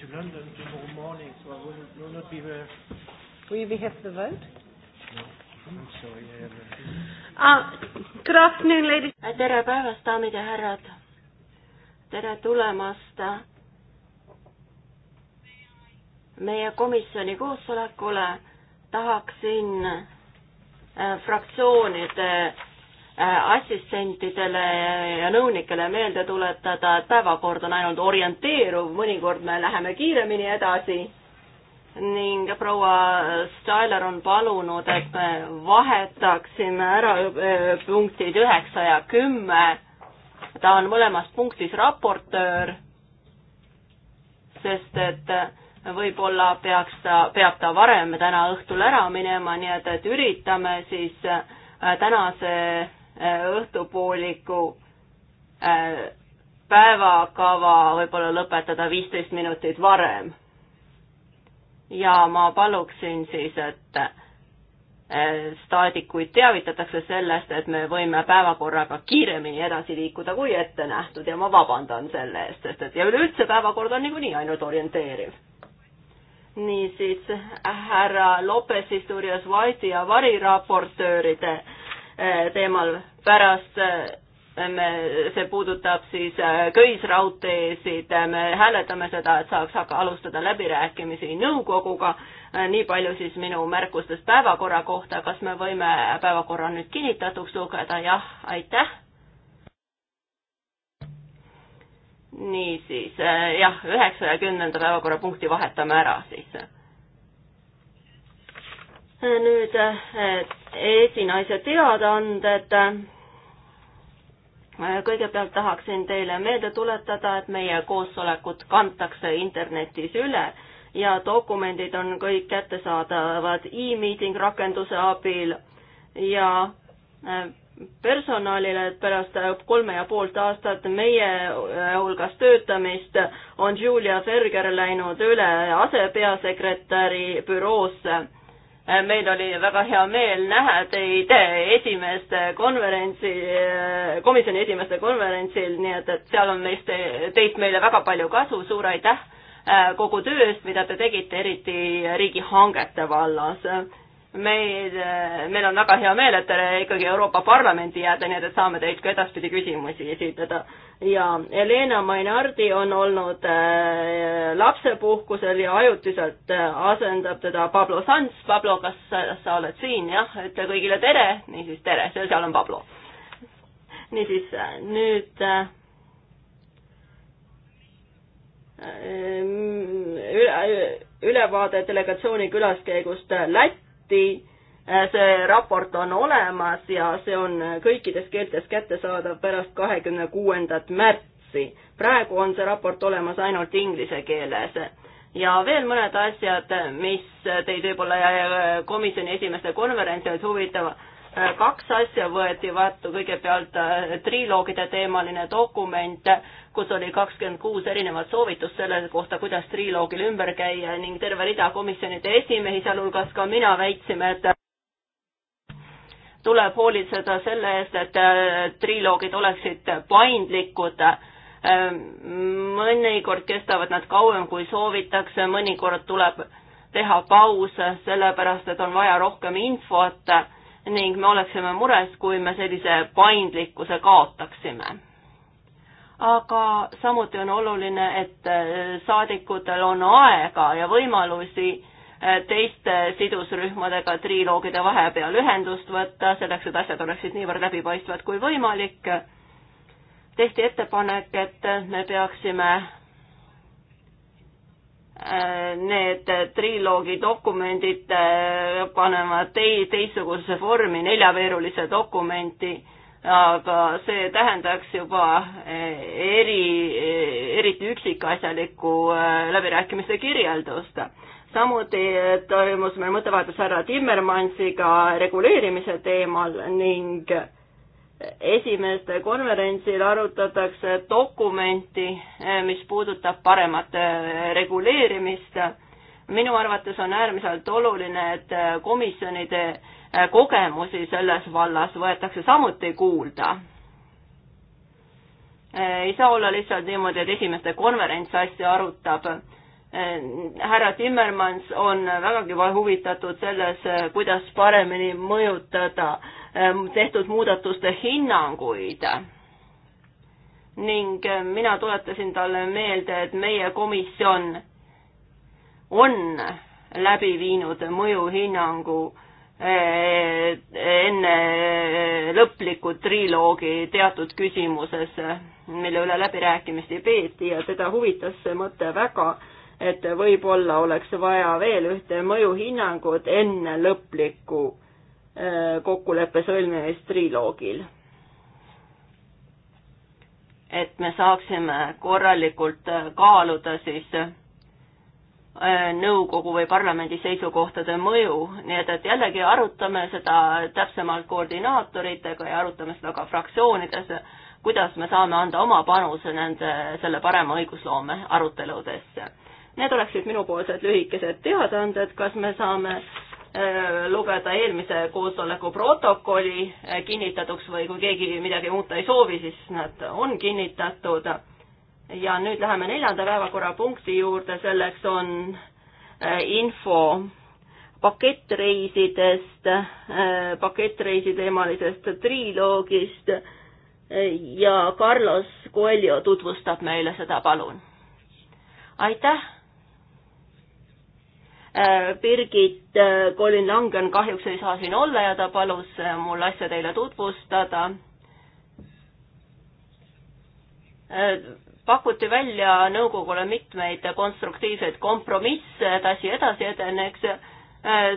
going to London tomorrow morning, so I will, will not be there. Will you be here for the vote? No. I'm sorry, I have a... Uh, good afternoon, ladies. Äh, tere päevast, daamid ja härrad. tere tulemast äh, meie komisjoni koosolekule. tahaksin äh, fraktsioonide Äh, assistentidele ja nõunikele meelde tuletada, et päevakord on ainult orienteeruv, mõnikord me läheme kiiremini edasi ning proua Stailer on palunud, et me vahetaksime ära äh, punktid üheksa ja kümme. ta on mõlemas punktis raportöör, sest et äh, võib-olla peaks ta, peab ta varem täna õhtul ära minema, nii et, et üritame siis tänase õhtupooliku äh, päevakava võib-olla lõpetada viisteist minutit varem. ja ma paluksin siis, et äh, staadikuid teavitatakse sellest, et me võime päevakorraga kiiremini edasi liikuda kui ette nähtud ja ma vabandan selle eest, sest et ja üleüldse päevakord on niikuinii ainult orienteeriv niisiis härra Lopez Isturias Vaidi ja variraportööride Äh, teemal pärast äh, me, see puudutab siis äh, köisraudteesid, me hääletame seda, et saaks alustada läbirääkimisi nõukoguga. nii palju siis minu märkustest päevakorra kohta, kas me võime päevakorra nüüd kinnitatuks lugeda, jah, aitäh. niisiis jah, üheksakümnenda päevakorrapunkti vahetame ära siis nüüd eh, esinaise teadaanded. Eh, kõigepealt tahaksin teile meelde tuletada, et meie koosolekud kantakse internetis üle ja dokumendid on kõik kättesaadavad e-meeting rakenduse abil ja eh, personalile, et pärast kolme ja poolt aastat meie hulgas töötamist on Julia Ferger läinud üle asepeasekretäri büroosse Äh, meil oli väga hea meel näha teid äh, esimeste konverentsi, äh, komisjoni esimeste konverentsil, nii et, et seal on meist, teist meile väga palju kasu, suur aitäh kogu töö eest, mida te tegite, eriti riigihangete vallas. meil, meil on väga hea meel, et te ikkagi Euroopa Parlamenti jääte, nii et, et saame teilt ka edaspidi küsimusi esitada ja Helena Mainardi on olnud äh, lapsepuhkusel ja ajutiselt äh, asendab teda Pablo Sanz. Pablo, kas sa, sa oled siin, jah? ütle kõigile tere, niisiis tere, seal on Pablo. niisiis, äh, nüüd äh, äh, üle, ülevaade delegatsiooni külaskäigust Lätti see raport on olemas ja see on kõikides keeltes kättesaadav pärast kahekümne kuuendat märtsi. praegu on see raport olemas ainult inglise keeles. ja veel mõned asjad, mis teid võib-olla äh, komisjoni esimeeste konverentsil huvitavad äh, kaks asja võeti vastu, kõigepealt äh, triloogide teemaline dokument, kus oli kakskümmend kuus erinevat soovitust selle kohta, kuidas triloogil ümber käia ning terve rida komisjonide esimehi, sealhulgas ka mina, väitsime, et tuleb hoolitseda selle eest, et äh, triloogid oleksid paindlikud. Ähm, mõnikord kestavad nad kauem, kui soovitakse, mõnikord tuleb teha paus, sellepärast et on vaja rohkem infot ning me oleksime mures, kui me sellise paindlikkuse kaotaksime. aga samuti on oluline, et äh, saadikutel on aega ja võimalusi Äh, teiste sidusrühmadega triloogide vahepeal ühendust võtta, selleks et asjad oleksid niivõrd läbipaistvad kui võimalik. tehti ettepanek, et me peaksime äh, need triloogi dokumendid äh, panema tei-, teistsugusesse vormi, neljaveerulise dokumenti, aga see tähendaks juba eri, eriti üksikasjalikku läbirääkimiste kirjeldust samuti toimus meil mõttevahetus härra Timmermansiga reguleerimise teemal ning esimeste konverentsil arutatakse dokumenti, mis puudutab paremat äh, reguleerimist. minu arvates on äärmiselt oluline, et komisjonide äh, kogemusi selles vallas võetakse samuti kuulda. Äh, ei saa olla lihtsalt niimoodi, et esimeste konverents asja arutab härra Timmermans on vägagi huvitatud selles, kuidas paremini mõjutada ähm, tehtud muudatuste hinnanguid. ning äh, mina tuletasin talle meelde, et meie komisjon on läbi viinud mõjuhinnangu äh, enne äh, lõplikku triloogi teatud küsimuses, mille üle läbirääkimisi peeti ja teda huvitas see mõte väga et võib-olla oleks vaja veel ühte mõjuhinnangut enne lõplikku äh, kokkuleppe sõlmimist triloogil. et me saaksime korralikult äh, kaaluda siis äh, nõukogu või parlamendi seisukohtade mõju, nii et, et jällegi arutame seda täpsemalt koordinaatoritega ja arutame seda ka fraktsioonides, kuidas me saame anda oma panuse nende, selle parema õigusloome aruteludesse Need oleksid minupoolsed lühikesed teadaanded, kas me saame äh, lugeda eelmise koosoleku protokolli äh, kinnitatuks või kui keegi midagi muuta ei soovi, siis nad on kinnitatud. ja nüüd läheme neljanda päevakorrapunkti juurde, selleks on äh, info pakettreisidest, pakettreisi teemalisest triloogist ja Carlos Coelho tutvustab meile seda, palun. aitäh Äh, Birgit Kolin-Langen äh, kahjuks ei saa siin olla ja ta palus äh, mul asja teile tutvustada. pakuti välja nõukogule mitmeid konstruktiivseid kompromisse, et asi edasi edeneks.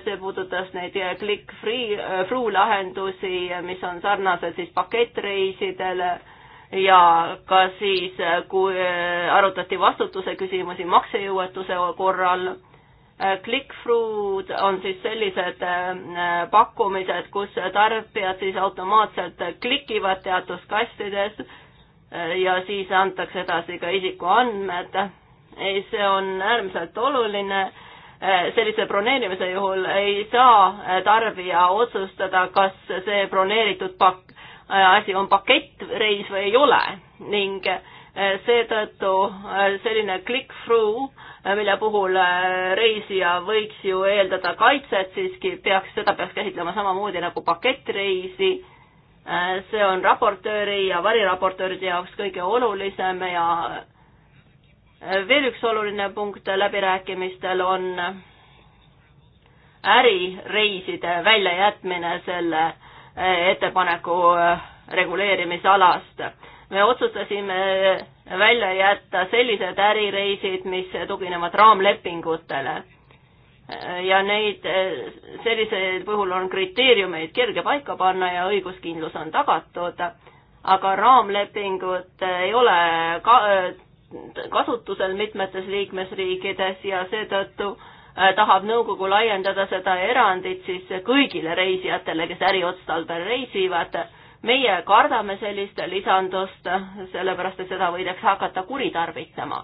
see puudutas neid click-free, through lahendusi, mis on sarnased siis pakettreisidele ja ka siis, kui arutati vastutuse küsimusi maksejõuetuse korral Äh, Click-through'd on siis sellised äh, pakkumised, kus tarbijad siis automaatselt klikivad teatud kastides äh, ja siis antakse edasi ka isikuandmed. see on äärmiselt oluline. sellise broneerimise juhul ei saa tarbija otsustada, kas see broneeritud pakk, asi on pakettreis või ei ole ning seetõttu selline click-through mille puhul äh, reisija võiks ju eeldada kaitset, siiski peaks, seda peaks käsitlema samamoodi nagu pakettreisi. Äh, see on raportööri ja variraportööride jaoks kõige olulisem ja äh, veel üks oluline punkt läbirääkimistel on ärireiside väljajätmine selle ettepaneku reguleerimisalast me otsustasime välja jätta sellised ärireisid, mis tuginevad raamlepingutele. ja neid, sellisel puhul on kriteeriumeid kerge paika panna ja õiguskindlus on tagatud, aga raamlepingud ei ole ka, kasutusel mitmetes liikmesriikides ja seetõttu äh, tahab nõukogu laiendada seda erandit siis kõigile reisijatele, kes äriotstarbel reisivad meie kardame sellist lisandust, sellepärast et seda võidakse hakata kuritarvitama.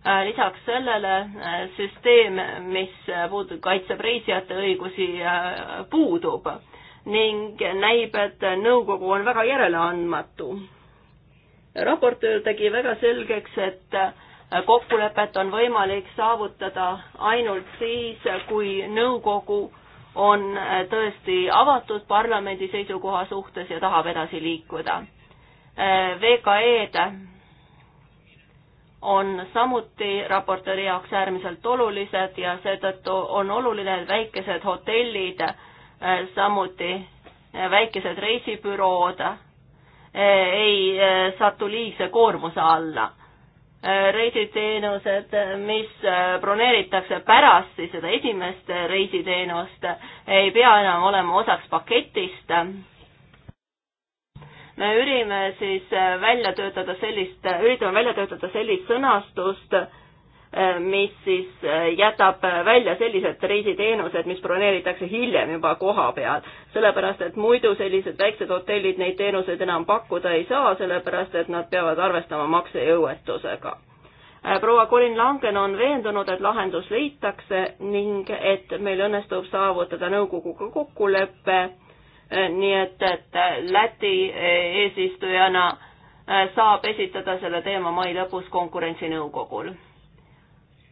Äh, lisaks sellele äh, süsteem, mis puudub, kaitseb reisijate õigusi, äh, puudub ning näib, et nõukogu on väga järeleandmatu. raportöör tegi väga selgeks, et kokkulepet on võimalik saavutada ainult siis, kui nõukogu on äh, tõesti avatud parlamendi seisukoha suhtes ja tahab edasi liikuda. Äh, VKE-d on samuti raportööri jaoks äärmiselt olulised ja seetõttu on oluline, et väikesed hotellid, äh, samuti väikesed reisibürood ei satu liigse koormuse alla reisiteenused, mis äh, broneeritakse pärast siis seda esimest reisiteenust, ei pea enam olema osaks paketist. me ürime siis äh, välja töötada sellist, üritame välja töötada sellist sõnastust, Äh, mis siis äh, jätab äh, välja sellised reisiteenused, mis broneeritakse hiljem juba koha peal. sellepärast, et muidu sellised väiksed hotellid neid teenuseid enam pakkuda ei saa, sellepärast et nad peavad arvestama maksejõuetusega. proua Colin Langen on veendunud, et lahendus leitakse ning et meil õnnestub saavutada nõukoguga kokkulepe, nii et, et Läti eesistujana saab esitada selle teema mai lõpus konkurentsinõukogul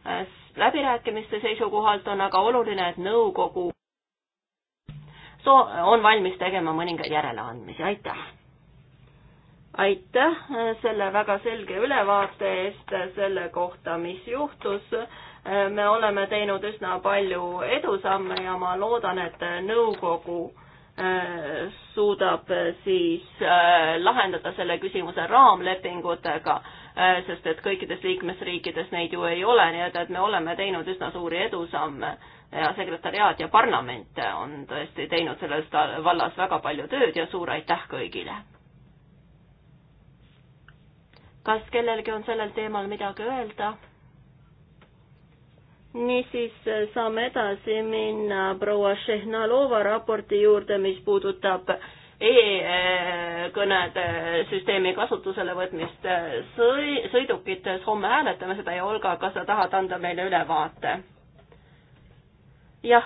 Äh, läbirääkimiste seisukohalt on aga oluline, et nõukogu on valmis tegema mõningaid järeleandmisi, aitäh! aitäh äh, selle väga selge ülevaate eest äh, selle kohta, mis juhtus. me oleme teinud üsna palju edusamme ja ma loodan, et nõukogu suudab siis lahendada selle küsimuse raamlepingutega Äh, sest et kõikides liikmesriikides neid ju ei ole, nii et, et me oleme teinud üsna suuri edusamme ja sekretäriaat ja parlament on tõesti teinud selles vallas väga palju tööd ja suur aitäh kõigile. kas kellelgi on sellel teemal midagi öelda? niisiis äh, saame edasi minna proua Šehnalova raporti juurde, mis puudutab äh, e-kõnede äh, süsteemi kasutusele võtmist äh, sõi-, sõidukites, äh, homme hääletame seda ja Olga, kas sa tahad anda meile ülevaate? jah.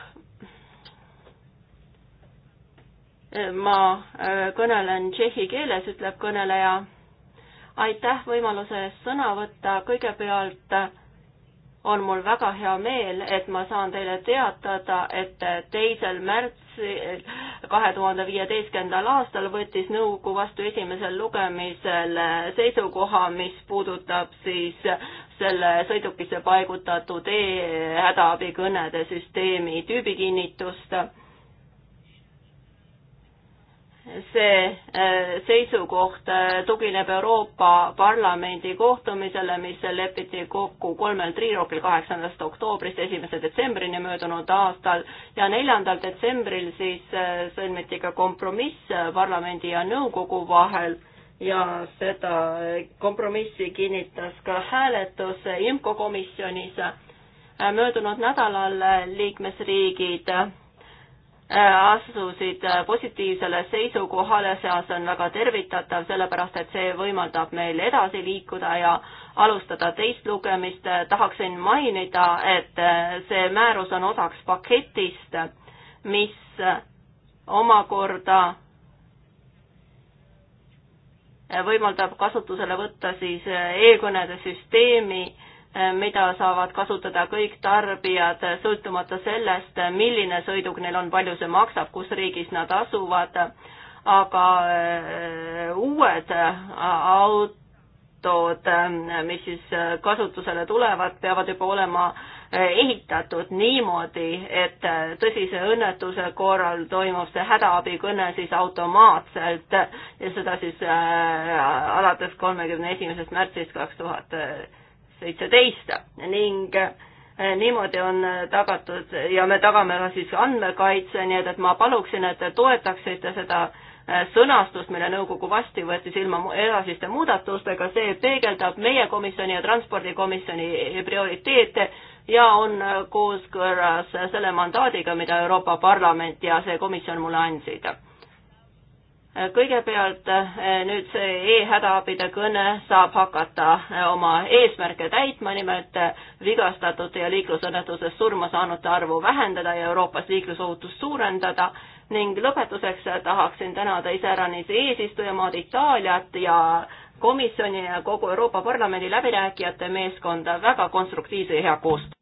ma kõnelen tšehhi keeles, ütleb kõneleja. aitäh võimaluse eest sõna võtta, kõigepealt on mul väga hea meel, et ma saan teile teatada, et teisel märtsil märtsil kahe tuhande viieteistkümnendal aastal võttis nõukogu vastu esimesel lugemisel seisukoha, mis puudutab siis selle sõidukisse paigutatud e-hädaabikõnede süsteemi tüübikinnitust see äh, seisukoht äh, tugineb Euroopa Parlamendi kohtumisele, mis lepiti kokku kolmel triirokil kaheksandast oktoobrist esimese detsembrini möödunud aastal ja neljandal detsembril siis äh, sõlmiti ka kompromiss parlamendi ja nõukogu vahel ja seda kompromissi kinnitas ka hääletus IMCO komisjonis möödunud nädalal liikmesriigid asusid äh, positiivsele seisukohale, seas on väga tervitatav, sellepärast et see võimaldab meil edasi liikuda ja alustada teist lugemist. tahaksin mainida, et äh, see määrus on osaks paketist, mis omakorda võimaldab kasutusele võtta siis äh, e-kõnede süsteemi Äh, mida saavad kasutada kõik tarbijad, sõltumata sellest, milline sõiduk neil on, palju see maksab, kus riigis nad asuvad, aga äh, uued äh, autod, mis siis kasutusele tulevad, peavad juba olema ehitatud niimoodi, et tõsise õnnetuse korral toimub see hädaabikõne siis automaatselt ja seda siis alates kolmekümne esimesest märtsist kaks tuhat seitseteist ning eh, niimoodi on eh, tagatud ja me tagame ka siis andmekaitse, nii et, et ma paluksin, et te toetaksite seda eh, sõnastust, mille nõukogu vastu võttis ilma edasiste muudatustega, see peegeldab meie komisjoni ja transpordikomisjoni prioriteete ja on kooskõlas selle mandaadiga, mida Euroopa Parlament ja see komisjon mulle andsid kõigepealt eh, nüüd see e-hädaabide kõne saab hakata eh, oma eesmärke täitma, nimelt eh, vigastatute ja liiklusõnnetuses surma saanute arvu vähendada ja Euroopas liiklusohutust suurendada ning lõpetuseks tahaksin tänada iseäranis eesistujamaad Itaaliat ja komisjoni ja kogu Euroopa Parlamendi läbirääkijate meeskonda väga konstruktiivse ja hea koostöö.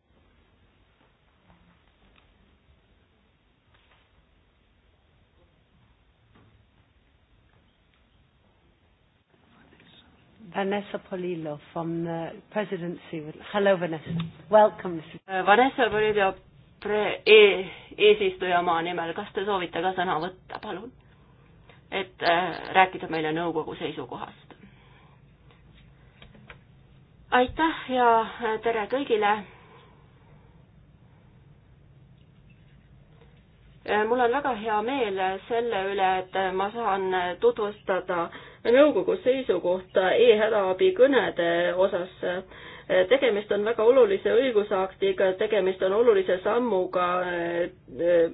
Vanessa Polillo from the presidency. Hello, Vanessa. Welcome. Äh, Vanessa Polillo pre-, e-, eesistujamaa nimel, kas te soovite ka sõna võtta, palun? et äh, rääkida meile nõukogu seisukohast. aitäh ja äh, tere kõigile. Äh, mul on väga hea meel selle üle, et ma saan tutvustada äh, nõukogu seisukohta e-hädaabi kõnede osas. tegemist on väga olulise õigusaktiga, tegemist on olulise sammuga eh,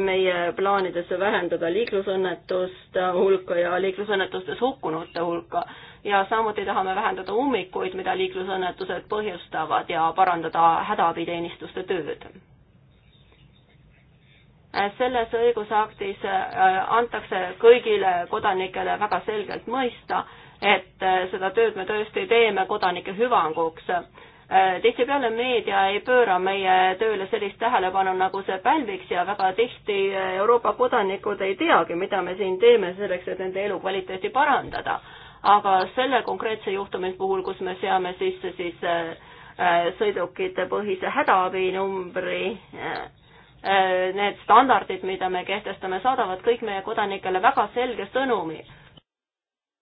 meie plaanides vähendada liiklusõnnetuste hulka ja liiklusõnnetustes hukkunute hulka ja samuti tahame vähendada ummikuid, mida liiklusõnnetused põhjustavad ja parandada hädaabiteenistuste tööd Äh, selles õigusaktis äh, antakse kõigile kodanikele väga selgelt mõista, et äh, seda tööd me tõesti teeme kodanike hüvanguks. tihtipeale meedia ei pööra meie tööle sellist tähelepanu, nagu see pälviks ja väga tihti Euroopa kodanikud ei teagi, mida me siin teeme selleks, et nende elukvaliteeti parandada. aga selle konkreetse juhtumi puhul, kus me seame sisse siis sõidukite põhise hädaabinumbri, Äh, need standardid, mida me kehtestame, saadavad kõik meie kodanikele väga selge sõnumi.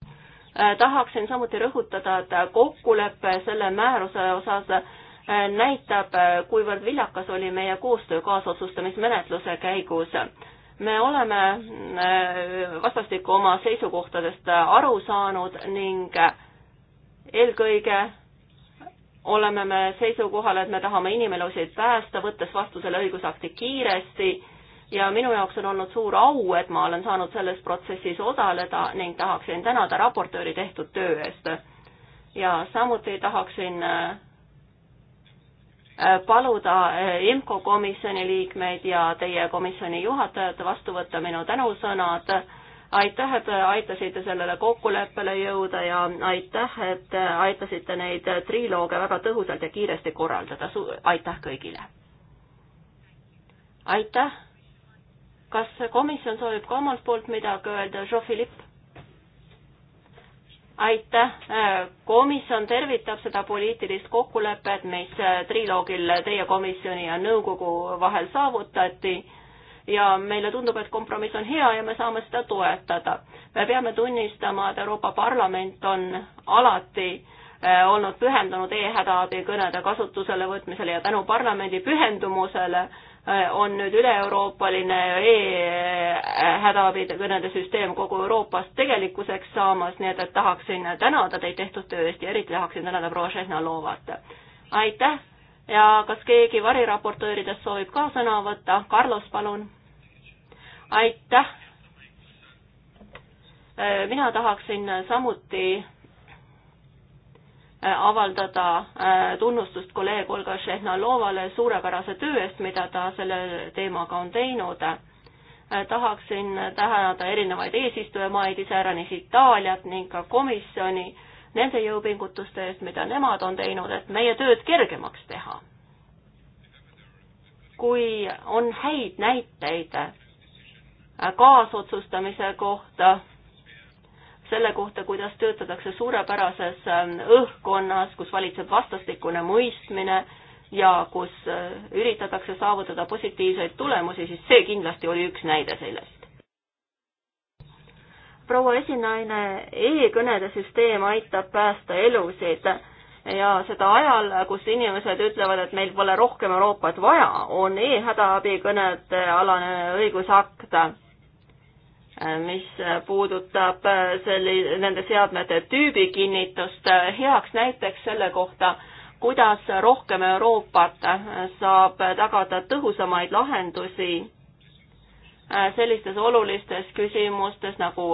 Äh, tahaksin samuti rõhutada, et kokkulepe selle määruse osas äh, näitab, kuivõrd viljakas oli meie koostöö kaasotsustamismenetluse käigus. me oleme vastastikku oma seisukohtadest aru saanud ning eelkõige oleme me seisukohal, et me tahame inimelusid päästa, võttes vastu selle õigusakti kiiresti ja minu jaoks on olnud suur au, et ma olen saanud selles protsessis osaleda ning tahaksin tänada raportööri tehtud töö eest. ja samuti tahaksin äh, paluda äh, IMCO komisjoni liikmeid ja teie komisjoni juhatajat vastu võtta minu tänusõnad aitäh, et aitasite sellele kokkuleppele jõuda ja aitäh, et aitasite neid trilooge väga tõhusalt ja kiiresti korraldada. aitäh kõigile! aitäh! kas komisjon soovib ka omalt poolt midagi öelda, Jean-Philippe? aitäh, komisjon tervitab seda poliitilist kokkulepet, mis triloogil teie komisjoni ja nõukogu vahel saavutati ja meile tundub, et kompromiss on hea ja me saame seda toetada. me peame tunnistama, et Euroopa Parlament on alati eh, olnud pühendunud e-hädaabikõnede kasutusele võtmisele ja tänu parlamendi pühendumusele eh, on nüüd üle-euroopaline e-hädaabikõnede süsteem kogu Euroopas tegelikkuseks saamas, nii et, et tahaksin tänada teid tehtud töö eest ja eriti tahaksin tänada proua Šehnalovat. aitäh ja kas keegi variraportööridest soovib ka sõna võtta? Carlos, palun aitäh! mina tahaksin samuti äh, avaldada äh, tunnustust kolleeg Olga Šehnalovale suurepärase töö eest, mida ta selle teemaga on teinud. Äh, tahaksin tähendada erinevaid eesistujamaid, iseäranis Itaaliat ning ka komisjoni nende jõupingutuste eest, mida nemad on teinud, et meie tööd kergemaks teha. kui on häid näiteid kaasotsustamise kohta, selle kohta, kuidas töötatakse suurepärases ähm, õhkkonnas, kus valitseb vastastikune mõistmine ja kus äh, üritatakse saavutada positiivseid tulemusi, siis see kindlasti oli üks näide sellest. proua esinaine e, e-kõnede süsteem aitab päästa elusid ja seda ajal, kus inimesed ütlevad, et meil pole rohkem Euroopat vaja, on e-hädaabikõnede alane õigusakt mis puudutab äh, selli-, nende seadmete tüübikinnitust, äh, heaks näiteks selle kohta, kuidas rohkem Euroopat äh, saab tagada tõhusamaid lahendusi sellistes olulistes küsimustes nagu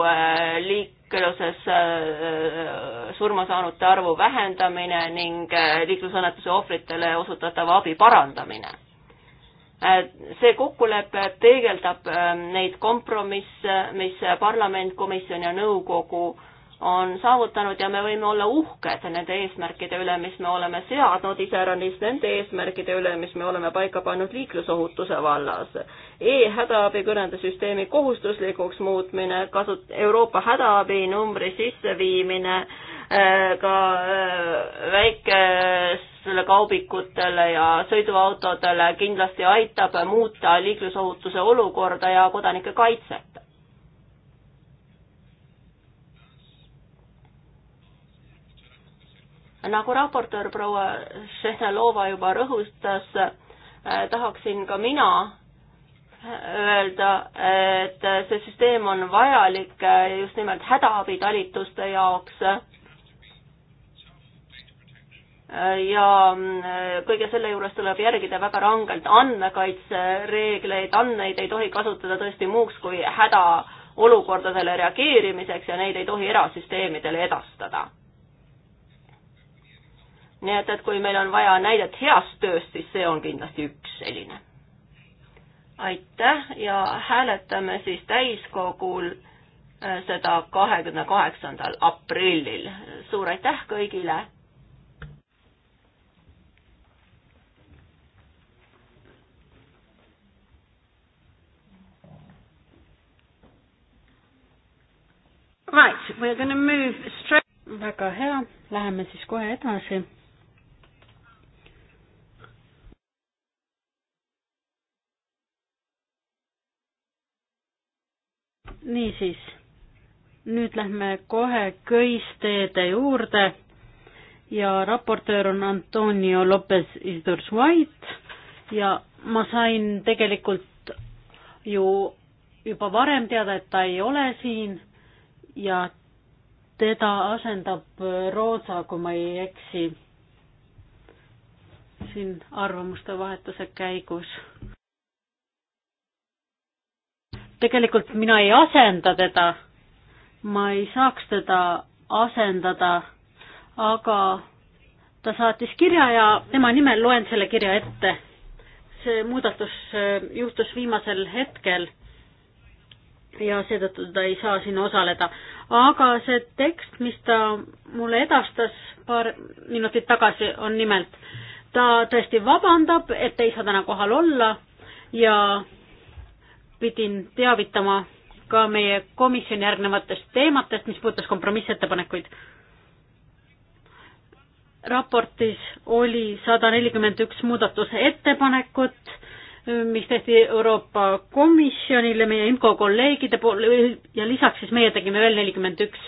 liikluses surma saanute arvu vähendamine ning liiklusõnnetuse ohvritele osutatava abi parandamine Äh, see kokkulepe peegeldab äh, neid kompromisse, mis parlament, komisjon ja nõukogu on saavutanud ja me võime olla uhked nende eesmärkide üle, mis me oleme seadnud, iseäranis nende eesmärkide üle, mis me oleme paika pannud liiklusohutuse vallas e. E-hädaabikõnede süsteemi kohustuslikuks muutmine, kasut-, Euroopa hädaabinumbri sisseviimine äh, Äh, ka äh, väikestele kaubikutele ja sõiduautodele kindlasti aitab muuta liiklusohutuse olukorda ja kodanike kaitset. nagu raportöör proua Šehnelova juba rõhutas, äh, tahaksin ka mina öelda, et see süsteem on vajalik just nimelt hädaabitalitluste jaoks ja mm, kõige selle juures tuleb järgida väga rangelt andmekaitsereegleid, andmeid ei tohi kasutada tõesti muuks kui hädaolukordadele reageerimiseks ja neid ei tohi erasüsteemidele edastada. nii et, et kui meil on vaja näidet heast tööst, siis see on kindlasti üks selline. aitäh ja hääletame siis täiskogul äh, seda kahekümne kaheksandal aprillil. suur aitäh kõigile Right, we're gonna move straight. väga hea, läheme siis kohe edasi. niisiis, nüüd lähme kohe köisteede juurde ja raportöör on Antonio Lopez Isdors White ja ma sain tegelikult ju juba varem teada, et ta ei ole siin ja teda asendab Rootsa, kui ma ei eksi, siin arvamuste vahetuse käigus. tegelikult mina ei asenda teda, ma ei saaks teda asendada, aga ta saatis kirja ja tema nimel loen selle kirja ette. see muudatus äh, juhtus viimasel hetkel ja seetõttu ta ei saa siin osaleda. aga see tekst, mis ta mulle edastas paar minutit tagasi, on nimelt, ta tõesti vabandab, et ei saa täna kohal olla ja pidin teavitama ka meie komisjoni järgnevatest teematest, mis puudutas kompromissettepanekuid. raportis oli sada nelikümmend üks muudatusettepanekut mis tehti Euroopa Komisjonile, meie IMCO kolleegide poole ja lisaks siis meie tegime veel nelikümmend üks.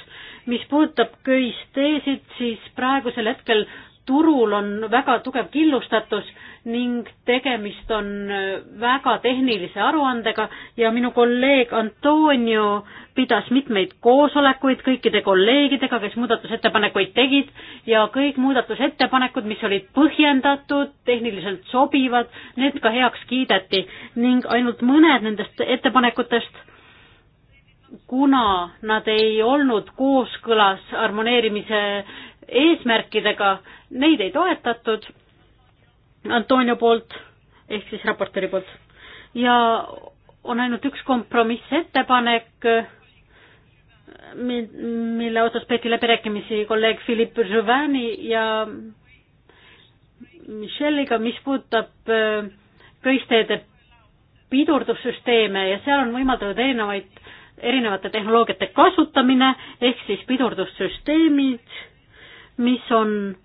mis puudutab köis teesid, siis praegusel hetkel turul on väga tugev killustatus ning tegemist on äh, väga tehnilise aruandega ja minu kolleeg Antonio pidas mitmeid koosolekuid kõikide kolleegidega, kes muudatusettepanekuid tegid ja kõik muudatusettepanekud, mis olid põhjendatud, tehniliselt sobivad, need ka heaks kiideti ning ainult mõned nendest ettepanekutest kuna nad ei olnud kooskõlas harmoneerimise eesmärkidega, neid ei toetatud Antonio poolt ehk siis raportööri poolt ja on ainult üks kompromissettepanek, mille osas peeti läbirääkimisi kolleeg Philippe Jouvani ja Michelliga, mis puudutab äh, köisteede pidurdussüsteeme ja seal on võimaldatud erinevaid, erinevate tehnoloogiate kasutamine ehk siis pidurdussüsteemid mis on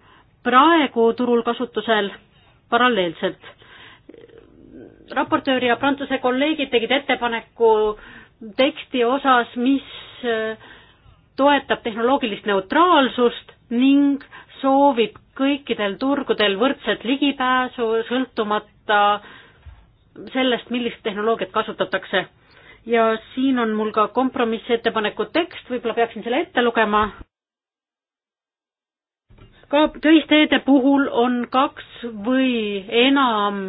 praegu turul kasutusel paralleelselt. raportöör ja Prantsuse kolleegid tegid ettepaneku teksti osas, mis eh, toetab tehnoloogilist neutraalsust ning soovib kõikidel turgudel võrdset ligipääsu, sõltumata sellest, millist tehnoloogiat kasutatakse. ja siin on mul ka kompromissettepaneku tekst, võib-olla peaksin selle ette lugema ka köisteede puhul on kaks või enam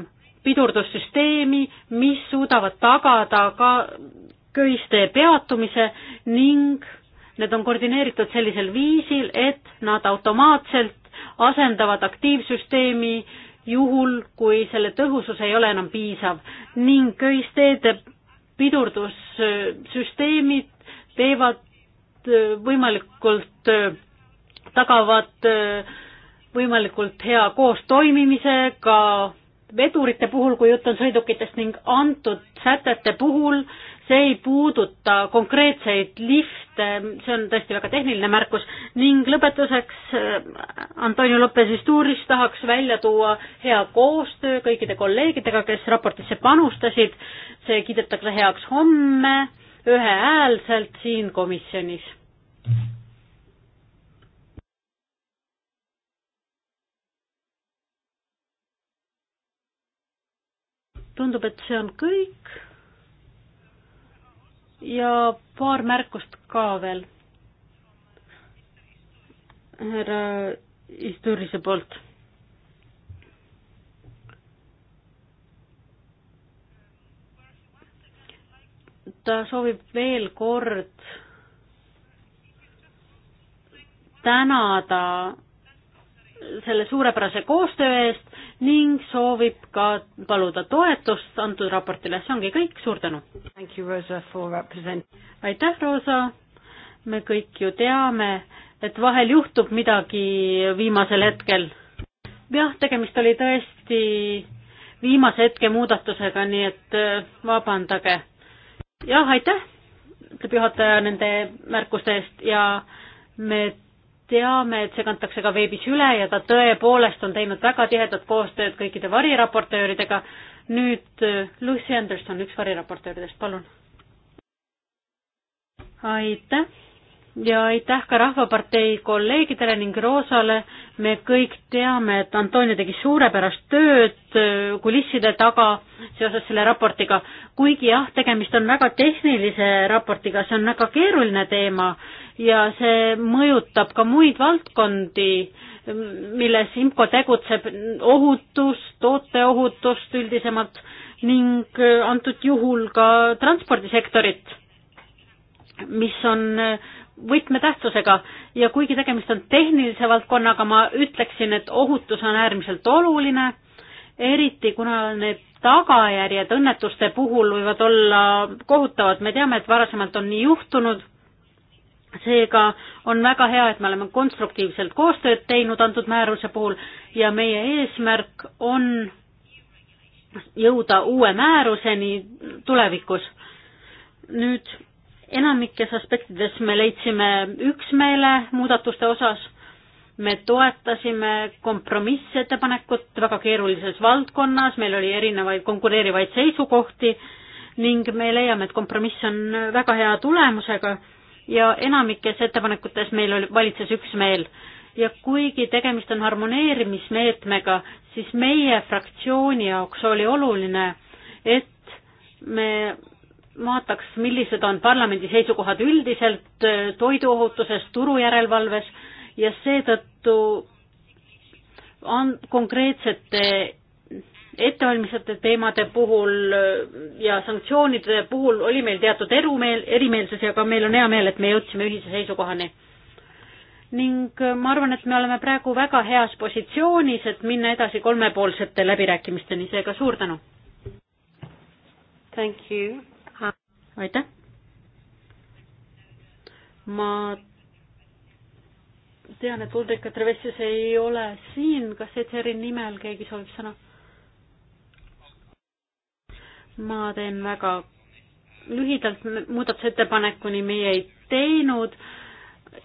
pidurdussüsteemi, mis suudavad tagada ka köistee peatumise ning need on koordineeritud sellisel viisil, et nad automaatselt asendavad aktiivsüsteemi juhul, kui selle tõhusus ei ole enam piisav ning köisteede pidurdussüsteemid teevad võimalikult tagavad äh, võimalikult hea koostoimimise ka vedurite puhul, kui jutt on sõidukitest ning antud sätete puhul see ei puuduta konkreetseid lifte, see on tõesti väga tehniline märkus ning lõpetuseks äh, Antonio Lopez-Isturis tahaks välja tuua hea koostöö kõikide kolleegidega, kes raportisse panustasid, see kiidetakse heaks homme ühehäälselt siin komisjonis. Mhm. tundub, et see on kõik. ja paar märkust ka veel härra Isturise poolt. ta soovib veel kord tänada selle suurepärase koostöö eest ning soovib ka paluda toetust antud raportile, see ongi kõik, suur tänu! aitäh, Roosa! me kõik ju teame, et vahel juhtub midagi viimasel hetkel. jah, tegemist oli tõesti viimase hetke muudatusega, nii et äh, vabandage. jah, aitäh, ütleb juhataja nende märkuste eest ja me teame, et see kantakse ka veebis üle ja ta tõepoolest on teinud väga tihedat koostööd kõikide variraportööridega. nüüd eh, Lucy Anderson, üks variraportööridest, palun. aitäh ja aitäh ka Rahvapartei kolleegidele ning Roosale. me kõik teame, et Antonio tegi suurepärast tööd äh, kulisside taga seoses selle raportiga, kuigi jah, tegemist on väga tehnilise raportiga, see on väga keeruline teema ja see mõjutab ka muid valdkondi, milles IMCO tegutseb, ohutus, tooteohutust üldisemalt ning äh, antud juhul ka transpordisektorit, mis on äh, võtmetähtsusega ja kuigi tegemist on tehnilise valdkonnaga, ma ütleksin, et ohutus on äärmiselt oluline, eriti kuna need tagajärjed õnnetuste puhul võivad olla kohutavad, me teame, et varasemalt on nii juhtunud, seega on väga hea, et me oleme konstruktiivselt koostööd teinud antud määruse puhul ja meie eesmärk on jõuda uue määruseni tulevikus. nüüd enamikes aspektides me leidsime üksmeele muudatuste osas, me toetasime kompromissettepanekut väga keerulises valdkonnas, meil oli erinevaid konkureerivaid seisukohti ning me leiame, et kompromiss on väga hea tulemusega ja enamikes ettepanekutes meil oli, valitses üksmeel. ja kuigi tegemist on harmoneerimismeetmega, siis meie fraktsiooni jaoks oli oluline, et me vaataks, millised on parlamendi seisukohad üldiselt äh, toiduohutuses, turujärelevalves ja seetõttu on konkreetsete ettevalmistajate teemade puhul äh, ja sanktsioonide puhul oli meil teatud erumeel, erimeelsus ja ka meil on hea meel, et me jõudsime ühise seisukohani. ning äh, ma arvan, et me oleme praegu väga heas positsioonis, et minna edasi kolmepoolsete läbirääkimisteni, seega suur tänu! Thank you aitäh! ma tean, et Ulrika Trevesius ei ole siin, kas ETR-i nimel keegi soovib sõna? ma teen väga lühidalt, muudatusettepanekuni meie ei teinud,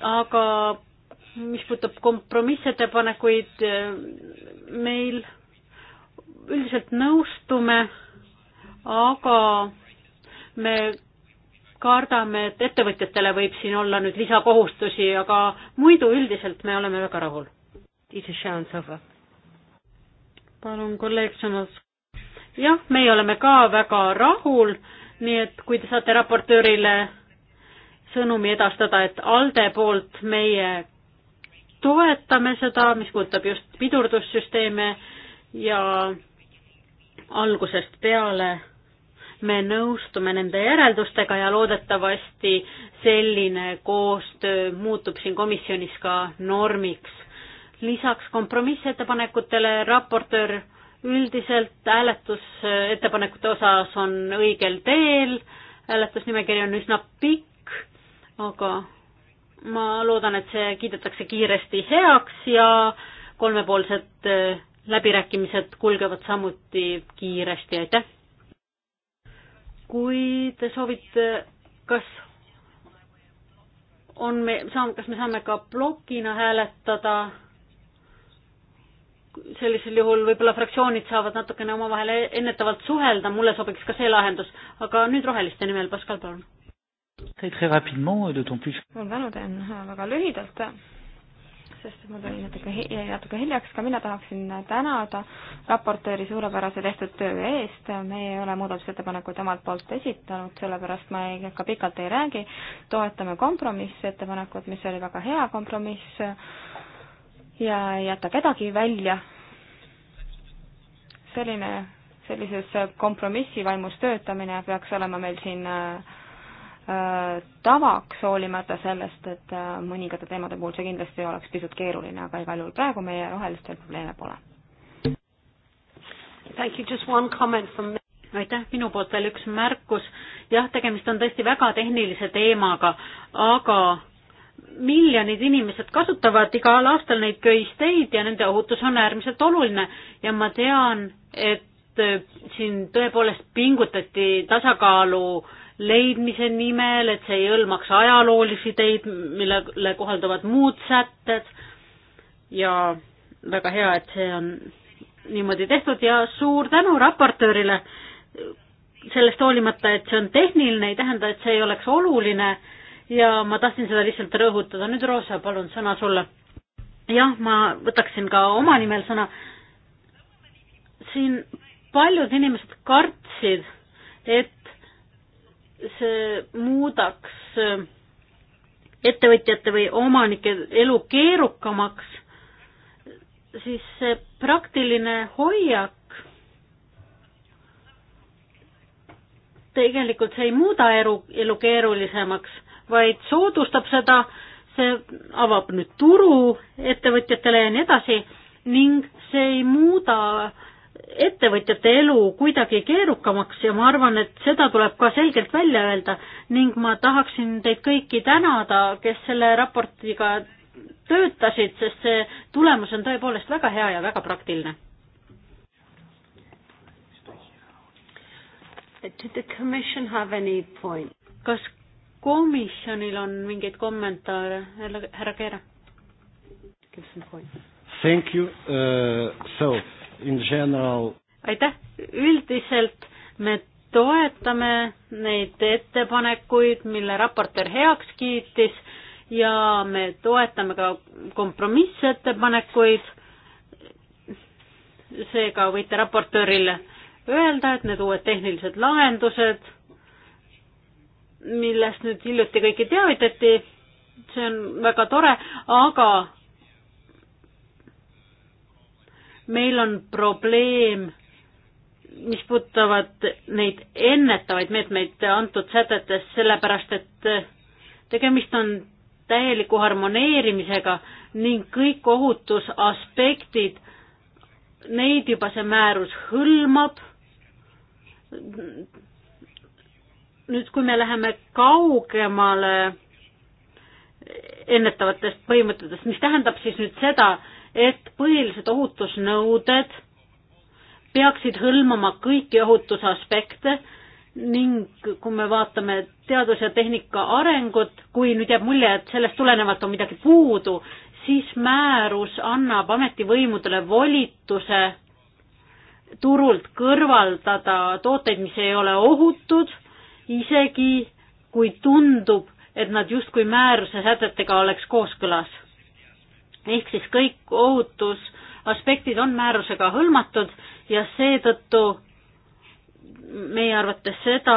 aga mis puudutab kompromissettepanekuid, meil üldiselt nõustume, aga me kardame, et ettevõtjatele võib siin olla nüüd lisakohustusi, aga muidu üldiselt me oleme väga rahul. palun, kolleeg Sõnas. jah, meie oleme ka väga rahul, nii et kui te saate raportöörile sõnumi edastada, et ALDE poolt meie toetame seda, mis puudutab just pidurdussüsteeme ja algusest peale me nõustume nende järeldustega ja loodetavasti selline koostöö muutub siin komisjonis ka normiks. lisaks kompromissettepanekutele raportöör üldiselt hääletusettepanekute osas on õigel teel, hääletusnimekiri on üsna pikk, aga ma loodan, et see kiidetakse kiiresti heaks ja kolmepoolsed äh, läbirääkimised kulgevad samuti kiiresti, aitäh! kui te soovite, kas on me, saame, kas me saame ka plokina hääletada? sellisel juhul võib-olla fraktsioonid saavad natukene omavahel e-, ennetavalt suhelda, mulle sobiks ka see lahendus, aga nüüd roheliste nimel, Pascal, palun. suur tänu, teen väga lühidalt sest ma tulin natuke, natuke hiljaks, ka mina tahaksin tänada raportööri suurepärase tehtud töö eest, me ei ole muudatusettepanekuid omalt poolt esitanud, sellepärast ma ei, ka pikalt ei räägi, toetame kompromissettepanekut, mis oli väga hea kompromiss ja ei jäta kedagi välja. selline, sellises kompromissivaimus töötamine peaks olema meil siin äh, Äh, tavaks, hoolimata sellest, et äh, mõningate teemade puhul see kindlasti oleks pisut keeruline, aga igal juhul praegu meie rohelistel probleeme pole. aitäh, minu poolt veel üks märkus. jah, tegemist on tõesti väga tehnilise teemaga, aga miljonid inimesed kasutavad igal aastal neid köisteid ja nende ohutus on äärmiselt oluline ja ma tean, et äh, siin tõepoolest pingutati tasakaalu äh, leidmise nimel, et see ei hõlmaks ajaloolisi teid, millele kohalduvad muud sätted ja väga hea, et see on niimoodi tehtud ja suur tänu raportöörile. sellest hoolimata, et see on tehniline, ei tähenda, et see ei oleks oluline ja ma tahtsin seda lihtsalt rõhutada. nüüd Roosa, palun sõna sulle. jah, ma võtaksin ka oma nimel sõna. siin paljud inimesed kartsid, et see muudaks ettevõtjate või omanike elu keerukamaks, siis see praktiline hoiak tegelikult see ei muuda elu, elu keerulisemaks, vaid soodustab seda, see avab nüüd turu ettevõtjatele ja nii edasi ning see ei muuda äh, ettevõtjate elu kuidagi keerukamaks ja ma arvan, et seda tuleb ka selgelt välja öelda ning ma tahaksin teid kõiki tänada, kes selle raportiga töötasid, sest see tulemus on tõepoolest väga hea ja väga praktiline. kas komisjonil on mingeid kommentaare, härra Keera? Thank you uh,, so general... aitäh, üldiselt me toetame neid ettepanekuid, mille raportöör heaks kiitis ja me toetame ka kompromissettepanekuid. seega võite raportöörile öelda, et need uued tehnilised lahendused, millest nüüd hiljuti kõiki teavitati, see on väga tore, aga meil on probleem, mis puudutavad neid ennetavaid meetmeid antud sätetes, sellepärast et äh, tegemist on täieliku harmoneerimisega ning kõik ohutusaspektid, neid juba see määrus hõlmab. nüüd, kui me läheme kaugemale ennetavatest põhimõtetest, mis tähendab siis nüüd seda, et põhilised ohutusnõuded peaksid hõlmama kõiki ohutuse aspekte ning kui me vaatame teadus- ja tehnika arengut, kui nüüd jääb mulje, et sellest tulenevalt on midagi puudu, siis määrus annab ametivõimudele volituse turult kõrvaldada tooteid, mis ei ole ohutud, isegi kui tundub, et nad justkui määruse sätetega oleks kooskõlas ehk siis kõik ohutusaspektid on määrusega hõlmatud ja seetõttu meie arvates seda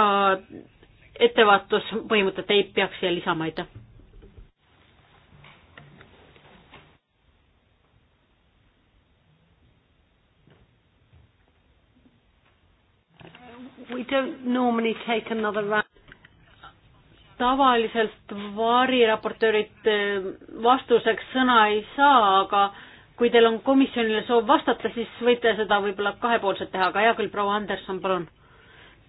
ettevaatuspõhimõtet ei peaks siia lisama, aitäh. We don't normally take another round tavaliselt variraportöörid eh, vastuseks sõna ei saa, aga kui teil on komisjonile soov vastata, siis võite seda võib-olla kahepoolselt teha, aga hea küll, proua Anderson, palun.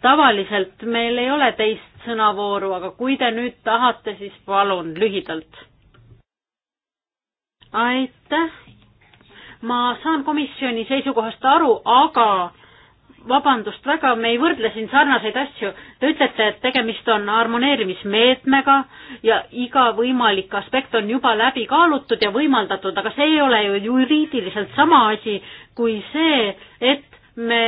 tavaliselt meil ei ole teist sõnavooru, aga kui te nüüd tahate, siis palun lühidalt. aitäh. ma saan komisjoni seisukohast aru, aga vabandust väga, me ei võrdle siin sarnaseid asju. Te ütlete, et tegemist on harmoneerimismeetmega ja iga võimalik aspekt on juba läbi kaalutud ja võimaldatud, aga see ei ole ju juriidiliselt sama asi kui see, et me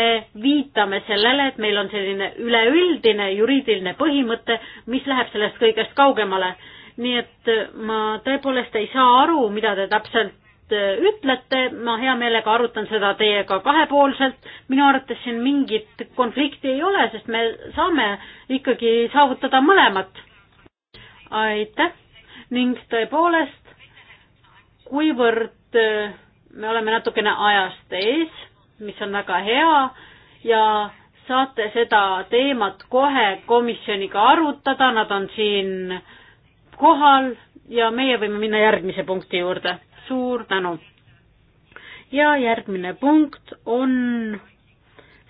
viitame sellele, et meil on selline üleüldine juriidiline põhimõte, mis läheb sellest kõigest kaugemale. nii et ma tõepoolest ei saa aru, mida te täpselt Äh, ütlete, ma hea meelega arutan seda teiega kahepoolselt, minu arvates siin mingit konflikti ei ole, sest me saame ikkagi saavutada mõlemat. aitäh ning tõepoolest, kuivõrd äh, me oleme natukene ajast ees, mis on väga hea ja saate seda teemat kohe komisjoniga arutada, nad on siin kohal ja meie võime minna järgmise punkti juurde suur tänu. ja järgmine punkt on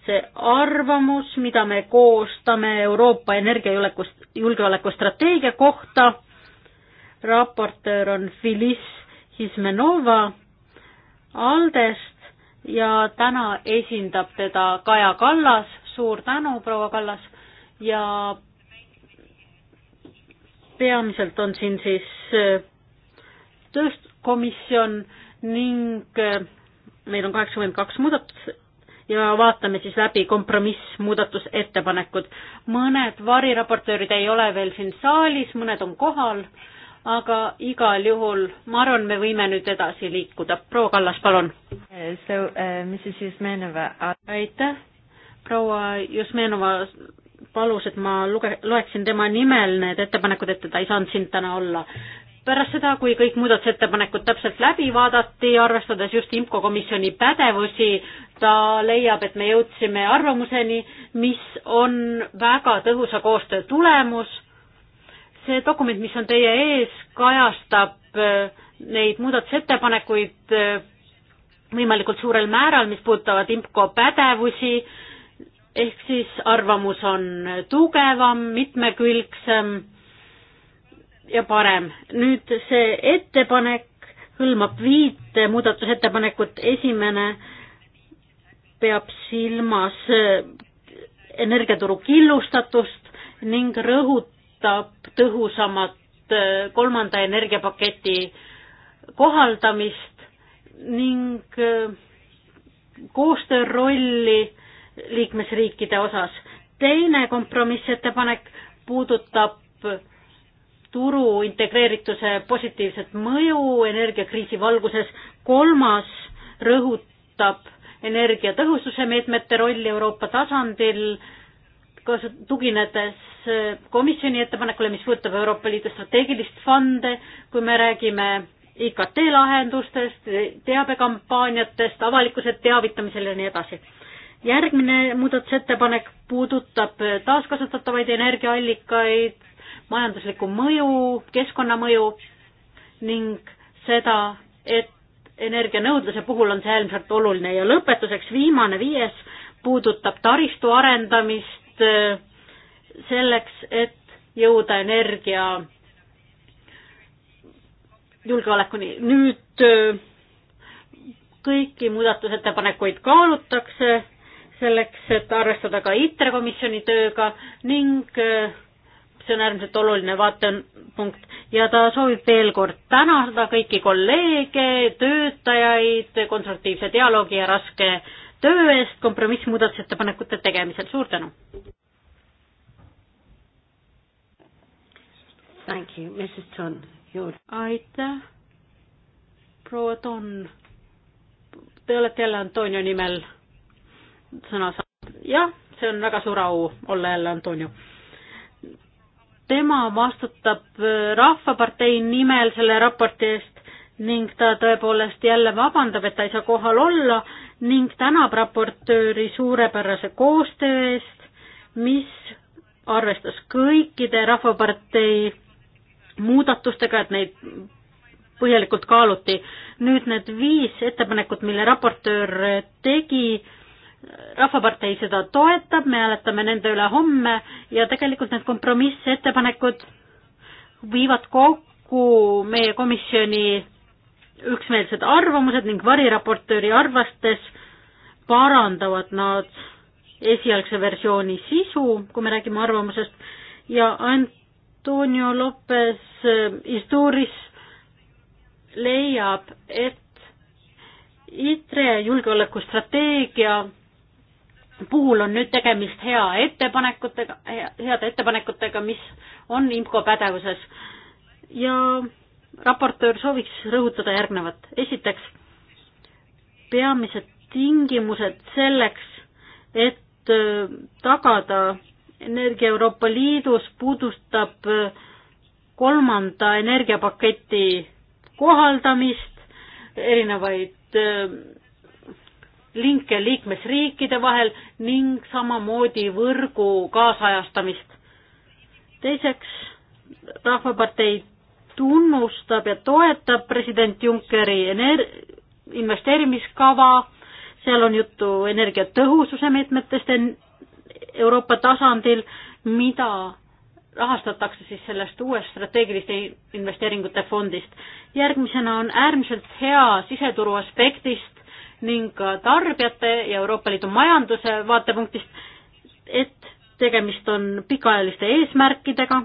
see arvamus, mida me koostame Euroopa energiajulgeoleku, julgeolekustrateegia kohta. raportöör on Filiss Hismenova Aldest ja täna esindab teda Kaja Kallas, suur tänu, proua Kallas, ja peamiselt on siin siis äh, tööst-, komisjon ning äh, meil on kaheksakümmend kaks muudatus ja vaatame siis läbi kompromissmuudatusettepanekud. mõned variraportöörid ei ole veel siin saalis, mõned on kohal, aga igal juhul ma arvan, me võime nüüd edasi liikuda. proua Kallas, palun. Eh, so eh, uh, Mrs Jusmenova. aitäh, proua Jusmenova palus, et ma luge-, loeksin tema nimel need ettepanekud, et teda ei saanud siin täna olla pärast seda, kui kõik muudatusettepanekud täpselt läbi vaadati, arvestades just IMCO komisjoni pädevusi, ta leiab, et me jõudsime arvamuseni, mis on väga tõhusa koostöö tulemus. see dokument, mis on teie ees, kajastab äh, neid muudatusettepanekuid äh, võimalikult suurel määral, mis puudutavad IMCO pädevusi, ehk siis arvamus on tugevam, mitmekülgsem ja parem. nüüd see ettepanek hõlmab viite muudatusettepanekut, esimene peab silmas eh, energiaturu killustatust ning rõhutab tõhusamat eh, kolmanda energiapaketi kohaldamist ning eh, koostöö rolli liikmesriikide osas. teine kompromissettepanek puudutab turu integreerituse positiivset mõju energiakriisi valguses. kolmas rõhutab energiatõhususe meetmete rolli Euroopa tasandil, tuginedes komisjoni ettepanekule, mis puudutab Euroopa Liidu strateegilist fonde, kui me räägime IKT lahendustest, teabekampaaniatest, avalikkuse teavitamisel ja nii edasi. järgmine muudatusettepanek puudutab taaskasutatavaid energiaallikaid, majanduslikku mõju, keskkonnamõju ning seda, et energianõudluse puhul on see äärmiselt oluline ja lõpetuseks viimane viies puudutab taristu arendamist äh, selleks, et jõuda energia julgeolekuni. nüüd äh, kõiki muudatusettepanekuid kaalutakse selleks, et arvestada ka ITRE komisjoni tööga ning äh, see on äärmiselt oluline vaatepunkt ja ta soovib veel kord tänada kõiki kolleege, töötajaid konstruktiivse dialoogi ja raske töö eest kompromissmuudatusettepanekute tegemisel, suur tänu! Thank you, Mrs Ton, your. aitäh, proua Ton. Te olete jälle Antonio nimel sõna saanud. jah, see on väga suur au olla jälle Antonio tema vastutab äh, Rahvapartei nimel selle raporti eest ning ta tõepoolest jälle vabandab, et ta ei saa kohal olla ning tänab raportööri suurepärase koostöö eest, mis arvestas kõikide Rahvapartei muudatustega, et neid põhjalikult kaaluti. nüüd need viis ettepanekut, mille raportöör tegi, rahvapartei seda toetab, me hääletame nende üle homme ja tegelikult need kompromissettepanekud viivad kokku meie komisjoni üksmeelsed arvamused ning variraportööri arvastes parandavad nad esialgse versiooni sisu, kui me räägime arvamusest, ja Antonio Lopez eh, Isturis leiab, et ITRE julgeolekustrateegia puhul on nüüd tegemist hea ettepanekutega, heade ettepanekutega, mis on IMCO pädevuses. ja raportöör sooviks rõhutada järgnevat. esiteks, peamised tingimused selleks, et äh, tagada energia Euroopa Liidus, puudustab äh, kolmanda energiapaketi kohaldamist, erinevaid äh, linke liikmesriikide vahel ning samamoodi võrgu kaasajastamist. teiseks, Rahvapartei tunnustab ja toetab president Junckeri ener-, investeerimiskava, seal on juttu energiatõhususe meetmetest Euroopa tasandil, mida rahastatakse siis sellest uuest strateegiliste investeeringute fondist. järgmisena on äärmiselt hea siseturu aspektist ning ka tarbijate ja Euroopa Liidu majanduse vaatepunktist, et tegemist on pikaajaliste eesmärkidega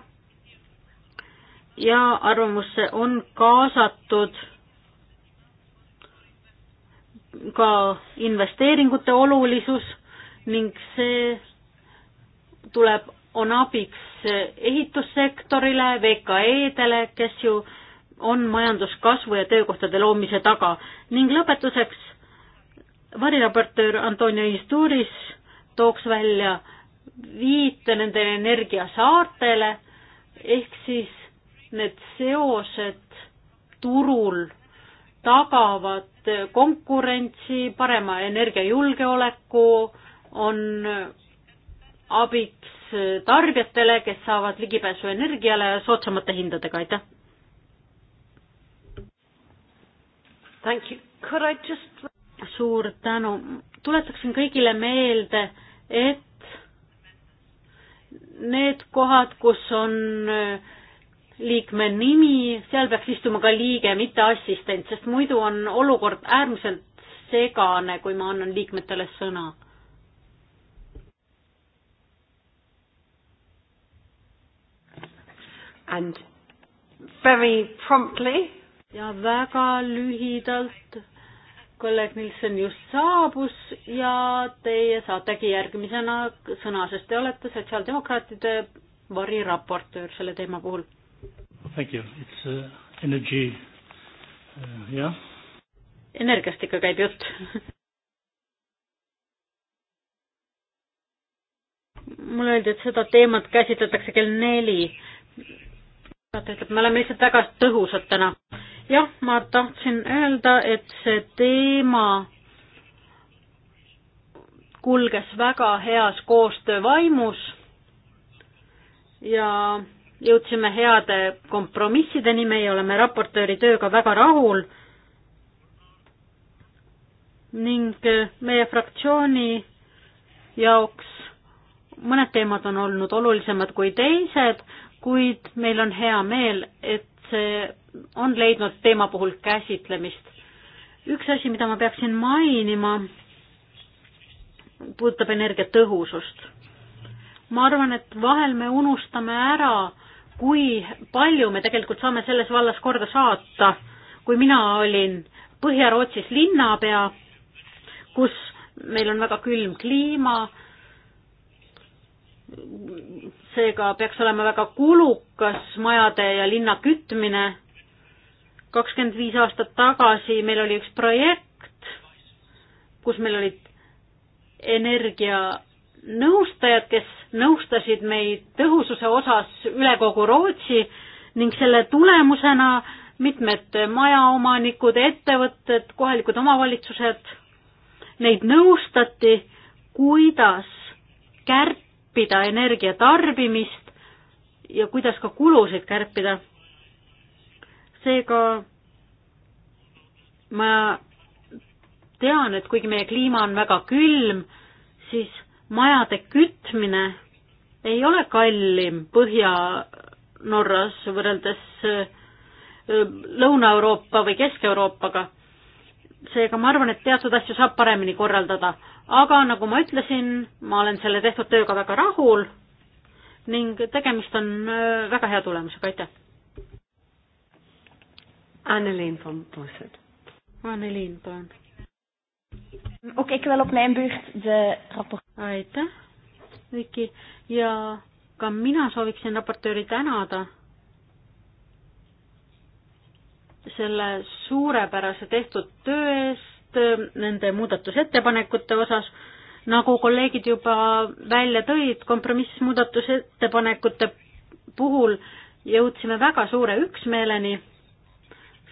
ja arvamusse on kaasatud ka investeeringute olulisus ning see tuleb, on abiks ehitussektorile, VKE-dele, kes ju on majanduskasvu ja töökohtade loomise taga. ning lõpetuseks variraportöör Antonio Isturis tooks välja viite nendele energiasaartele ehk siis need seosed turul tagavad konkurentsi, parema energiajulgeoleku, on abiks tarbijatele, kes saavad ligipääsu energiale soodsamate hindadega, aitäh! Thank you. Could I just suur tänu. tuletaksin kõigile meelde, et need kohad, kus on äh, liikme nimi, seal peaks istuma ka liige, mitte assistent, sest muidu on olukord äärmiselt segane, kui ma annan liikmetele sõna. And very promptly. ja väga lühidalt kolleeg Nilsson just saabus ja teie saategi järgmisena sõna, sest te olete sotsiaaldemokraatide variraportöör selle teema puhul. Thank you, it's uh, energy uh,, jah yeah.. energiast ikka käib jutt mulle öeldi, et seda teemat käsitletakse kell neli. ta ütleb, me oleme lihtsalt väga tõhusad täna jah, ma tahtsin öelda, et see teema kulges väga heas koostöövaimus ja jõudsime heade kompromissideni, meie oleme raportööri tööga väga rahul ning meie fraktsiooni jaoks mõned teemad on olnud olulisemad kui teised, kuid meil on hea meel, et see on leidnud teema puhul käsitlemist. üks asi, mida ma peaksin mainima, puudutab energiatõhusust. ma arvan, et vahel me unustame ära, kui palju me tegelikult saame selles vallas korda saata. kui mina olin Põhja-Rootsis linnapea, kus meil on väga külm kliima, seega peaks olema väga kulukas majade ja linna kütmine kakskümmend viis aastat tagasi meil oli üks projekt, kus meil olid energianõustajad, kes nõustasid meid tõhususe osas üle kogu Rootsi ning selle tulemusena mitmed majaomanikud, ettevõtted, kohalikud omavalitsused, neid nõustati, kuidas kärpida energia tarbimist ja kuidas ka kulusid kärpida seega ma tean, et kuigi meie kliima on väga külm, siis majade kütmine ei ole kallim Põhja-Norras võrreldes Lõuna-Euroopa või Kesk-Euroopaga. seega ma arvan, et teatud asju saab paremini korraldada, aga nagu ma ütlesin, ma olen selle tehtud tööga väga rahul ning tegemist on väga hea tulemusega, aitäh! Annelien van Posset. Annelien, palun. ook ik wil op mijn beurt de rapport. aitäh, Viki ja ka mina sooviksin raportööri tänada selle suurepärase tehtud töö eest nende muudatusettepanekute osas. nagu kolleegid juba välja tõid, kompromissmuudatusettepanekute puhul jõudsime väga suure üksmeeleni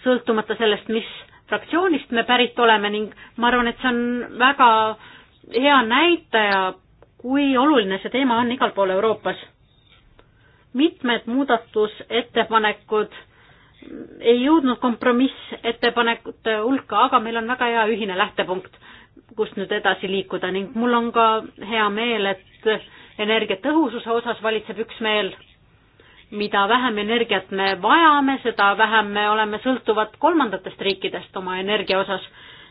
sõltumata sellest, mis fraktsioonist me pärit oleme ning ma arvan, et see on väga hea näitaja, kui oluline see teema on igal pool Euroopas. mitmed muudatusettepanekud ei jõudnud kompromissettepanekute hulka, aga meil on väga hea ühine lähtepunkt, kust nüüd edasi liikuda ning mul on ka hea meel, et energiatõhususe osas valitseb üksmeel mida vähem energiat me vajame, seda vähem me oleme sõltuvad kolmandatest riikidest oma energia osas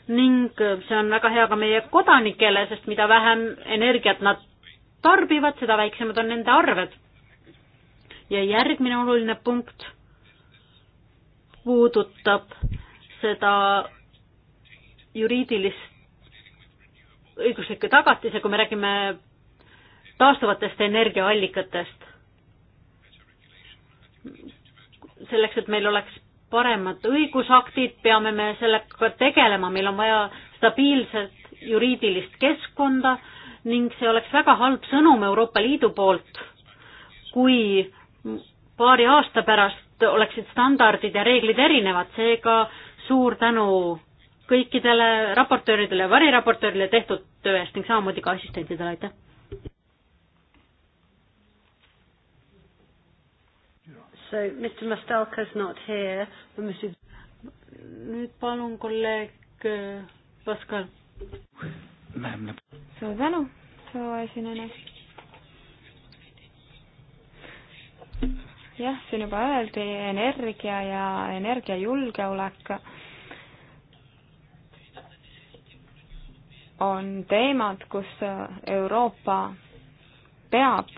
ning see on väga hea ka meie kodanikele, sest mida vähem energiat nad tarbivad, seda väiksemad on nende arved. ja järgmine oluline punkt puudutab seda juriidilist õiguslikke tagatisi, kui me räägime taastuvatest energiaallikatest selleks, et meil oleks paremad õigusaktid, peame me sellega tegelema, meil on vaja stabiilset juriidilist keskkonda ning see oleks väga halb sõnum Euroopa Liidu poolt, kui paari aasta pärast oleksid standardid ja reeglid erinevad, seega suur tänu kõikidele raportööridele ja variraportöörile tehtud töö eest ning samamoodi ka assistentidele, aitäh! So Mr Mastalka's not here. Mr. nüüd palun kolleeg äh, Pascal. suur tänu, proua esinejana. jah, siin juba öeldi, energia ja energiajulgeolek on teemad, kus Euroopa peab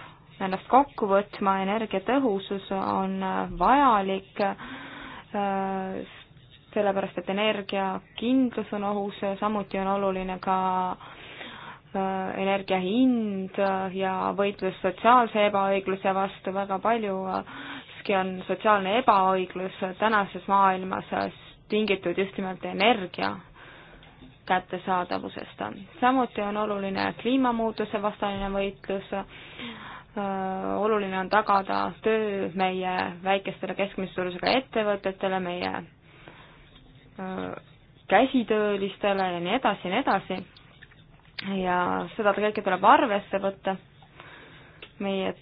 ennast kokku võtma, energiatõhusus on äh, vajalik, äh, sellepärast et energiakindlus on ohus, samuti on oluline ka äh, energia hind ja võitlus sotsiaalse ebaõigluse vastu väga palju siiski on sotsiaalne ebaõiglus tänases maailmas tingitud just nimelt energia kättesaadavusest. samuti on oluline kliimamuutuse vastane võitlus Äh, oluline on tagada töö meie väikestele keskmise suurusega ettevõtetele, meie äh, käsitöölistele ja nii edasi ja nii edasi. ja seda kõike tuleb arvesse võtta meie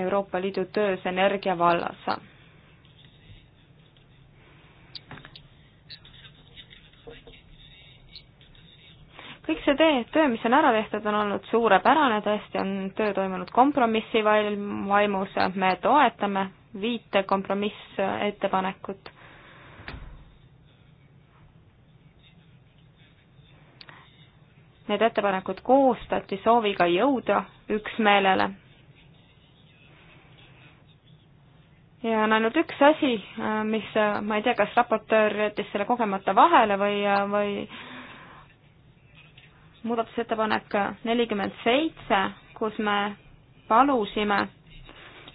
Euroopa Liidu töös energia vallas kõik see tee, töö, mis on ära tehtud, on olnud suurepärane, tõesti on töö toimunud kompromissi vaimus, me toetame viite kompromissettepanekut. Need ettepanekud koostati sooviga jõuda üksmeelele. ja on ainult üks asi, mis, ma ei tea, kas raportöör jättis selle kogemata vahele või, või muudatusettepanek nelikümmend seitse, kus me palusime,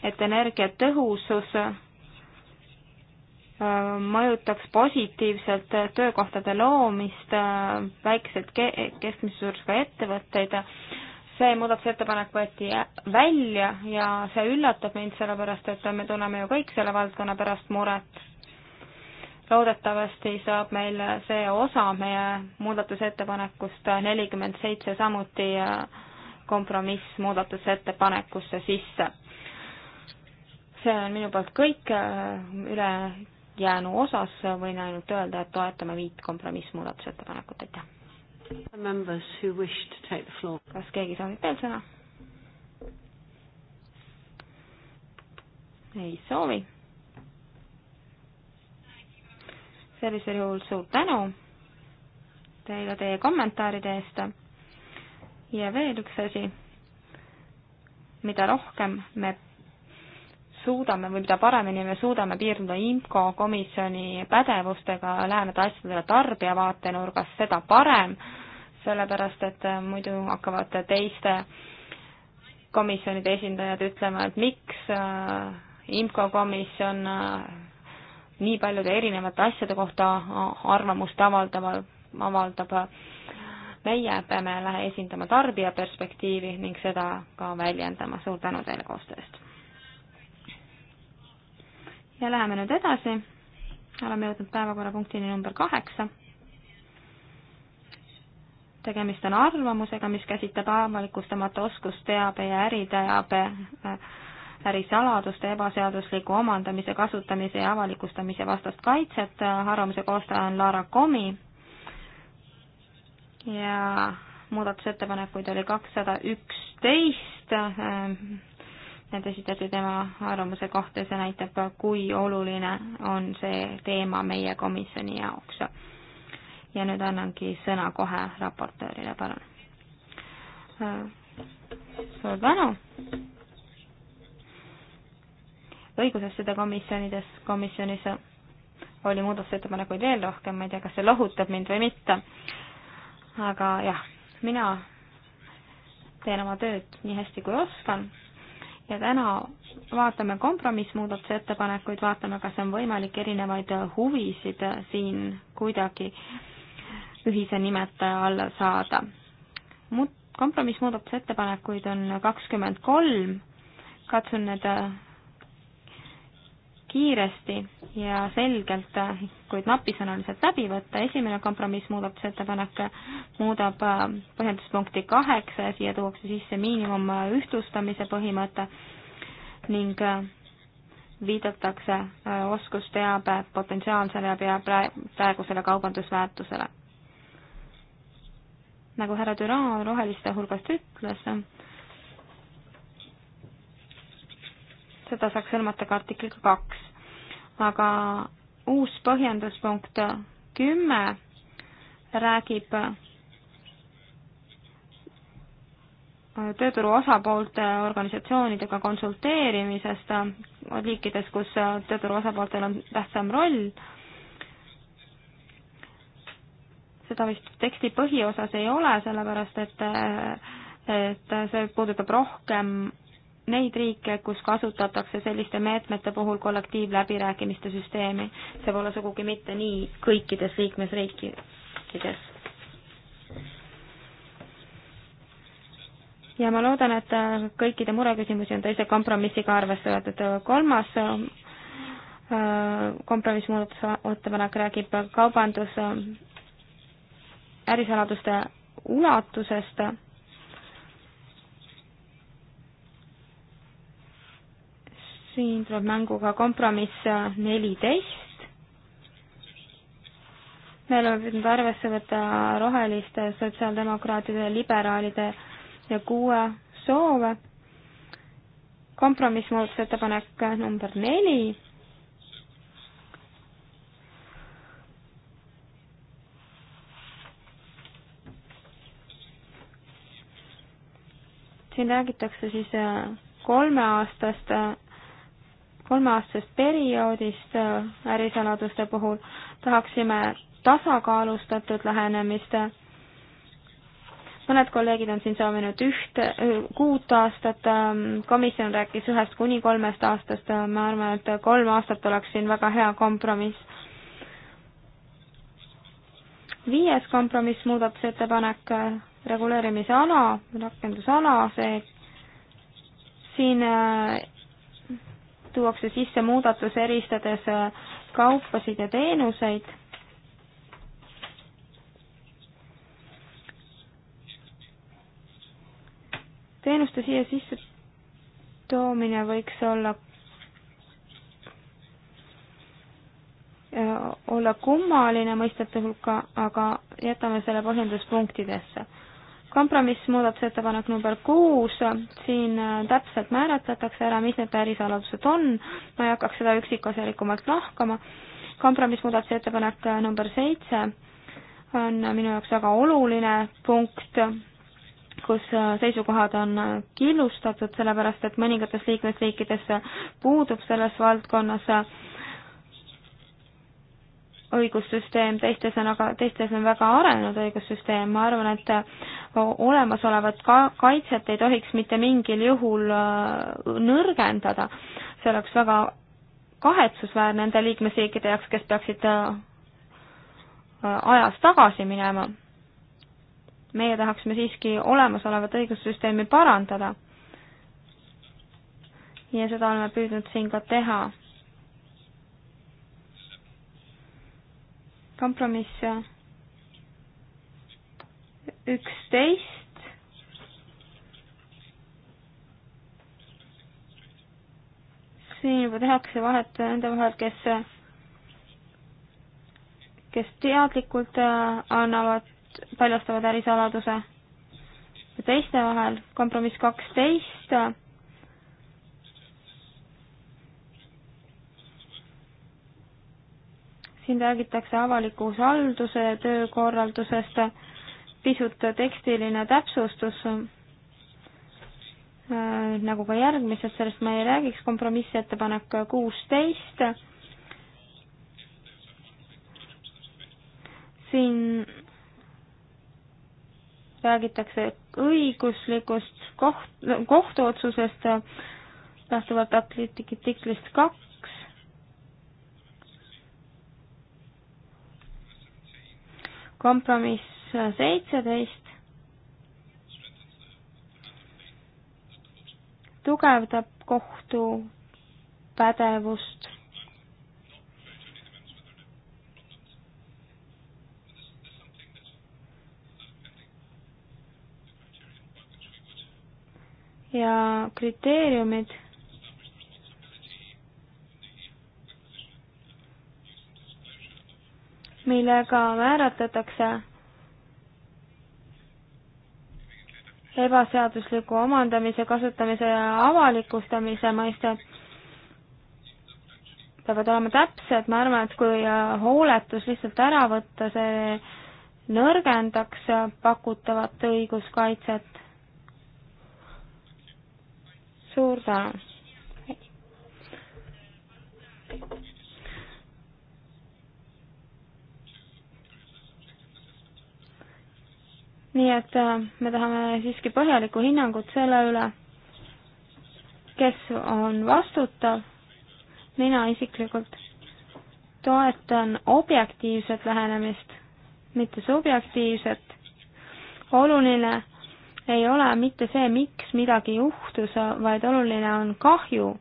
et energiatõhusus äh, mõjutaks positiivselt töökohtade loomist, äh, väikseid keskmise suurusega ettevõtteid. see muudatusettepanek võeti välja ja see üllatab mind, sellepärast et me tunneme ju kõik selle valdkonna pärast muret loodetavasti saab meil see osa meie muudatusettepanekust nelikümmend seitse samuti kompromiss muudatusettepanekusse sisse. see on minu poolt kõik, ülejäänu osas võin ainult öelda, et toetame viit kompromissmuudatusettepanekut, aitäh. kas keegi soovib veel sõna? ei soovi sellisel juhul suur tänu teile teie kommentaaride eest. ja veel üks asi, mida rohkem me suudame või mida paremini me suudame piirduda IMCO komisjoni pädevustega, läheneda asjadele tarbija vaatenurgast, seda parem, sellepärast et äh, muidu hakkavad teiste komisjonide esindajad ütlema, et miks äh, IMCO komisjon äh, nii paljude erinevate asjade kohta arvamust avaldama, avaldab. meie peame esindama tarbija perspektiivi ning seda ka väljendama. suur tänu teile koostöö eest! ja läheme nüüd edasi. oleme jõudnud päevakorrapunktini number kaheksa. tegemist on arvamusega, mis käsitleb avalikustamata oskusteabe ja äriteabe äh, ärisaladuste ebaseadusliku omandamise, kasutamise ja avalikustamise vastast kaitset. arvamuse koostaja on Laara Komi ja muudatusettepanekuid oli kakssada üksteist. Need esitati tema arvamuse kohta ja see näitab, kui oluline on see teema meie komisjoni jaoks. ja nüüd annangi sõna kohe raportöörile, palun. suur tänu õigusasjade komisjonides, komisjonis oli muudatusettepanekuid veel rohkem, ma ei tea, kas see lohutab mind või mitte. aga jah, mina teen oma tööd nii hästi, kui oskan ja täna vaatame kompromissmuudatusettepanekuid, vaatame, kas on võimalik erinevaid huvisid siin kuidagi ühise nimetaja alla saada. kompromissmuudatusettepanekuid on kakskümmend kolm, katsun need kiiresti ja selgelt, kuid napisõnaliselt läbi võtta. esimene kompromissmuudatusettepanek muudab äh, põhjenduspunkti kaheksa ja siia tuuakse sisse miinimum äh, ühtlustamise põhimõte ning äh, viidatakse oskusteabe potentsiaalsele ja praegusele kaubandusväärtusele. nagu härra Düran roheliste hulgast ütles, seda saaks hõlmata ka artikliga kaks. aga uus põhjenduspunkt kümme räägib äh, tööturu osapoolte organisatsioonidega konsulteerimisest riikides, äh, kus äh, tööturu osapooltel on tähtsam roll. seda vist teksti põhiosas ei ole, sellepärast et, et see puudutab rohkem neid riike, kus kasutatakse selliste meetmete puhul kollektiivläbirääkimiste süsteemi. see pole sugugi mitte nii kõikides liikmesriikides. ja ma loodan, et kõikide mureküsimusi on teise kompromissiga arvesse võetud. kolmas äh, kompromissmuudatusettepanek räägib kaubandus äh, ärisaladuste ulatusest siin tuleb mängu ka kompromiss äh, neliteist. me oleme püüdnud arvesse võtta roheliste, sotsiaaldemokraatide, liberaalide ja kuue soove. kompromiss muudatusettepanek äh, number neli. siin räägitakse siis äh, kolmeaastast kolmeaastasest perioodist äh, ärisaladuste puhul tahaksime tasakaalustatud lähenemist. mõned kolleegid on siin soovinud üht, äh, kuut aastat, ähm, komisjon rääkis ühest kuni kolmest aastast, äh, ma arvan, et kolm aastat oleks siin väga hea kompromiss. viies kompromiss, muudatusettepanek, reguleerimise ala, rakendusala, see siin tuuakse sisse muudatus eristades äh, kaupasid ja teenuseid. teenuste siia sisse toomine võiks olla, äh, olla kummaline mõistete hulka, aga jätame selle põhjenduspunktidesse kompromissmuudatusettepanek number kuus, siin äh, täpselt määratletakse ära, mis need ärisaladused on, ma ei hakkaks seda üksikasjalikumalt lahkama. kompromissmuudatusettepanek äh, number seitse on äh, minu jaoks väga oluline punkt, kus seisukohad on killustatud, sellepärast et mõningates liikmesriikides puudub selles valdkonnas õigussüsteem, teistes on aga, teistes on väga arenenud õigussüsteem, ma arvan, et olemasolevat ka-, kaitset ei tohiks mitte mingil juhul äh, nõrgendada. see oleks väga kahetsusväärne nende liikmesriikide jaoks, kes peaksid äh, ajas tagasi minema. meie tahaksime siiski olemasolevat õigussüsteemi parandada. ja seda oleme püüdnud siin ka teha kompromiss üksteist. siin juba tehakse vahet nende vahel, kes, kes teadlikult äh, annavad, paljastavad ärisaladuse ja teiste vahel kompromiss kaksteist äh, siin räägitakse avaliku halduse töökorraldusest, pisut tekstiline täpsustus, äh, nagu ka järgmised, sellest ma ei räägiks, kompromissettepanek kuusteist, siin räägitakse õiguslikust koht, kohtuotsusest lähtuvalt artiklist kaks, kompromiss seitseteist tugevdab kohtu pädevust. ja kriteeriumid millega määratletakse ebaseadusliku omandamise, kasutamise ja avalikustamise mõiste peavad olema täpsed, ma arvan, et kui äh, hooletus lihtsalt ära võtta, see nõrgendaks pakutavat õiguskaitset. suur tänu! nii et äh, me tahame siiski põhjalikku hinnangut selle üle, kes on vastutav. mina isiklikult toetan objektiivset lähenemist, mitte subjektiivset. oluline ei ole mitte see, miks midagi juhtus, vaid oluline on kahju,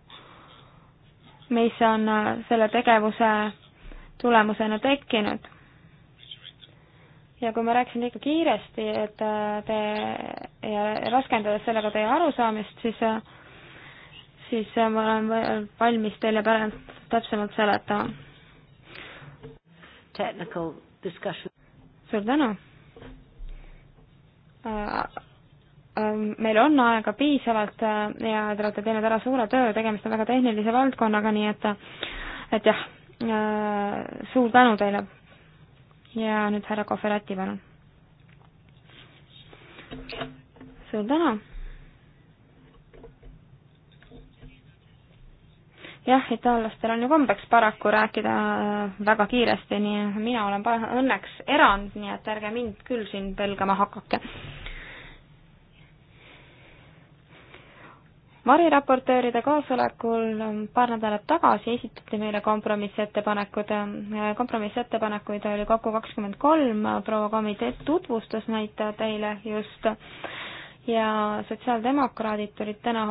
mis on äh, selle tegevuse tulemusena tekkinud ja kui ma rääkisin liiga kiiresti, et äh, te, ja raskendades sellega teie arusaamist, siis, äh, siis äh, ma olen valmis teile pärast täpsemalt seletama. suur tänu! meil on aega piisavalt ja te olete teinud ära suure töö, tegemist on väga tehnilise valdkonnaga, nii et, et jah, suur tänu teile ja nüüd härra Koferati, palun. suur tänu. jah, itaallastel on ju kombeks paraku rääkida äh, väga kiiresti, nii mina olen õnneks erand, nii et ärge mind küll siin pelgama hakake variraportööride koosolekul paar nädalat tagasi esitati meile kompromissettepanekud, kompromissettepanekuid oli kokku kakskümmend kolm, proua komitee tutvustas neid teile just ja sotsiaaldemokraadid tulid täna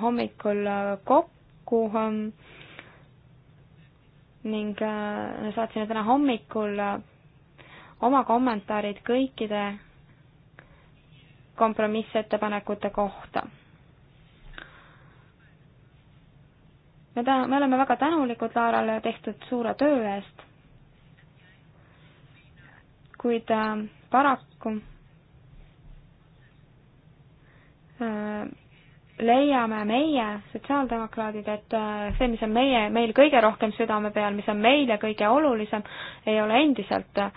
hommikul kokku ning saatsime täna hommikul oma kommentaarid kõikide kompromissettepanekute kohta me ta-, me oleme väga tänulikud Laarale tehtud suure töö eest, kuid äh, paraku äh, leiame meie, sotsiaaldemokraadid, et äh, see, mis on meie, meil kõige rohkem südame peal, mis on meile kõige olulisem, ei ole endiselt äh,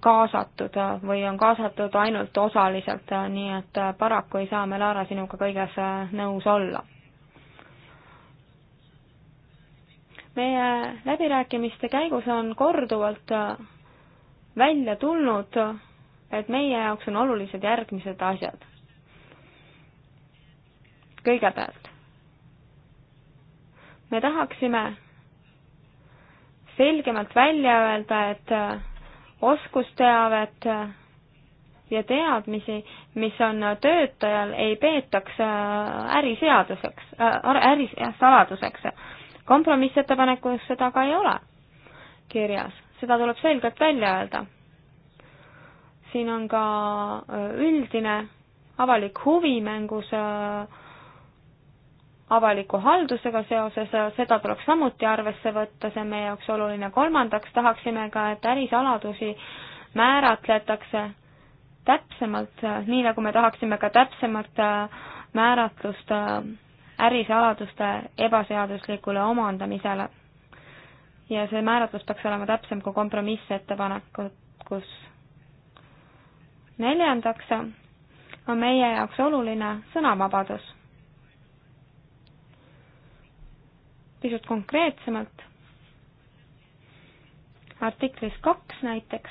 kaasatud äh, või on kaasatud ainult osaliselt, nii et paraku ei saa me, Laara, sinuga kõiges nõus olla. meie läbirääkimiste käigus on korduvalt äh, välja tulnud, äh, et meie jaoks on olulised järgmised asjad. kõigepealt, me tahaksime selgemalt välja öelda, et äh, oskusteavet ja teadmisi, mis on töötajal, ei peetaks äriseaduseks, ärisaladuseks kompromissettepanekus seda ka ei ole kirjas, seda tuleb selgelt välja öelda. siin on ka äh, üldine avalik huvi mängus äh, avaliku haldusega seoses, seda tuleks samuti arvesse võtta, see on meie jaoks oluline. kolmandaks tahaksime ka, et ärisaladusi määratletakse täpsemalt, nii nagu me tahaksime ka täpsemat äh, määratlust ärisaladuste ebaseaduslikule omandamisele. ja see määratlus peaks olema täpsem kui kompromissettepanekus. neljandaks on meie jaoks oluline sõnavabadus. pisut konkreetsemalt artiklis kaks näiteks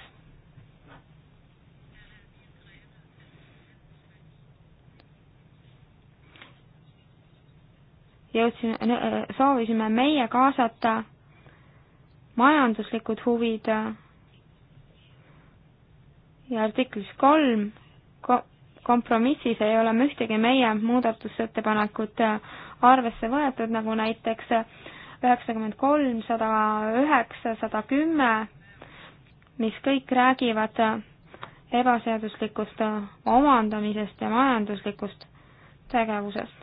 jõudsime, äh, soovisime meie kaasata majanduslikud huvid ja artiklis kolm kompromissis ei ole ühtegi meie muudatusettepanekut äh, arvesse võetud, nagu näiteks äh, üheksakümmend kolm, sada üheksa, sada kümme, mis kõik räägivad ebaseaduslikust omandamisest ja majanduslikust tegevusest.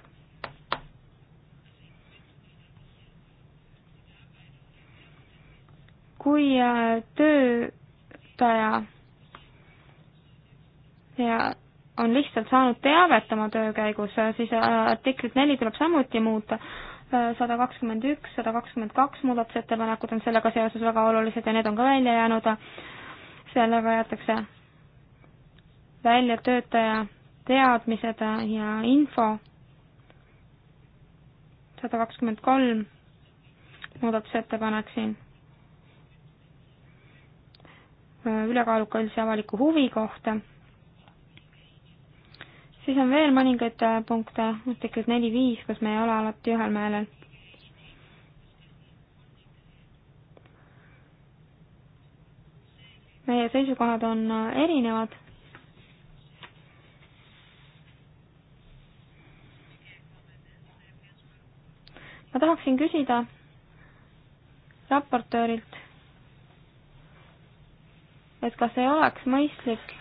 kui äh, töötaja ja on lihtsalt saanud teavet oma töö käigus, äh, siis äh, artiklit neli tuleb samuti muuta, sada kakskümmend üks, sada kakskümmend kaks muudatusettepanekud on sellega seoses väga olulised ja need on ka välja jäänud, sellega jäetakse välja töötaja teadmised ja info, sada kakskümmend kolm muudatusettepanek siin ülekaaluka üldse avaliku huvi kohta. siis on veel mõningaid äh, punkte, artiklid neli-viis, kus me ei ole alati ühel meelel. meie seisukohad on äh, erinevad. ma tahaksin küsida raportöörilt et kas ei oleks mõistlik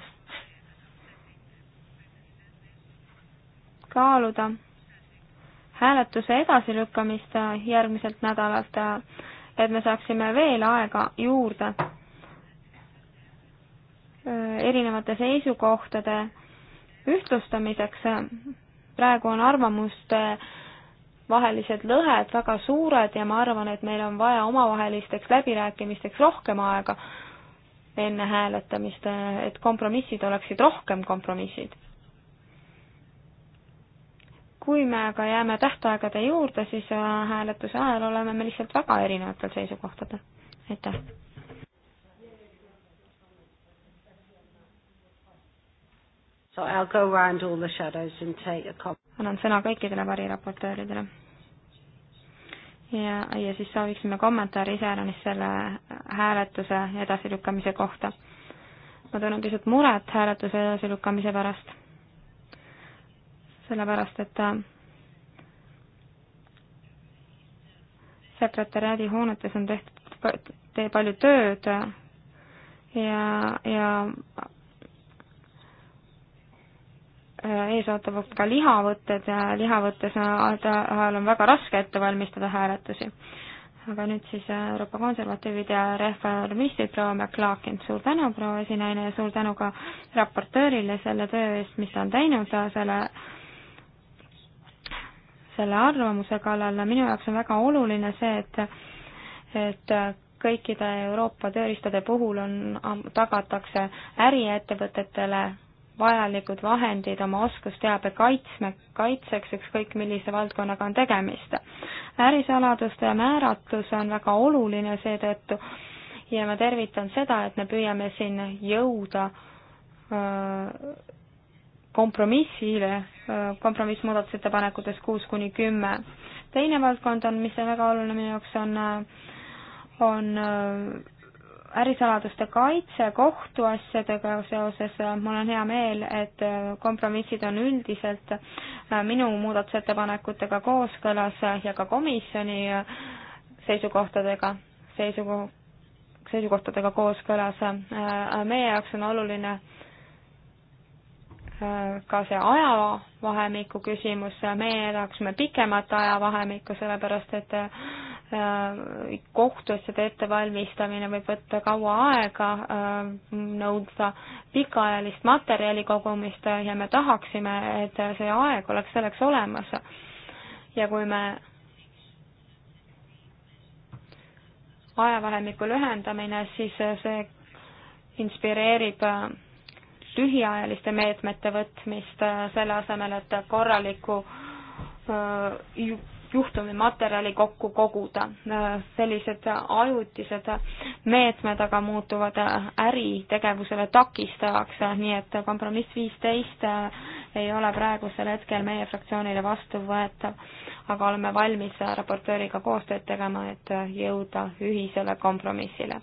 kaaluda hääletuse edasilükkamist järgmiselt nädalalt, et me saaksime veel aega juurde erinevate seisukohtade ühtlustamiseks. praegu on arvamuste vahelised lõhed väga suured ja ma arvan, et meil on vaja omavahelisteks läbirääkimisteks rohkem aega enne hääletamist, et kompromissid oleksid rohkem kompromissid. kui me aga jääme tähtaegade juurde, siis äh, hääletuse ajal oleme me lihtsalt väga erinevatel seisukohtadel. aitäh! So I'll go round all the shadows and take a copy. annan sõna kõikidele variraportööridele ja, ja siis sooviksime kommentaari iseäranis selle hääletuse edasilükkamise kohta. ma tunnen pisut muret hääletuse edasilükkamise pärast, sellepärast et äh, sekretäriaadi hoonetes on tehtud, tee palju tööd ja, ja Äh, ees ootavad ka lihavõtted ja lihavõttes ajal on väga raske ette valmistada hääletusi. aga nüüd siis äh, Euroopa konservatiivid ja reformistid, proua McLaughlin, suur tänu, proua esinaine, ja suur tänu ka raportöörile selle töö eest, mis ta on teinud äh, selle selle arvamuse kallal, minu jaoks on väga oluline see, et et kõikide Euroopa tööriistade puhul on, tagatakse äriettevõtetele vajalikud vahendid oma oskusteabe kaitsme, kaitseks, ükskõik millise valdkonnaga on tegemist. ärisaladuste määratlus on väga oluline seetõttu ja ma tervitan seda, et me püüame siin jõuda öö, kompromissile, kompromissmuudatusettepanekutes kuus kuni kümme. teine valdkond on, mis on väga oluline minu jaoks, on, on öö, ärisaladuste kaitse kohtuasjadega seoses mul on hea meel, et kompromissid on üldiselt äh, minu muudatusettepanekutega kooskõlas ja ka komisjoni äh, seisukohtadega, seisuko-, seisukohtadega kooskõlas. Äh, meie jaoks on oluline ka see ajavahemiku küsimus, meie tahaksime pikemat ajavahemikku, sellepärast et Äh, kohtuasjade ettevalmistamine võib võtta kaua aega, äh, nõudva pikaajalist materjali kogumist ja me tahaksime, et see aeg oleks selleks olemas. ja kui me ajavahemiku lühendamine, siis see inspireerib äh, lühiajaliste meetmete võtmist selle asemel, et korraliku juhtumimaterjali kokku koguda. sellised ajutised meetmed aga muutuvad äritegevusele takistavaks, nii et kompromiss viisteist ei ole praegusel hetkel meie fraktsioonile vastuvõetav, aga oleme valmis raportööriga koostööd tegema, et jõuda ühisele kompromissile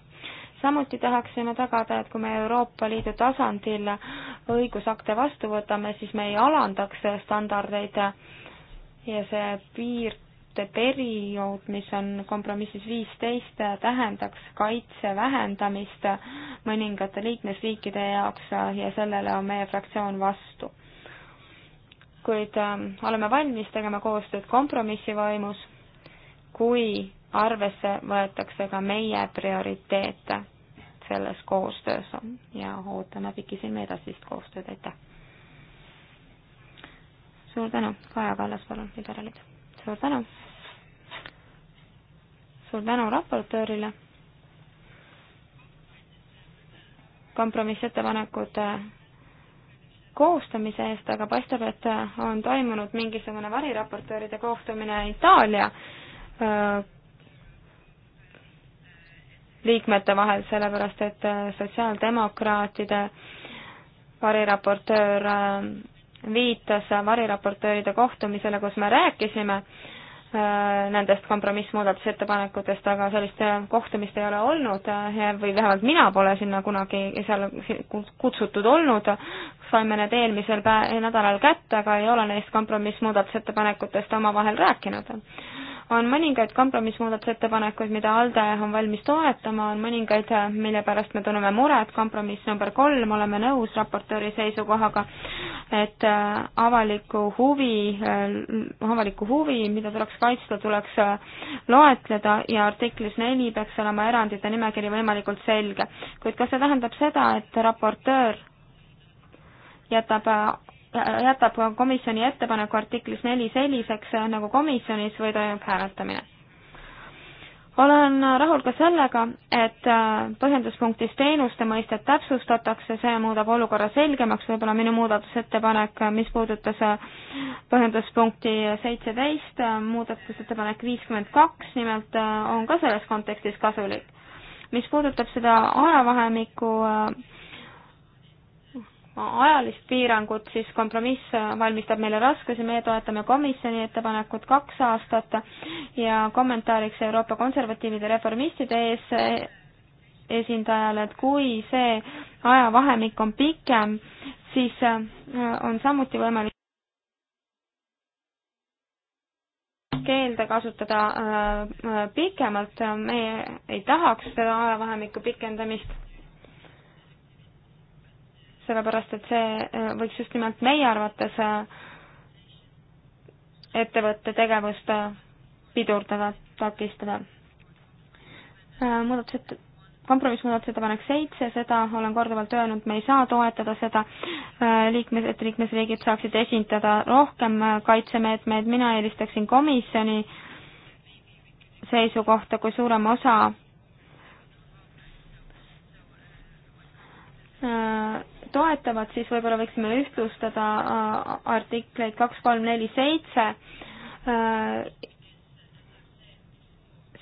samuti tahaksime tagada, et kui me Euroopa Liidu tasandil õigusakte vastu võtame, siis me ei alandaks standardeid ja see piirde periood, mis on kompromissis viisteist, tähendaks kaitse vähendamist mõningate liikmesriikide jaoks ja sellele on meie fraktsioon vastu. kuid äh, oleme valmis tegema koostööd kompromissi vaimus, kui arvesse võetakse ka meie prioriteete selles koostöös ja ootame pikisilmi edasist koostööd, aitäh! suur tänu, Kaja Kallas, palun, liberaalid. suur tänu. suur tänu raportöörile. kompromissettepanekute äh, koostamise eest, aga paistab, et äh, on toimunud mingisugune variraportööride kohtumine Itaalia äh, liikmete vahel, sellepärast et sotsiaaldemokraatide variraportöör viitas variraportööride kohtumisele, kus me rääkisime äh, nendest kompromissmuudatusettepanekutest, aga sellist äh, kohtumist ei ole olnud äh, või vähemalt mina pole sinna kunagi seal kutsutud olnud. saime need eelmisel päe-, nädalal kätte, aga ei ole neist kompromissmuudatusettepanekutest omavahel rääkinud on mõningaid kompromissmuudatusettepanekuid, mida ALDE on valmis toetama, on mõningaid, mille pärast me tunneme muret, kompromiss number kolm, oleme nõus raportööri seisukohaga, et äh, avaliku huvi, äh, avalikku huvi, mida tuleks kaitsta, tuleks äh, loetleda ja artiklis neli peaks olema erandite nimekiri võimalikult selge. kuid kas see tähendab seda, et raportöör jätab jätab komisjoni ettepaneku artiklis neli selliseks, nagu komisjonis või toimub hääletamine. olen rahul ka sellega, et äh, põhjenduspunktis teenuste mõistet täpsustatakse, see muudab olukorra selgemaks, võib-olla minu muudatusettepanek, mis puudutas äh, põhjenduspunkti seitseteist, äh, muudatusettepanek viiskümmend kaks nimelt on ka selles kontekstis kasulik. mis puudutab seda ajavahemikku äh, ajalist piirangut, siis kompromiss valmistab meile raskusi, meie toetame komisjoni ettepanekut kaks aastat ja kommentaariks Euroopa konservatiivide reformistide ees esindajale, et kui see ajavahemik on pikem, siis äh, on samuti võimalik keelde kasutada äh, äh, pikemalt, me ei tahaks seda ajavahemikku pikendamist sellepärast et see äh, võiks just nimelt meie arvates äh, ettevõtte tegevust äh, pidurdada, takistada. muudatused, kompromissmuudatusettepanek seitse, seda olen korduvalt öelnud, me ei saa toetada seda, liikmes, et liikmesriigid saaksid esindada rohkem kaitsemeetmeid, mina eelistaksin komisjoni seisukohta, kui suurem osa toetavad, siis võib-olla võiksime ühtlustada äh, artikleid kaks, kolm, neli, seitse. Äh,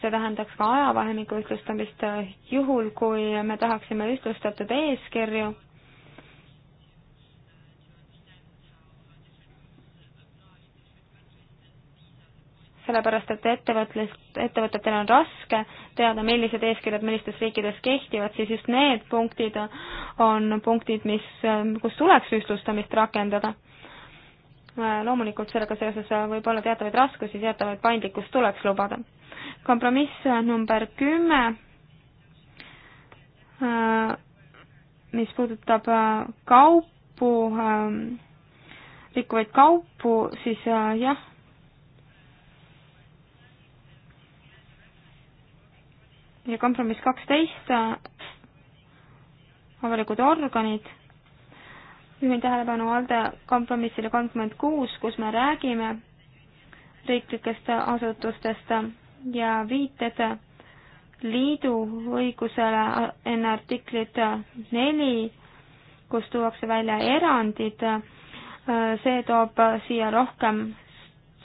see tähendaks ka ajavahemiku ühtlustamist, äh, juhul kui me tahaksime ühtlustatud eeskirju sellepärast et ettevõtlus, ettevõtetel on raske teada, millised eeskirjad millistes riikides kehtivad, siis just need punktid on punktid, mis, kus tuleks ühtlustamist rakendada. loomulikult sellega seoses võib olla teatavaid raskusi, teatavaid paindlikkust tuleks lubada. kompromiss number kümme, mis puudutab kaupu, rikkuvaid kaupu, siis jah, ja kompromiss kaksteist, avalikud organid, juhin tähelepanu ALDE kompromissile kolmkümmend kuus, kus me räägime riiklikest asutustest ja viited liidu õigusele enne artiklit neli, kus tuuakse välja erandid, see toob siia rohkem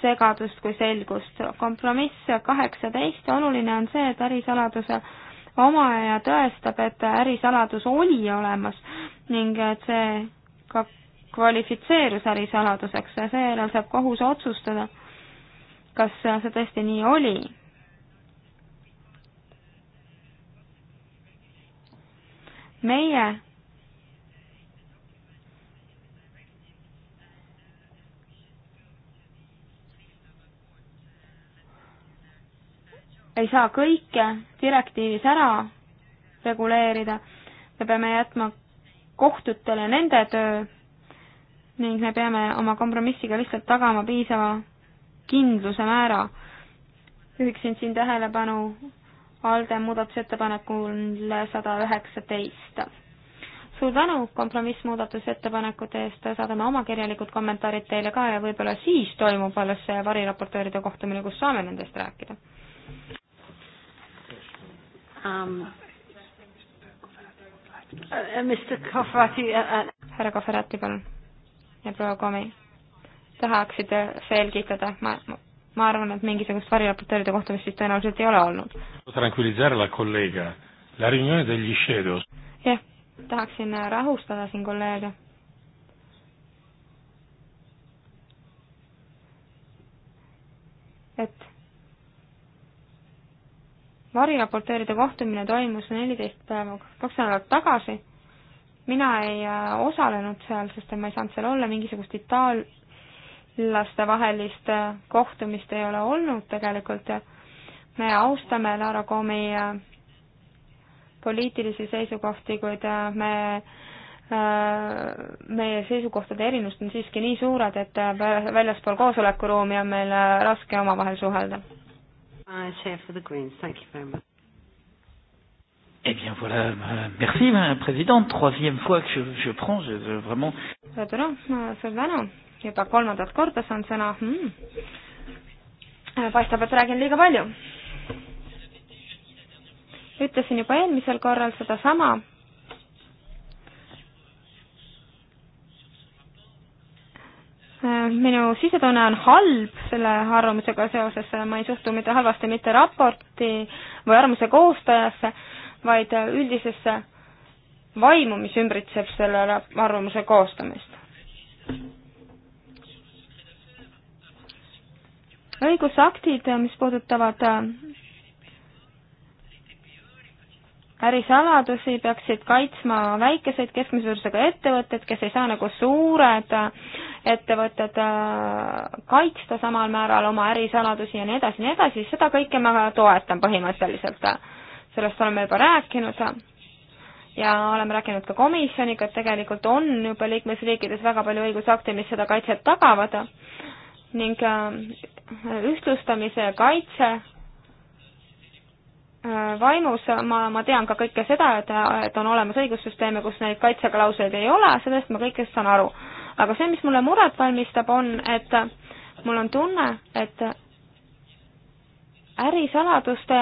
segadust kui selgust. kompromiss kaheksateist, oluline on see, et ärisaladuse omaja tõestab, et ärisaladus oli olemas ning et see ka kvalifitseerus ärisaladuseks ja seejärel saab kohus otsustada, kas see tõesti nii oli. meie ei saa kõike direktiivis ära reguleerida, me peame jätma kohtutele nende töö ning me peame oma kompromissiga lihtsalt tagama piisava kindluse määra. juhiksin siin tähelepanu ALDE muudatusettepanekule sada üheksateist. suur tänu kompromissmuudatusettepanekute eest, saadame oma kirjalikud kommentaarid teile ka ja võib-olla siis toimub alles see variraportööride kohtumine, kus saame nendest rääkida um, uh, Mr. Kofrati uh, uh,. härra Kofrati, palun. ja proua Komi. tahaksite selgitada? ma, ma, ma arvan, et mingisugust variraportööride kohtumist siis tõenäoliselt ei ole olnud. jah, tahaksin rahustada siin kolleege. et variraporteeride kohtumine toimus neliteist päeva, kaks nädalat tagasi. mina ei äh, osalenud seal, sest ma ei saanud seal olla, mingisugust itaallaste vahelist äh, kohtumist ei ole olnud tegelikult ja me austame Lara Comi äh, poliitilisi seisukohti, kuid me meie seisukohtade erinevused on siiski nii suured, et väljaspool koosolekuruumi on meil raske omavahel suhelda Uh, eh bien voilà, euh, merci Madame la Présidente, troisième fois que je, je prends, je, je vraiment. suur tänu, suur tänu, juba kolmandat korda saan sõna hmm.. Äh, paistab, et räägin liiga palju. ütlesin juba eelmisel korral sedasama minu sisetunne on halb selle arvamusega seoses, ma ei suhtu mitte halvasti mitte raporti või arvamuse koostajasse, vaid üldisesse vaimu, mis ümbritseb selle arvamuse koostamist. õigusaktid, mis puudutavad äh, ärisaladusi peaksid kaitsma väikeseid keskmise suurusega ettevõtteid, kes ei saa nagu suured äh, ettevõtted äh, kaitsta samal määral oma ärisaladusi ja nii edasi, nii edasi, seda kõike ma toetan põhimõtteliselt. sellest oleme juba rääkinud ja oleme rääkinud ka komisjoniga, et tegelikult on juba liikmesriikides väga palju õigusakte, mis seda kaitset tagavad ning äh, ühtlustamise kaitse äh, vaimus ma, ma tean ka kõike seda, et, et on olemas õigussüsteeme, kus neid kaitseklauseid ei ole, sellest ma kõigest saan aru aga see, mis mulle muret valmistab, on, et mul on tunne, et ärisaladuste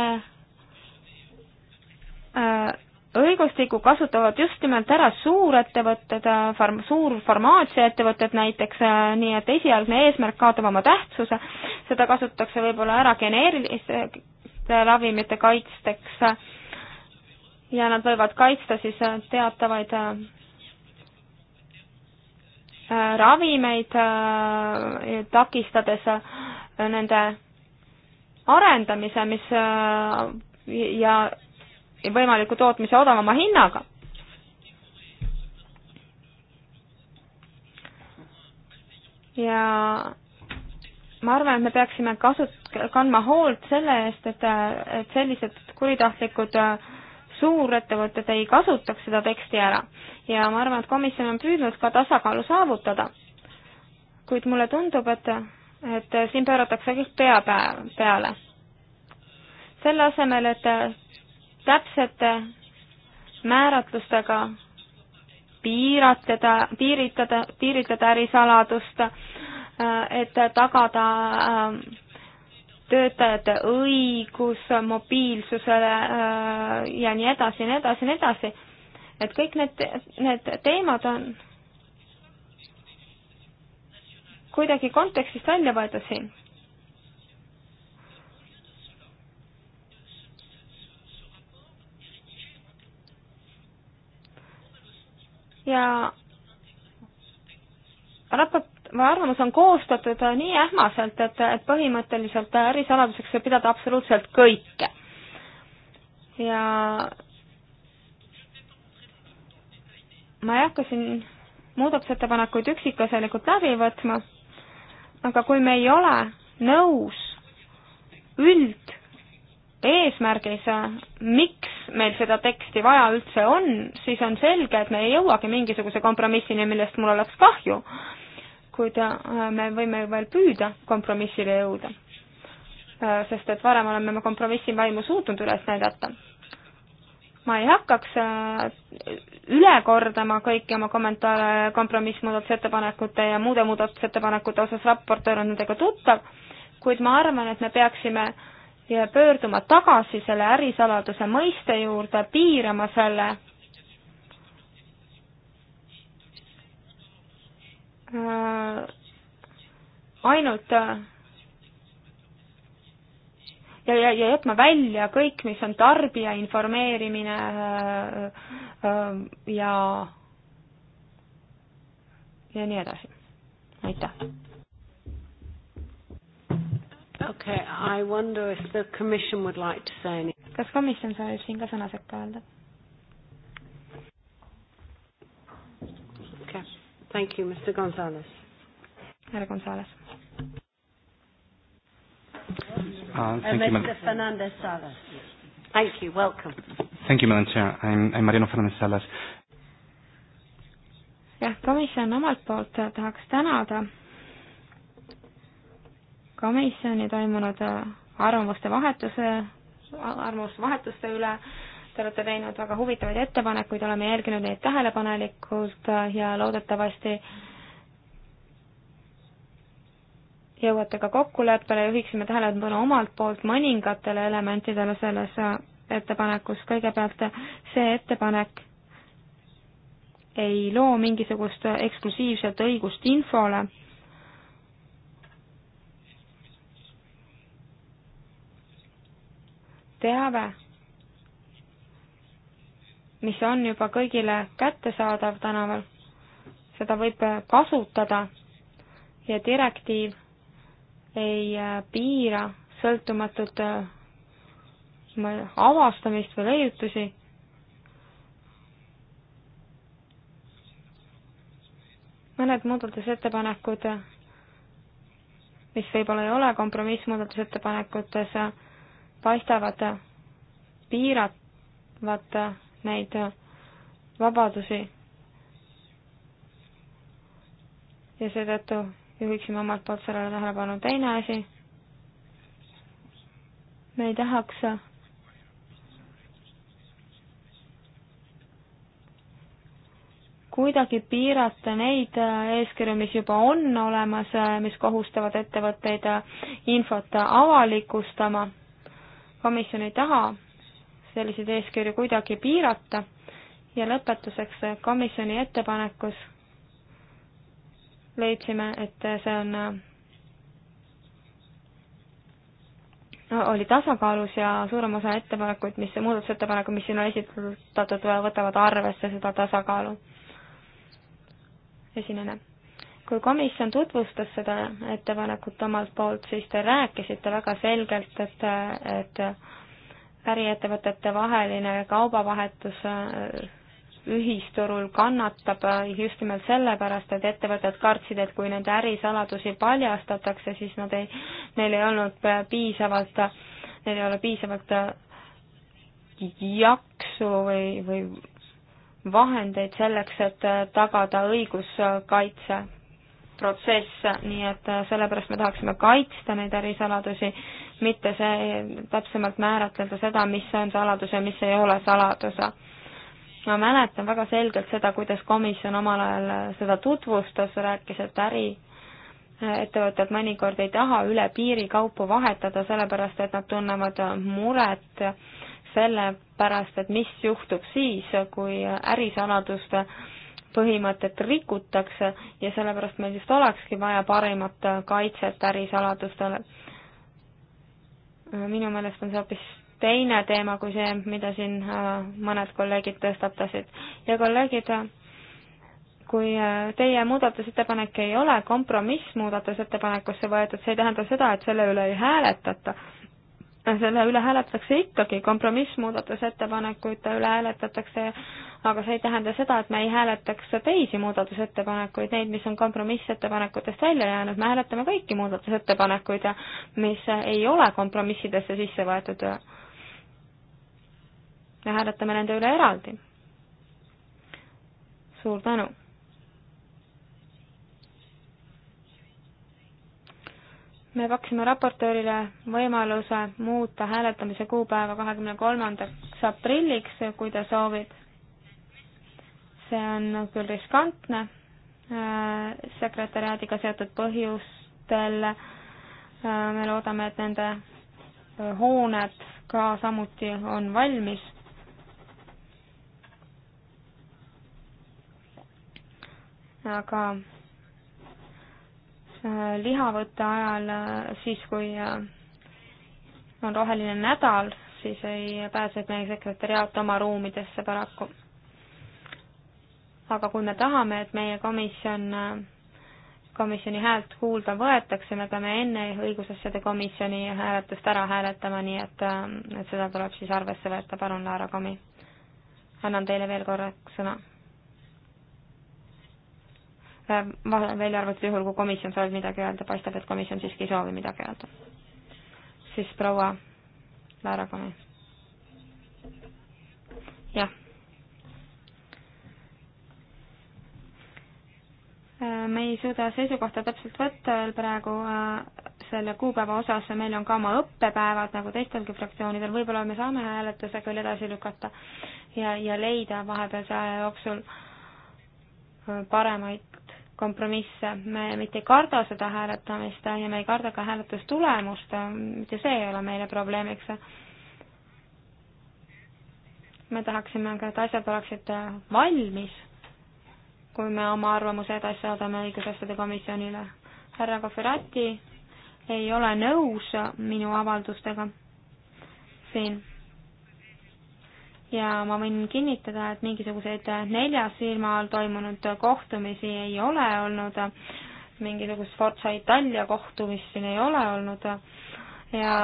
äh, õigustikku kasutavad just nimelt ära suurettevõtted, äh, farm-, suur farmaatsiaettevõtted näiteks, äh, nii et esialgne eesmärk kaotab oma tähtsuse, seda kasutatakse võib-olla ära geneeriliste ravimite kaitsteks ja nad võivad kaitsta siis teatavaid Äh, ravimeid äh, takistades äh, nende arendamise, mis ja võimaliku tootmise odavama hinnaga. ja ma arvan, et me peaksime kasut-, kandma hoolt selle eest, et, et sellised kuritahtlikud äh, suurettevõtted ei kasutaks seda teksti ära. ja ma arvan, et komisjon on püüdnud ka tasakaalu saavutada. kuid mulle tundub, et, et siin pööratakse kõik pea peale. selle asemel, et täpsete määratlustega piiratleda, piiritleda, piiritleda ärisaladust, et tagada äh, töötajate õigus mobiilsusele äh, ja nii edasi ja nii edasi ja nii edasi. et kõik need, need teemad on kuidagi kontekstist välja võetud siin. ja raport mu arvamus on koostatud nii ähmaselt, et, et põhimõtteliselt ärisaladuseks võib pidada absoluutselt kõike. ja ma ei hakka siin muudatusettepanekuid üksikasjalikult läbi võtma, aga kui me ei ole nõus üldeesmärgis, miks meil seda teksti vaja üldse on, siis on selge, et me ei jõuagi mingisuguse kompromissini, millest mul oleks kahju kuid äh, me võime veel püüda kompromissile jõuda, äh, sest et varem oleme me kompromissi vaimu suutnud üles näidata. ma ei hakkaks äh, üle kordama kõiki oma kommentaare kompromissmuudatusettepanekute ja muude muudatusettepanekute osas, raportöör on nendega tuttav, kuid ma arvan, et me peaksime pöörduma tagasi selle ärisaladuse mõiste juurde, piirama selle Äh, ainult äh, ja, ja, ja jätma välja kõik, mis on tarbija informeerimine äh, ja, ja nii edasi. aitäh. Okay, I wonder if the commission would like to say anything. kas komisjon soovib siin ka sõna sekka öelda? Thank you, Mr Gonzales. härra Gonzales. Uh, thank you, Mr. Fernandez Salas. Thank you. Welcome. Thank you, Madam Chair. I'm, I'm Mariano Fernandez Salas. jah, komisjon omalt poolt tahaks tänada komisjoni toimunud arvamuste vahetuse, arvamuste vahetuste üle Te olete teinud väga huvitavaid ettepanekuid, oleme jälginud neid tähelepanelikult ja loodetavasti jõuate ka kokkuleppele ja juhiksime tähelepanu omalt poolt mõningatele elementidele selles ettepanekus. kõigepealt see ettepanek ei loo mingisugust eksklusiivset õigust infole teave mis on juba kõigile kättesaadav tänaval, seda võib kasutada ja direktiiv ei äh, piira sõltumatut äh, avastamist või leiutusi. mõned muudatusettepanekud, mis võib-olla ei ole kompromissmuudatusettepanekutes, paistavad piiravat neid äh, vabadusi. ja seetõttu juhiksime omalt poolt sellele tähelepanu. teine asi, me ei tahaks äh, kuidagi piirata neid äh, eeskirju, mis juba on olemas, mis kohustavad ettevõtteid infot avalikustama. komisjon ei taha selliseid eeskirju kuidagi piirata ja lõpetuseks komisjoni ettepanekus leidsime, et see on no,, oli tasakaalus ja suurem osa ettepanekuid, mis, muudatusettepanekud, mis siin on esitatud, võtavad arvesse seda tasakaalu. esinene. kui komisjon tutvustas seda ettepanekut omalt poolt, siis te rääkisite väga selgelt, et, et äriettevõtete vaheline kaubavahetus äh, ühisturul kannatab äh, just nimelt sellepärast, et ettevõtted kartsid, et kui nende ärisaladusi paljastatakse, siis nad ei, neil ei olnud äh, piisavalt, neil ei ole piisavalt jaksu või, või vahendeid selleks, et tagada õiguskaitse protsess, nii et äh, sellepärast me tahaksime kaitsta neid ärisaladusi, mitte see, täpsemalt määratleda seda, mis on saladus ja mis ei ole saladus. ma mäletan väga selgelt seda, kuidas komisjon omal ajal äh, seda tutvustas, rääkis, et äri äh, ettevõtted mõnikord ei taha üle piiri kaupu vahetada, sellepärast et nad tunnevad muret selle pärast, et mis juhtub siis, kui ärisaladuste põhimõtet rikutakse ja sellepärast meil just olekski vaja parimat kaitset ärisaladustele. minu meelest on see hoopis teine teema kui see, mida siin äh, mõned kolleegid tõstatasid. ja kolleegid, äh, kui äh, teie muudatusettepanek ei ole kompromiss muudatusettepanekusse võetud, see ei tähenda seda, et selle üle ei hääletata selle üle hääletatakse ikkagi, kompromissmuudatusettepanekute üle hääletatakse aga see ei tähenda seda, et me ei hääletaks teisi muudatusettepanekuid, neid, mis on kompromissettepanekutest välja jäänud, me hääletame kõiki muudatusettepanekuid ja mis ei ole kompromissidesse sisse võetud. me hääletame nende üle eraldi. suur tänu. me pakusime raportöörile võimaluse muuta hääletamise kuupäeva kahekümne kolmandaks aprilliks, kui ta soovib see on küll riskantne äh, sekretäriaadiga seotud põhjustel. Äh, me loodame, et nende äh, hooned ka samuti on valmis. aga lihavõtte ajal, siis kui on roheline nädal, siis ei pääse meie sekretäriaat oma ruumidesse paraku aga kui me tahame, et meie komisjon, komisjoni häält kuulda võetakse, me peame enne õigusasjade komisjoni hääletust ära hääletama, nii et, et seda tuleb siis arvesse võtta, palun, Laara Komi. annan teile veel korraks sõna. Äh, välja arvatud juhul, kui komisjon soovib midagi öelda, paistab, et komisjon siiski ei soovi midagi öelda. siis proua Laara Komi. jah Äh, me ei suuda seisukohta täpselt võtta veel praegu äh, selle kuupäeva osas, meil on ka oma õppepäevad nagu teistelgi fraktsioonidel, võib-olla me saame hääletuse küll edasi lükata ja, ja leida vahepealse aja jooksul äh, paremaid kompromisse. me mitte ei karda seda hääletamist ja me ei karda ka hääletustulemust, mitte see ei ole meile probleemiks. me tahaksime ka, et asjad oleksid valmis kui me oma arvamuse edasi saadame õigusasjade komisjonile. härra Kaferati ei ole nõus minu avaldustega siin. ja ma võin kinnitada, et mingisuguseid nelja silma all toimunud kohtumisi ei ole olnud, mingisugust Forza Itaalia kohtumist siin ei ole olnud ja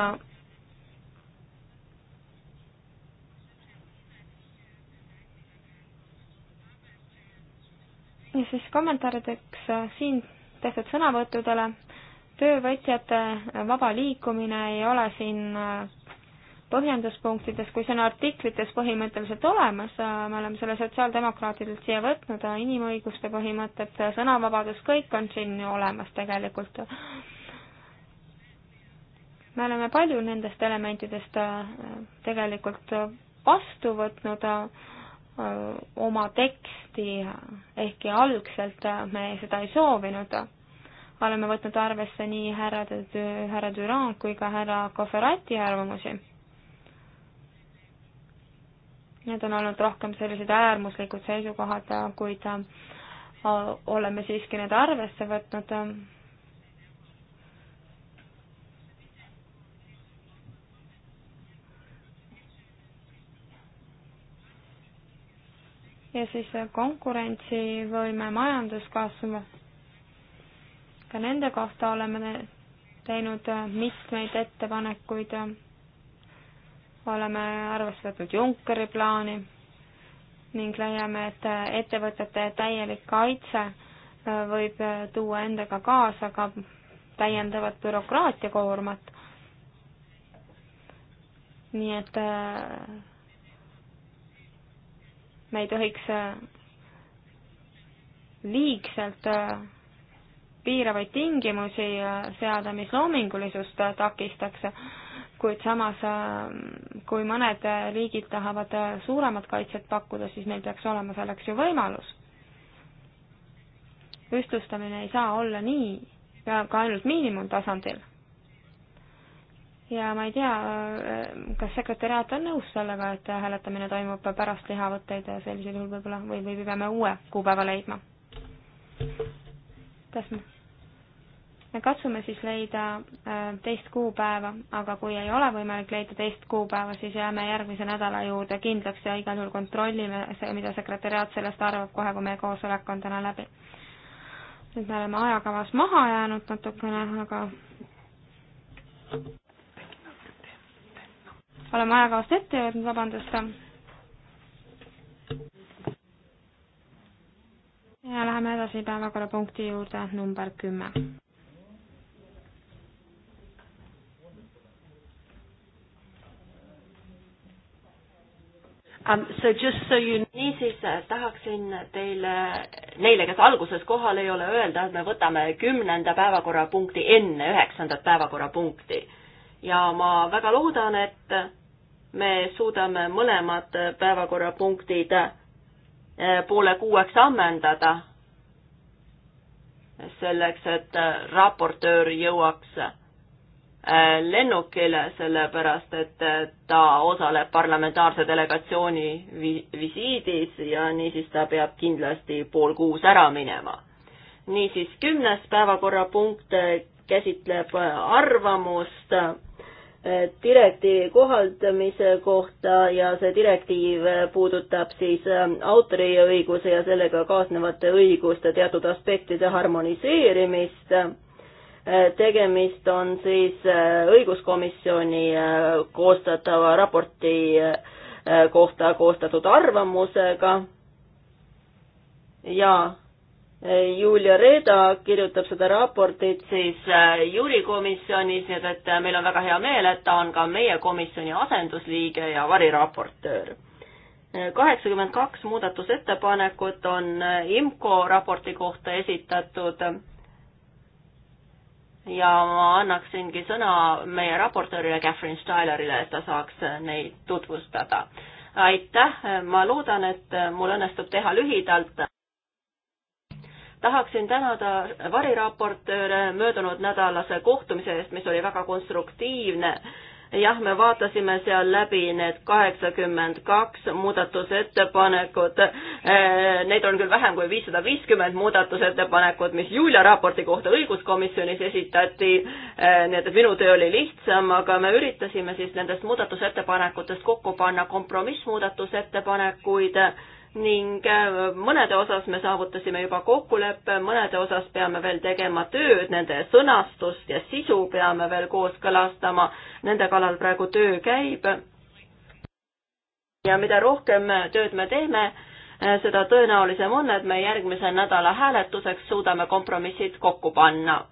niisiis kommentaarideks äh, siin tehtud sõnavõttudele. töövõtjate äh, vaba liikumine ei ole siin äh, põhjenduspunktides, kui see on artiklites põhimõtteliselt olemas, me oleme selle sotsiaaldemokraatidelt siia võtnud, inimõiguste põhimõtted, sõnavabadus, kõik on siin ju olemas tegelikult. me oleme palju nendest elementidest tegelikult vastu võtnud Äh, oma teksti, ehkki algselt äh, me seda ei soovinud. oleme võtnud arvesse nii härra, härra Durand kui ka härra Cofferati arvamusi. Need on olnud rohkem sellised äärmuslikud seisukohad, kuid äh, oleme siiski need arvesse võtnud ja siis äh, konkurentsivõime majanduskasv. ka nende kohta oleme teinud äh, mitmeid ettepanekuid. oleme arvestatud Junckeri plaani ning leiame, et äh, ettevõtete täielik kaitse võib tuua endaga kaasa ka täiendavat bürokraatiakoormat. nii et me ei tohiks äh, liigselt äh, piiravaid tingimusi äh, seada, mis loomingulisust takistaks, kuid samas, kui mõned riigid tahavad suuremat kaitset pakkuda, siis meil peaks olema selleks ju võimalus. ühtlustamine ei saa olla nii, peab ka ainult miinimumtasandil ja ma ei tea, äh, kas sekretäriaat on nõus sellega, et hääletamine toimub pärast lihavõtteid ja sellisel juhul võib-olla või, või peame uue kuupäeva leidma? kuidas me? me katsume siis leida äh, teist kuupäeva, aga kui ei ole võimalik leida teist kuupäeva, siis jääme järgmise nädala juurde kindlaks ja igal juhul kontrollime, mida sekretäriaat sellest arvab, kohe kui meie koosolek on täna läbi. nüüd me oleme ajakavas maha jäänud natukene, aga oleme ajakavast ette jõudnud, vabandust. ja läheme edasi päevakorrapunkti juurde number kümme. Um, so just so you niisiis äh, tahaksin teile, neile, kes alguses kohal ei ole, öelda, et me võtame kümnenda päevakorrapunkti enne üheksandat päevakorrapunkti. ja ma väga loodan, et me suudame mõlemad päevakorrapunktid eh, poole kuueks ammendada, selleks et eh, raportöör jõuaks eh, lennukile, sellepärast et ta osaleb parlamentaarse delegatsiooni vi-, visiidis ja niisiis ta peab kindlasti pool kuus ära minema. niisiis, kümnes päevakorrapunkt käsitleb arvamust direktiivi kohaldamise kohta ja see direktiiv puudutab siis ähm, autoriõiguse ja sellega kaasnevate õiguste teatud aspektide harmoniseerimist. Äh, tegemist on siis äh, õiguskomisjoni äh, koostatava raporti kohta koostatud arvamusega ja Julia Reeda kirjutab seda raportit siis äh, juurikomisjonis, nii et, et äh, meil on väga hea meel, et ta on ka meie komisjoni asendusliige ja variraportöör. Äh, kaheksakümmend kaks muudatusettepanekut on IMCO raporti kohta esitatud ja ma annaksingi sõna meie raportöörile Catherine Stylerile, et ta saaks neid tutvustada. aitäh, ma loodan, et mul õnnestub teha lühidalt tahaksin tänada variraportööre möödunud nädalase kohtumise eest, mis oli väga konstruktiivne. jah, me vaatasime seal läbi need kaheksakümmend kaks muudatusettepanekut. Eh, neid on küll vähem kui viissada viiskümmend muudatusettepanekut, mis Julia raporti kohta õiguskomisjonis esitati. Eh, nii et minu töö oli lihtsam, aga me üritasime siis nendest muudatusettepanekutest kokku panna kompromissmuudatusettepanekuid ning äh, mõnede osas me saavutasime juba kokkuleppe, mõnede osas peame veel tegema tööd, nende sõnastust ja sisu peame veel kooskõlastama, nende kallal praegu töö käib. ja mida rohkem tööd me teeme, äh, seda tõenäolisem on, et me järgmise nädala hääletuseks suudame kompromissid kokku panna.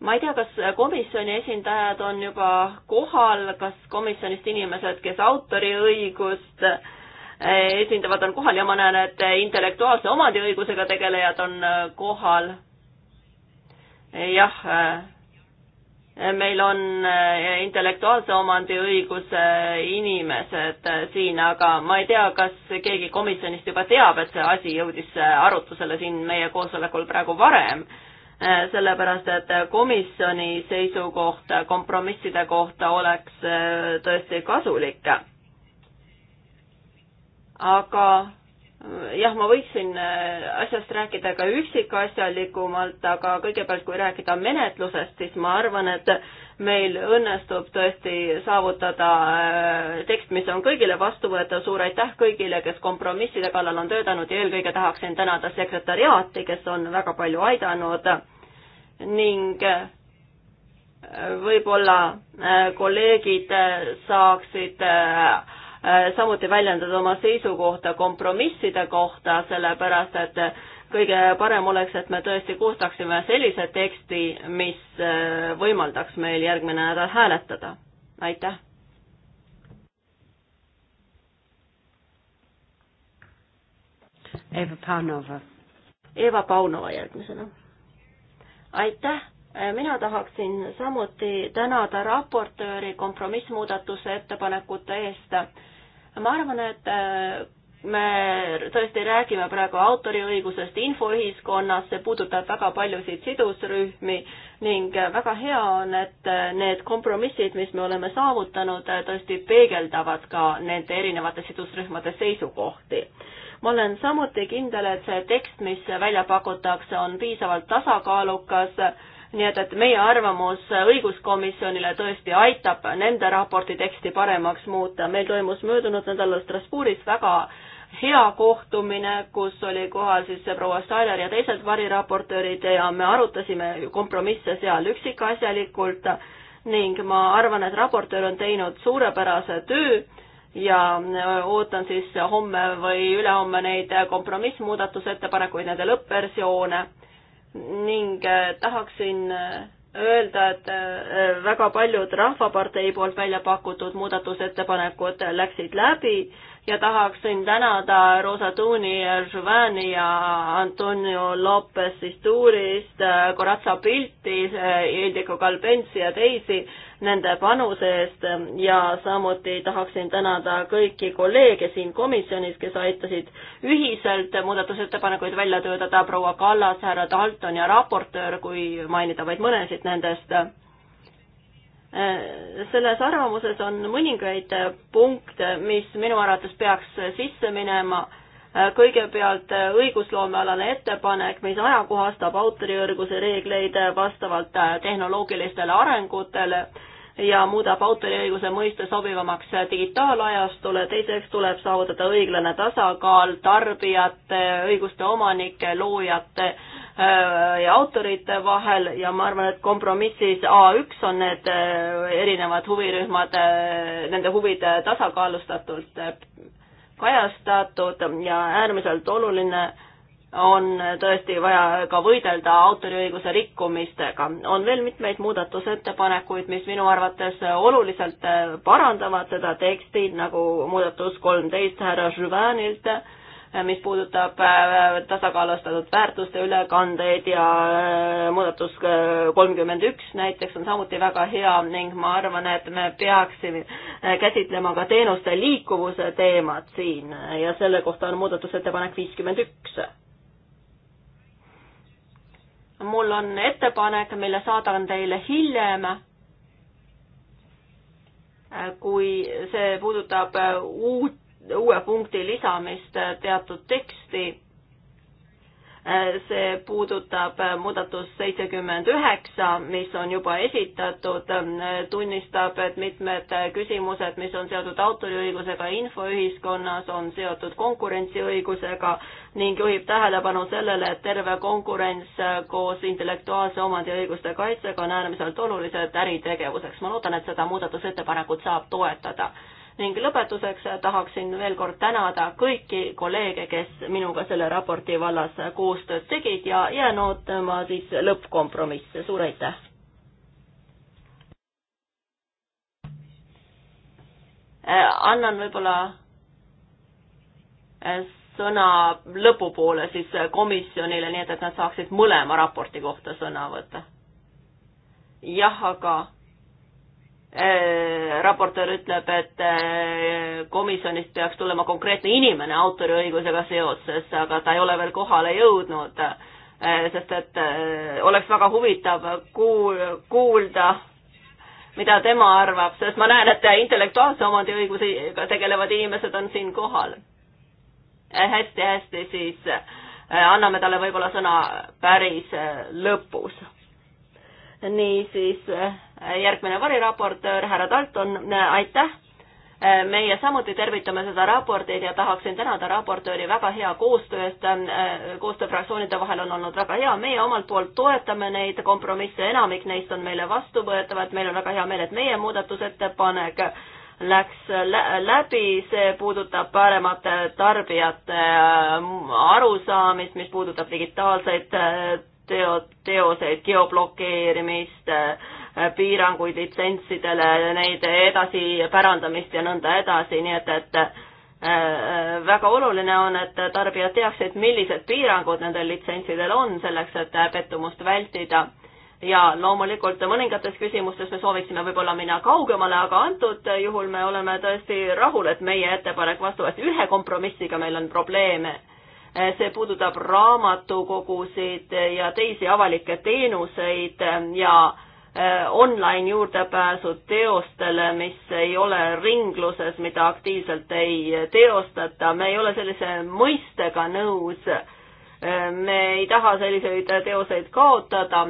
ma ei tea, kas komisjoni esindajad on juba kohal, kas komisjonist inimesed, kes autoriõigust äh, Eh, esindavad on kohal ja ma näen, et eh, intellektuaalse omandiõigusega tegelejad on eh, kohal. jah, meil on intellektuaalse omandiõiguse inimesed siin, aga ma ei tea, kas keegi komisjonist juba teab, et see asi jõudis arutusele siin meie koosolekul praegu varem sellepärast et komisjoni seisukoht kompromisside kohta oleks tõesti kasulik aga äh, jah, ma võiksin äh, asjast rääkida ka üksikasjalikumalt, aga kõigepealt, kui rääkida menetlusest, siis ma arvan, et meil õnnestub tõesti saavutada äh, tekst, mis on kõigile vastuvõetav, suur aitäh kõigile, kes kompromisside kallal on töötanud ja eelkõige tahaksin tänada sekretäriaati, kes on väga palju aidanud ning võib-olla kolleegid saaksid Äh, samuti väljendada oma seisukohta kompromisside kohta, sellepärast et äh, kõige parem oleks, et me tõesti koostaksime sellise teksti, mis äh, võimaldaks meil järgmine nädal hääletada. aitäh! Eva Paunova. Eva Paunova järgmisena. aitäh, mina tahaksin samuti tänada raportööri kompromissmuudatuse ettepanekute eest ma arvan, et äh, me tõesti räägime praegu autoriõigusest infoühiskonnas, see puudutab väga paljusid sidusrühmi ning väga hea on, et äh, need kompromissid, mis me oleme saavutanud, äh, tõesti peegeldavad ka nende erinevate sidusrühmade seisukohti. ma olen samuti kindel, et see tekst, mis välja pakutakse, on piisavalt tasakaalukas nii et, et meie arvamus õiguskomisjonile tõesti aitab nende raporti teksti paremaks muuta. meil toimus möödunud nädalal Strasbourgis väga hea kohtumine, kus oli kohal siis proua Steiler ja teised variraportöörid ja me arutasime kompromisse seal üksikasjalikult ning ma arvan, et raportöör on teinud suurepärase töö ja ootan siis homme või ülehomme neid kompromissmuudatusettepanekuid, nende lõppversioone ning äh, tahaksin äh, öelda, et äh, väga paljud Rahvapartei poolt välja pakutud muudatusettepanekud läksid läbi ja tahaksin tänada Rosa Tuuni, Žuvani ja Antonio Lopez Isturist, Corazza Pilti, Ildiko Kalbensi ja teisi nende panuse eest ja samuti tahaksin tänada kõiki kolleege siin komisjonis, kes aitasid ühiselt muudatusettepanekuid välja töötada, proua Kallas, härra Dalton ja raportöör, kui mainida vaid mõnesid nendest. selles arvamuses on mõningaid punkte, mis minu arvates peaks sisse minema kõigepealt õigusloomealane ettepanek, mis ajakohastab autoriõiguse reegleid vastavalt tehnoloogilistele arengutele ja muudab autoriõiguse mõiste sobivamaks digitaalajastule, teiseks tuleb saavutada õiglane tasakaal tarbijate, õiguste omanike, loojate äh, ja autorite vahel ja ma arvan, et kompromissis A1 on need äh, erinevad huvirühmad, äh, nende huvid tasakaalustatult kajastatud ja äärmiselt oluline on tõesti vaja ka võidelda autoriõiguse rikkumistega. on veel mitmeid muudatusettepanekuid, mis minu arvates oluliselt parandavad seda teksti, nagu muudatus kolmteist härra Juvanilt, mis puudutab äh, tasakaalustatud väärtuste ülekandeid ja äh, muudatus äh, kolmkümmend üks näiteks on samuti väga hea ning ma arvan, et me peaksime käsitlema ka teenuste liikuvuse teemat siin ja selle kohta on muudatusettepanek viiskümmend üks mul on ettepanek, mille saadan teile hiljem, kui see puudutab uut, uue punkti lisamist teatud teksti. see puudutab muudatust seitsekümmend üheksa, mis on juba esitatud, tunnistab, et mitmed küsimused, mis on seotud autoriõigusega infoühiskonnas, on seotud konkurentsiõigusega ning juhib tähelepanu sellele, et terve konkurents koos intellektuaalse omandiõiguste kaitsega on äärmiselt olulised äritegevuseks. ma loodan, et seda muudatusettepanekut saab toetada ning lõpetuseks tahaksin veel kord tänada kõiki kolleege, kes minuga selle raporti vallas koostööd tegid ja jään ootama siis lõppkompromisse, suur aitäh! Äh, annan võib-olla äh, sõna lõpupoole siis komisjonile, nii et, et nad saaksid mõlema raporti kohta sõna võtta. jah, aga äh, raportöör ütleb, et äh, komisjonist peaks tulema konkreetne inimene autoriõigusega seoses, aga ta ei ole veel kohale jõudnud äh,, sest et äh, oleks väga huvitav kuul-, kuulda mida tema arvab, sest ma näen, et intellektuaalse omandiõigusega tegelevad inimesed on siin kohal hästi-hästi, eh, siis eh, anname talle võib-olla sõna päris eh, lõpus. niisiis, järgmine variraportöör, härra Dalton, aitäh! meie samuti tervitame seda raportit ja tahaksin tänada raportööri väga hea koostöö eest. koostöö fraktsioonide vahel on olnud väga hea, meie omalt poolt toetame neid kompromisse, enamik neist on meile vastuvõetavad, meil on väga hea meel, et meie muudatusettepanek läks läbi, see puudutab paremate tarbijate äh, arusaamist, mis puudutab digitaalseid äh, teo, teoseid, geoblokeerimist, äh, piiranguid litsentsidele, neid edasipärandamist ja nõnda edasi, nii et, et väga oluline on, et tarbijad teaksid, millised piirangud nendel litsentsidel on, selleks et pettumust vältida ja loomulikult mõningates küsimustes me sooviksime võib-olla minna kaugemale, aga antud juhul me oleme tõesti rahul, et meie ettepanek vastu võeti. ühe kompromissiga meil on probleeme. see puudutab raamatukogusid ja teisi avalikke teenuseid ja e, online juurdepääsu teostele, mis ei ole ringluses, mida aktiivselt ei teostata, me ei ole sellise mõistega nõus me ei taha selliseid teoseid kaotada.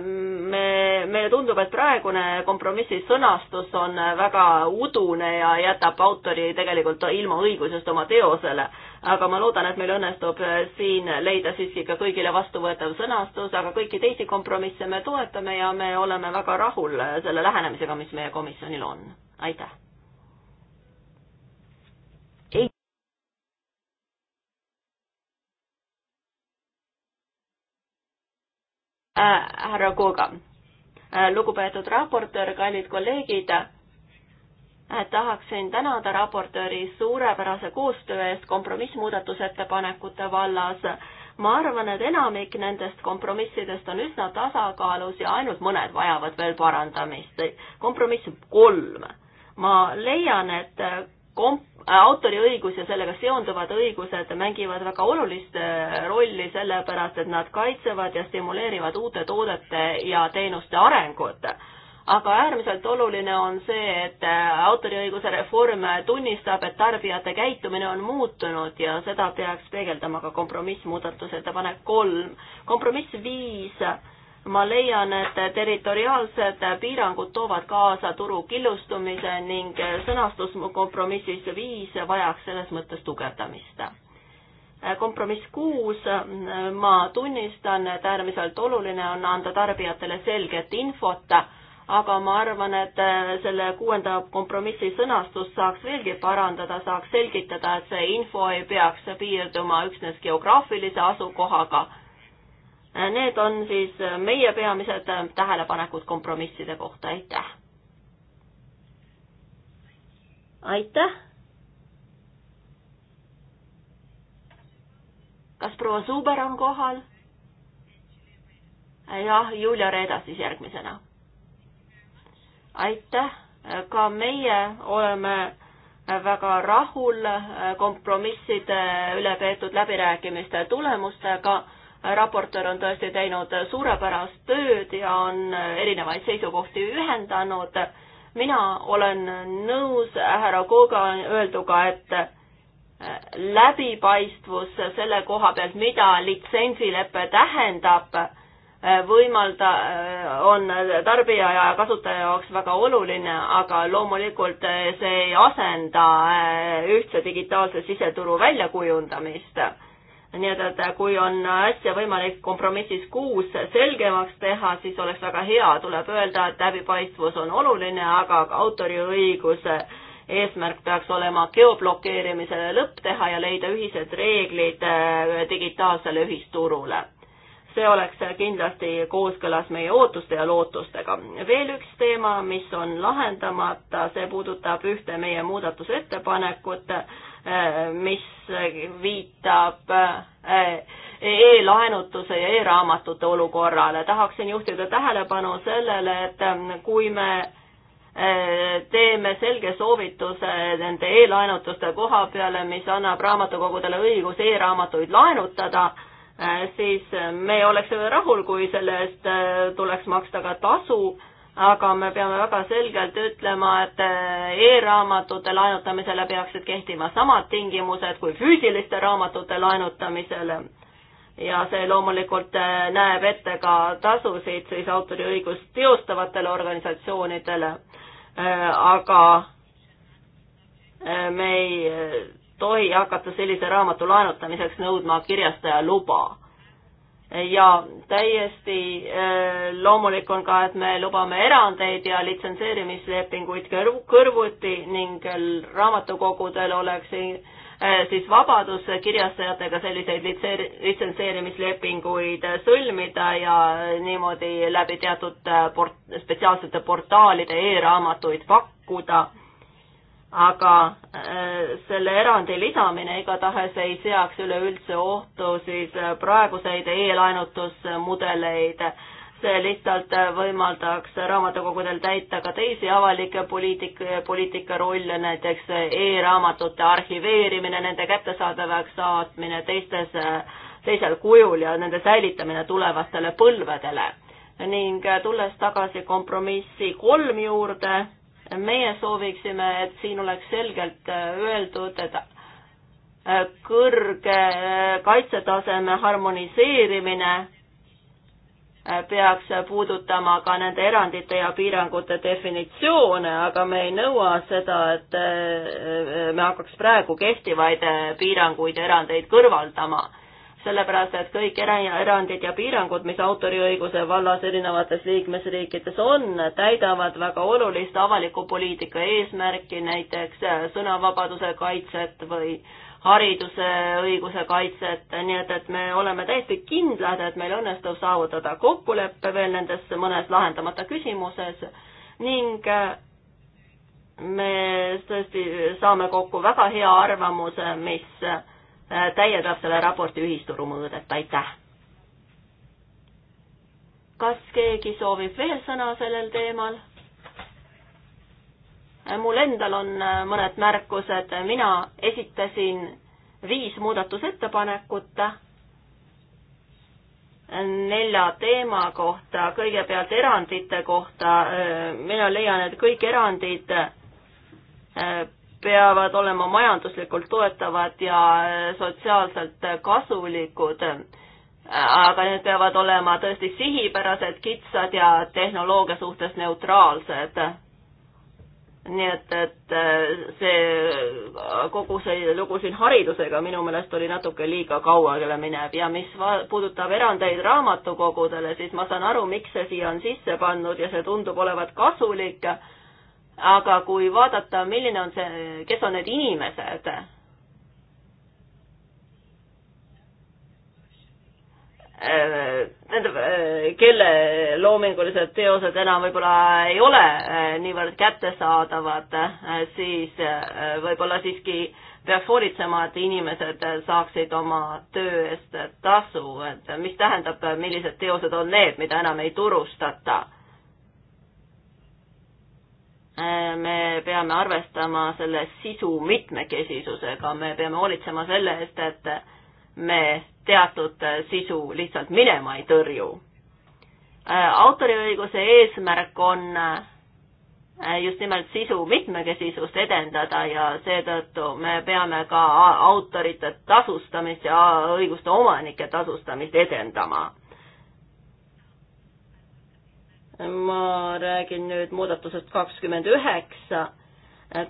me, meile tundub, et praegune kompromissi sõnastus on väga udune ja jätab autori tegelikult ilma õigusest oma teosele. aga ma loodan, et meil õnnestub siin leida siiski ka kõigile vastuvõetav sõnastus, aga kõiki teisi kompromisse me toetame ja me oleme väga rahul selle lähenemisega, mis meie komisjonil on. aitäh! Äh, härra Koga. Äh, lugupeetud raportöör, kallid kolleegid, äh, tahaksin tänada raportööri suurepärase koostöö eest kompromissmuudatusettepanekute vallas. ma arvan, et enamik nendest kompromissidest on üsna tasakaalus ja ainult mõned vajavad veel parandamist. kompromiss kolm. ma leian, et komp-, autoriõigus ja sellega seonduvad õigused mängivad väga olulist äh, rolli, sellepärast et nad kaitsevad ja stimuleerivad uute toodete ja teenuste arengut aga äärmiselt oluline on see, et äh, autoriõiguse reform tunnistab, et tarbijate käitumine on muutunud ja seda peaks peegeldama ka kompromiss muudatusettepanek kolm. kompromiss viis ma leian, et territoriaalsed piirangud toovad kaasa turu killustumise ning sõnastuskompromissis viis vajaks selles mõttes tugevdamist. kompromiss kuus, ma tunnistan, et äärmiselt oluline on anda tarbijatele selget infot, aga ma arvan, et selle kuuenda kompromissi sõnastust saaks veelgi parandada, saaks selgitada, et see info ei peaks piirduma üksnes geograafilise asukohaga Need on siis meie peamised tähelepanekud kompromisside kohta, aitäh! aitäh! kas proua Suuber on kohal? jah, Julia Reeda siis järgmisena. aitäh, ka meie oleme väga rahul kompromisside üle peetud läbirääkimiste tulemustega raportöör on tõesti teinud suurepärast tööd ja on erinevaid seisukohti ühendanud. mina olen nõus härra Koga öelduga, et äh, läbipaistvus selle koha pealt, mida litsentsilepe tähendab, äh, võimalda, äh, on tarbija ja kasutaja jaoks väga oluline, aga loomulikult see ei asenda ühtse digitaalse siseturu väljakujundamist nii et, et kui on asja võimalik kompromissis kuus selgemaks teha, siis oleks väga hea, tuleb öelda, et läbipaistvus on oluline, aga autoriõiguse eesmärk peaks olema geoblokeerimisele lõpp teha ja leida ühised reeglid äh, digitaalsele ühisturule. see oleks kindlasti kooskõlas meie ootuste ja lootustega. veel üks teema, mis on lahendamata, see puudutab ühte meie muudatusettepanekut Äh, mis viitab äh, e-laenutuse ja e-raamatute olukorrale. tahaksin juhtida tähelepanu sellele, et ähm, kui me äh, teeme selge soovituse nende e-laenutuste koha peale, mis annab raamatukogudele õigus e-raamatuid laenutada, siis me oleks rahul, kui selle eest tuleks maksta ka tasu aga me peame väga selgelt ütlema, et eh, e-raamatute laenutamisele peaksid kehtima samad tingimused kui füüsiliste raamatute laenutamisele. ja see loomulikult eh, näeb ette ka tasusid siis autoriõigust teostavatele organisatsioonidele. Eh, aga me ei tohi hakata sellise raamatu laenutamiseks nõudma kirjastaja luba ja täiesti äh, loomulik on ka, et me lubame erandeid ja litsenseerimislepinguid kõrvuti ning raamatukogudel oleks äh, siis vabadus kirjastajatega selliseid litsenseerimislepinguid sõlmida ja niimoodi läbi teatud äh, port spetsiaalsete portaalide e-raamatuid pakkuda aga äh, selle erandi lisamine igatahes ei seaks üleüldse ohtu siis äh, praeguseid e-laenutusmudeleid. see lihtsalt äh, võimaldaks raamatukogudel täita ka teisi avalikke poliitik-, poliitika rolle, näiteks e-raamatute arhiveerimine, nende kättesaadavaks saatmine teistes, teisel kujul ja nende säilitamine tulevastele põlvedele. ning tulles tagasi kompromissi kolm juurde meie sooviksime, et siin oleks selgelt äh, öeldud, et äh, kõrge äh, kaitsetaseme harmoniseerimine peaks puudutama ka nende erandite ja piirangute definitsioone, aga me ei nõua seda, et me hakkaks praegu kehtivaid piiranguid ja erandeid kõrvaldama sellepärast et kõik erandid ja piirangud, mis autoriõiguse vallas erinevates liikmesriikides on, täidavad väga olulist avaliku poliitika eesmärki, näiteks sõnavabaduse kaitset või hariduse õiguse kaitset, nii et, et me oleme täiesti kindlad, et meil õnnestub saavutada kokkulepe veel nendes mõnes lahendamata küsimuses ning äh, me tõesti saame kokku väga hea arvamuse, mis Äh, täiendab selle raporti ühisturu mõõdet, aitäh! kas keegi soovib veel sõna sellel teemal? Äh, mul endal on äh, mõned märkused, mina esitasin viis muudatusettepanekut nelja teema kohta, kõigepealt erandite kohta, mina leian, et kõik erandid peavad olema majanduslikult toetavad ja sotsiaalselt kasulikud. aga need peavad olema tõesti sihipärased, kitsad ja tehnoloogia suhtes neutraalsed. nii et, et see kogu see lugu siin haridusega minu meelest oli natuke liiga kaugele minev ja mis puudutab erandeid raamatukogudele, siis ma saan aru, miks see siia on sisse pannud ja see tundub olevat kasulik aga kui vaadata, milline on see, kes on need inimesed, tähendab, kelle loomingulised teosed enam võib-olla ei ole eh, niivõrd kättesaadavad, eh, siis eh, võib-olla siiski peaks hoolitsema, et inimesed saaksid oma töö eest tasu, et mis tähendab, millised teosed on need, mida enam ei turustata Äh, me peame arvestama selle sisu mitmekesisusega, me peame hoolitsema selle eest, et me teatud sisu lihtsalt minema ei tõrju. Äh, autoriõiguse eesmärk on äh, just nimelt sisu mitmekesisust edendada ja seetõttu me peame ka autorite tasustamist ja õiguste omanike tasustamist edendama ma räägin nüüd muudatusest kakskümmend üheksa,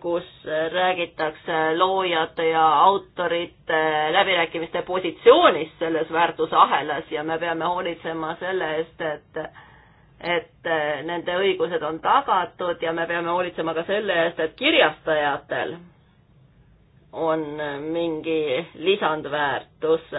kus räägitakse loojate ja autorite läbirääkimiste positsioonist selles väärtusahelas ja me peame hoolitsema selle eest, et et nende õigused on tagatud ja me peame hoolitsema ka selle eest, et kirjastajatel on mingi lisandväärtus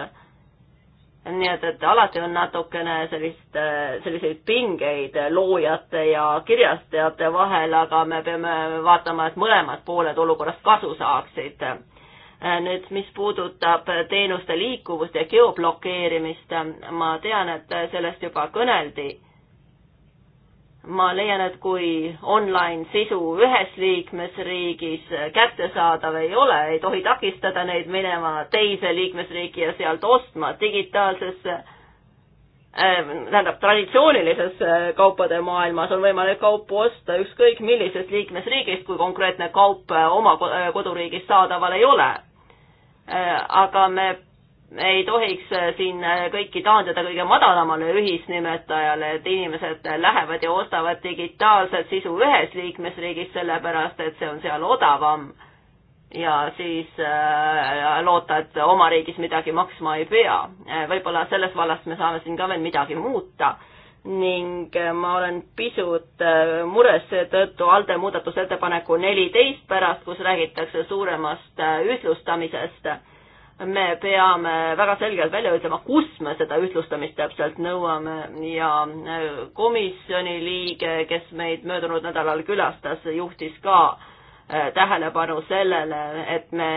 nii et, et alati on natukene sellist, selliseid pingeid loojate ja kirjastajate vahel, aga me peame vaatama, et mõlemad pooled olukorrast kasu saaksid. nüüd, mis puudutab teenuste liikuvust ja geoblokeerimist, ma tean, et sellest juba kõneldi ma leian, et kui online sisu ühes liikmesriigis kättesaadav ei ole, ei tohi takistada neid minema teise liikmesriiki ja sealt ostma digitaalsesse äh, tähendab, traditsioonilises kaupade maailmas on võimalik kaupu osta ükskõik millisest liikmesriigist, kui konkreetne kaup oma koduriigis saadaval ei ole äh,. aga me ei tohiks äh, siin äh, kõiki taandada kõige madalamale ühisnimetajale, et inimesed äh, lähevad ja ostavad digitaalset sisu ühes liikmesriigis, sellepärast et see on seal odavam. ja siis äh, loota, et oma riigis midagi maksma ei pea. võib-olla selles vallas me saame siin ka veel midagi muuta ning ma olen pisut mures seetõttu ALDE muudatusettepaneku neliteist pärast, kus räägitakse suuremast ühtlustamisest me peame väga selgelt välja ütlema, kus me seda ühtlustamist täpselt nõuame ja äh, komisjoni liige, kes meid möödunud nädalal külastas, juhtis ka äh, tähelepanu sellele, et me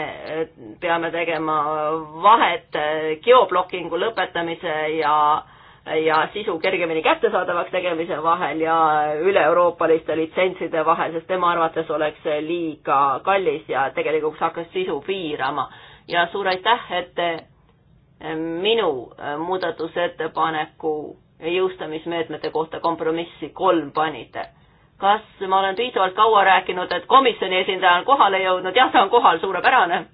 peame tegema vahet äh, geoblokingu lõpetamise ja ja sisu kergemini kättesaadavaks tegemise vahel ja üle-euroopaliste litsentside vahel, sest tema arvates oleks see liiga kallis ja tegelikult hakkas sisu piirama ja suur aitäh, et te eh, minu eh, muudatusettepaneku jõustamismeetmete kohta kompromissi kolm panite. kas ma olen piisavalt kaua rääkinud, et komisjoni esindaja on kohale jõudnud? jah, ta on kohal, suurepärane.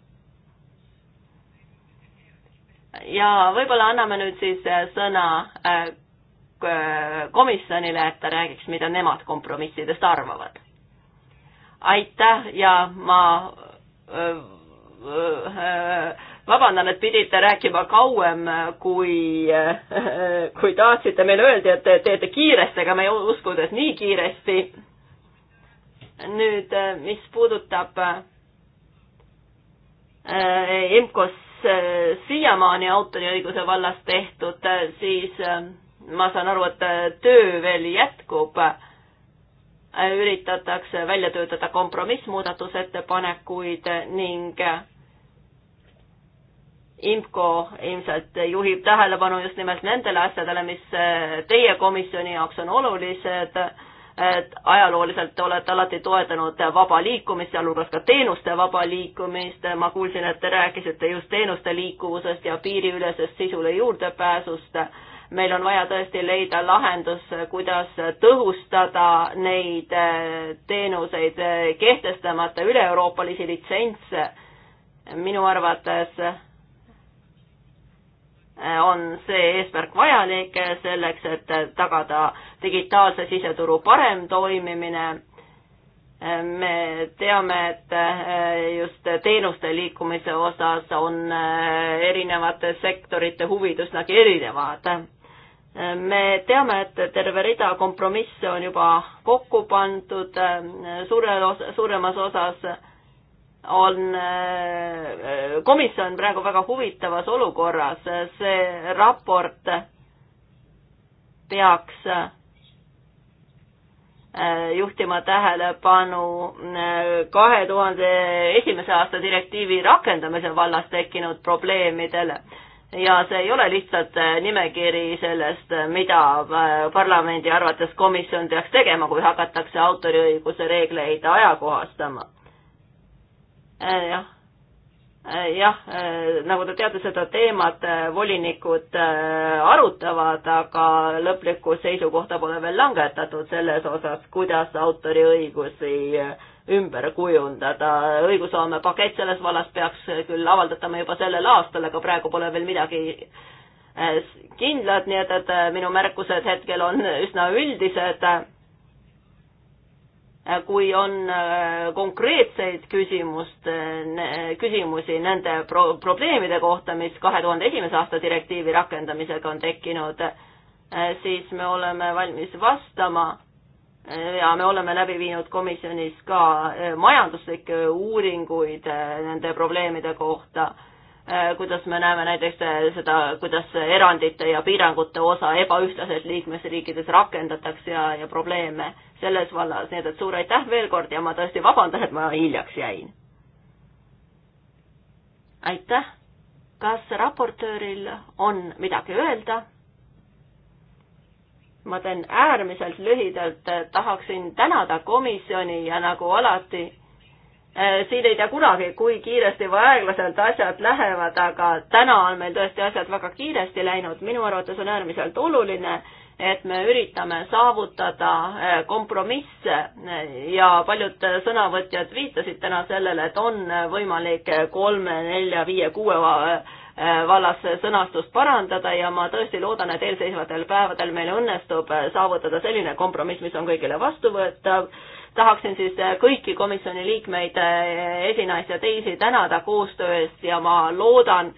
ja võib-olla anname nüüd siis eh, sõna komisjonile, et ta räägiks, mida nemad kompromissidest arvavad. aitäh ja ma Äh, äh, vabandan, et pidite rääkima kauem, kui, äh, kui tahtsite. meile öeldi, et te teete kiiresti, aga me ei uskunud, et nii kiiresti. nüüd, mis puudutab IMCO-s siiamaani autoriõiguse vallas tehtud, siis ma saan aru, et töö veel jätkub üritatakse välja töötada kompromissmuudatusettepanekuid ning IMCO ilmselt juhib tähelepanu just nimelt nendele asjadele, mis teie komisjoni jaoks on olulised, et ajalooliselt olete alati toetanud vaba liikumist, sealhulgas ka teenuste vaba liikumist, ma kuulsin, et te rääkisite just teenuste liikuvusest ja piiriülesest sisule juurdepääsust meil on vaja tõesti leida lahendus, kuidas tõhustada neid äh, teenuseid, äh, kehtestamata üle-euroopalisi litsentse. minu arvates äh, on see eesmärk vajalik selleks, et tagada digitaalse siseturu parem toimimine me teame, et just teenuste liikumise osas on erinevate sektorite huvid üsnagi erinevad me teame, et terve rida kompromisse on juba kokku pandud, suurel os-, suuremas osas on äh, komisjon praegu väga huvitavas olukorras, see raport peaks äh, juhtima tähelepanu äh, kahe tuhande esimese aasta direktiivi rakendamise vallas tekkinud probleemidele ja see ei ole lihtsalt äh, nimekiri sellest, äh, mida äh, parlamendi arvates komisjon peaks tegema, kui hakatakse autoriõiguse reegleid ajakohastama. jah, jah, nagu te teate, seda teemat volinikud arutavad, aga lõplikku seisukohta pole veel langetatud selles osas, kuidas autoriõigusi ümber kujundada. õigusloome pakett selles vallas peaks küll avaldatama juba sellel aastal, aga praegu pole veel midagi äh, kindlad, nii et, et äh, minu märkused hetkel on üsna üldised. Äh, kui on konkreetseid küsimust, küsimusi nende pro probleemide kohta, mis kahe tuhande esimese aasta direktiivi rakendamisega on tekkinud, siis me oleme valmis vastama ja me oleme läbi viinud komisjonis ka eh, majanduslikke uuringuid eh, nende probleemide kohta, eh, kuidas me näeme näiteks seda, kuidas erandite ja piirangute osa ebaühtlaselt liikmesriikides rakendatakse ja, ja probleeme selles vallas, nii et, et suur aitäh veel kord ja ma tõesti vabandan, et ma hiljaks jäin. aitäh, kas raportööril on midagi öelda? ma teen äärmiselt lühidalt, tahaksin tänada komisjoni ja nagu alati, eh, siin ei tea kunagi, kui kiiresti või aeglaselt asjad lähevad, aga täna on meil tõesti asjad väga kiiresti läinud, minu arvates on äärmiselt oluline, et me üritame saavutada eh, kompromisse ja paljud sõnavõtjad viitasid täna sellele, et on võimalik kolme, nelja, viie, kuue eh, vallas sõnastust parandada ja ma tõesti loodan, et eelseisvatel päevadel meil õnnestub äh, saavutada selline kompromiss, mis on kõigile vastuvõetav. tahaksin siis äh, kõiki komisjoni liikmeid, äh, esinaisi ja teisi tänada koostöö eest ja ma loodan,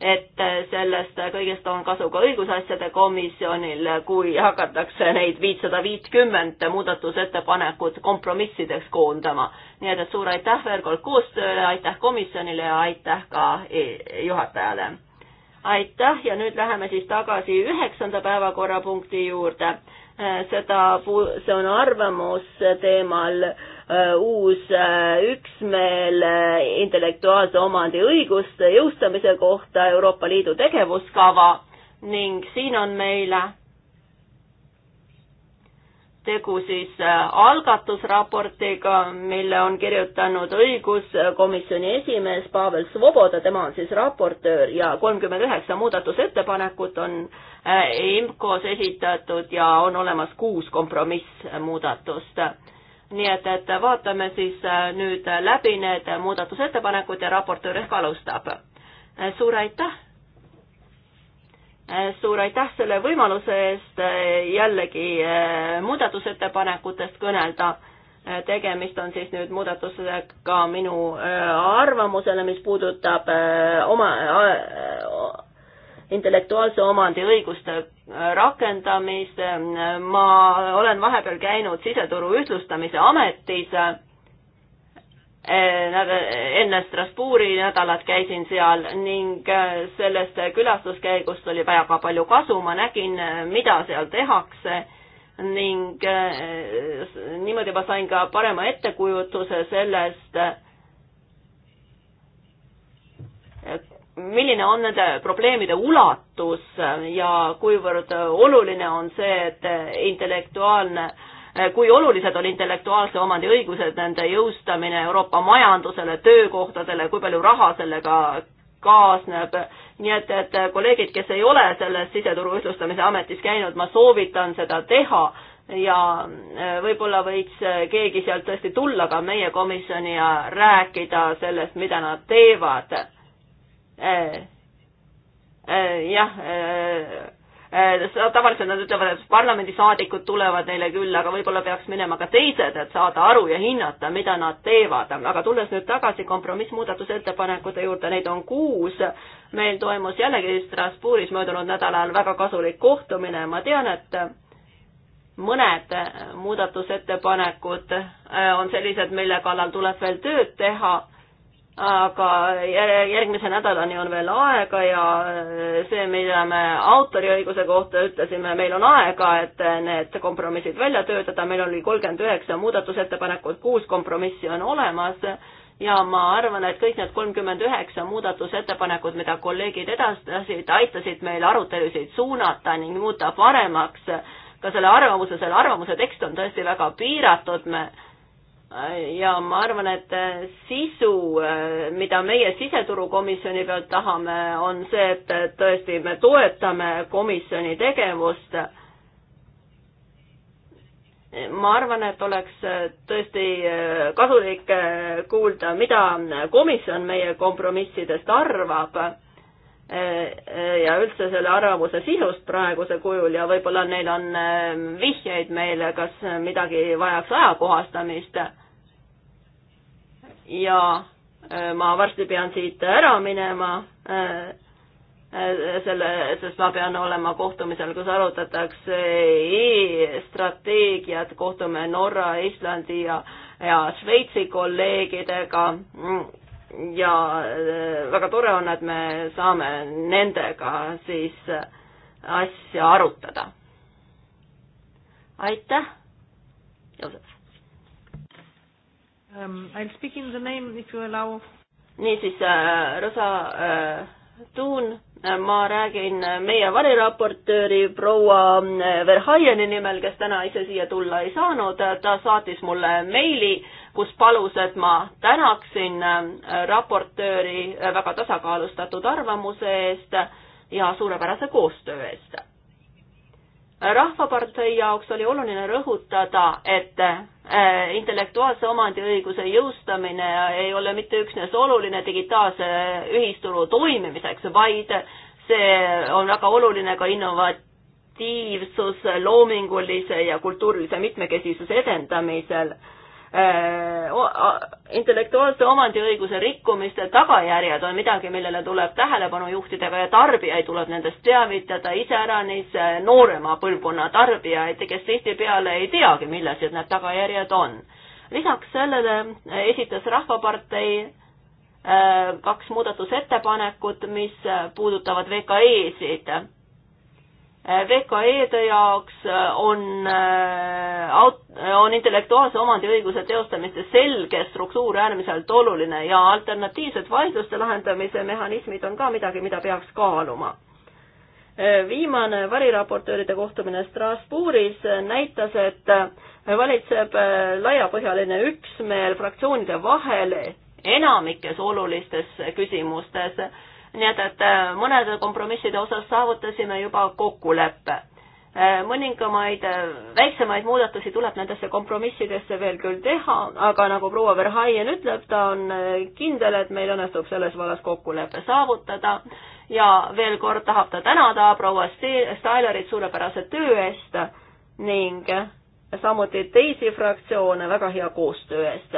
et äh, sellest äh, kõigest on kasu ka õigusasjade komisjonil, äh, kui hakatakse neid viitsada viitkümmet muudatusettepanekut kompromissideks koondama. nii et, et suur aitäh veel kord koostööle, aitäh komisjonile ja aitäh ka e, juhatajale. aitäh ja nüüd läheme siis tagasi üheksanda päevakorrapunkti juurde. seda, see on arvamus teemal äh, Äh, uus äh, üksmeel äh, intellektuaalse omandi õiguste jõustamise kohta Euroopa Liidu tegevuskava ning siin on meil tegu siis algatusraportiga, mille on kirjutanud õiguskomisjoni esimees Pavel Svoboda, tema on siis raportöör ja kolmkümmend üheksa muudatusettepanekut on IMCO-s esitatud ja on olemas kuus kompromissmuudatust nii et, et vaatame siis äh, nüüd läbi need muudatusettepanekud ja raportöör ehk alustab. Äh, suur aitäh! Äh, suur aitäh selle võimaluse eest jällegi muudatusettepanekutest kõnelda. tegemist on siis nüüd muudatusega minu arvamusele, mis puudutab oma intellektuaalse omandi õiguste rakendamist. ma olen vahepeal käinud siseturu ühtlustamise ametis. enne Strasbourgi nädalat käisin seal ning sellest külastuskäigust oli väga palju kasu, ma nägin, mida seal tehakse ning niimoodi ma sain ka parema ettekujutuse sellest, milline on nende probleemide ulatus ja kuivõrd oluline on see, et intellektuaalne, kui olulised on intellektuaalse omandi õigused, nende jõustamine Euroopa majandusele, töökohtadele, kui palju raha sellega kaasneb. nii et, et kolleegid, kes ei ole selles siseturu ühtlustamise ametis käinud, ma soovitan seda teha ja e, võib-olla võiks keegi sealt tõesti tulla ka meie komisjoni ja rääkida sellest, mida nad teevad Äh, äh, jah, äh, tavaliselt nad ütlevad, et parlamendisaadikud tulevad neile külla, aga võib-olla peaks minema ka teised, et saada aru ja hinnata, mida nad teevad. aga tulles nüüd tagasi kompromissmuudatusettepanekute juurde, neid on kuus. meil toimus jällegi Strasbourgis möödunud nädalal väga kasulik kohtumine, ma tean, et mõned muudatusettepanekud on sellised, mille kallal tuleb veel tööd teha aga järgmise nädalani on veel aega ja äh, see, mida me autoriõiguse kohta ütlesime, meil on aega, et need kompromissid välja töötada, meil oli kolmkümmend üheksa muudatusettepanekut, kuus kompromissi on olemas ja ma arvan, et kõik need kolmkümmend üheksa muudatusettepanekut, mida kolleegid edastasid, aitasid meil arutelusid suunata ning muuta paremaks ka selle arvamuse, selle arvamuse tekst on tõesti väga piiratud, me ja ma arvan, et äh, sisu, äh, mida meie siseturukomisjoni pealt tahame, on see, et äh, tõesti me toetame komisjoni tegevust. ma arvan, et oleks tõesti kasulik kuulda, mida komisjon meie kompromissidest arvab ja üldse selle arvamuse sisust praegusel kujul ja võib-olla neil on vihjeid meile, kas midagi vajaks ajakohastamist ja äh, ma varsti pean siit ära minema äh, äh, selle, sest ma pean olema kohtumisel, kus arutatakse e-strateegiat, kohtume Norra, Islandi ja, ja Šveitsi kolleegidega. ja väga tore on, et me saame nendega siis asja arutada. aitäh, Joosep um,. I will speak in the name if you allow. niisiis äh,, Rosa äh, Tuun äh,, ma räägin äh, meie variraportööri proua äh, Verhaieni nimel, kes täna ise siia tulla ei saanud, äh, ta saatis mulle meili, kus palus, et ma tänaksin raportööri väga tasakaalustatud arvamuse eest ja suurepärase koostöö eest rahvapartei jaoks oli oluline rõhutada, et Äh, intellektuaalse omandiõiguse jõustamine ei ole mitte üksnes oluline digitaalse ühisturu toimimiseks, vaid see on väga oluline ka innovatiivsus, loomingulise ja kultuurilise mitmekesisuse edendamisel Äh, intellektuaalse omandiõiguse rikkumiste tagajärjed on midagi, millele tuleb tähelepanu juhtida ja tarbijaid tuleb nendest teavitada, iseäranis äh, noorema põlvkonna tarbijaid, kes tihtipeale ei teagi, millised need tagajärjed on. lisaks sellele äh, esitas Rahvapartei kaks muudatusettepanekut, mis puudutavad VKE-sid VKE-de jaoks äh, on äh, aut-, äh, on intellektuaalse omandiõiguse teostamiste selge struktuur äärmiselt oluline ja alternatiivsed vaidluste lahendamise mehhanismid on ka midagi, mida peaks kaaluma. viimane variraportööride kohtumine Strasbourgis näitas, et valitseb laiapõhjaline üksmeel fraktsioonide vahel enamikes olulistes küsimustes nii et, et äh, mõnede kompromisside osas saavutasime juba kokkuleppe. Äh, mõningamaid äh, väiksemaid muudatusi tuleb nendesse kompromissidesse veel küll teha, aga nagu proua Verhaien ütleb, ta on kindel, et meil õnnestub selles vallas kokkulepe saavutada ja veel kord tahab ta tänada proua Stylerit suurepärase töö eest ning samuti teisi fraktsioone väga hea koostöö eest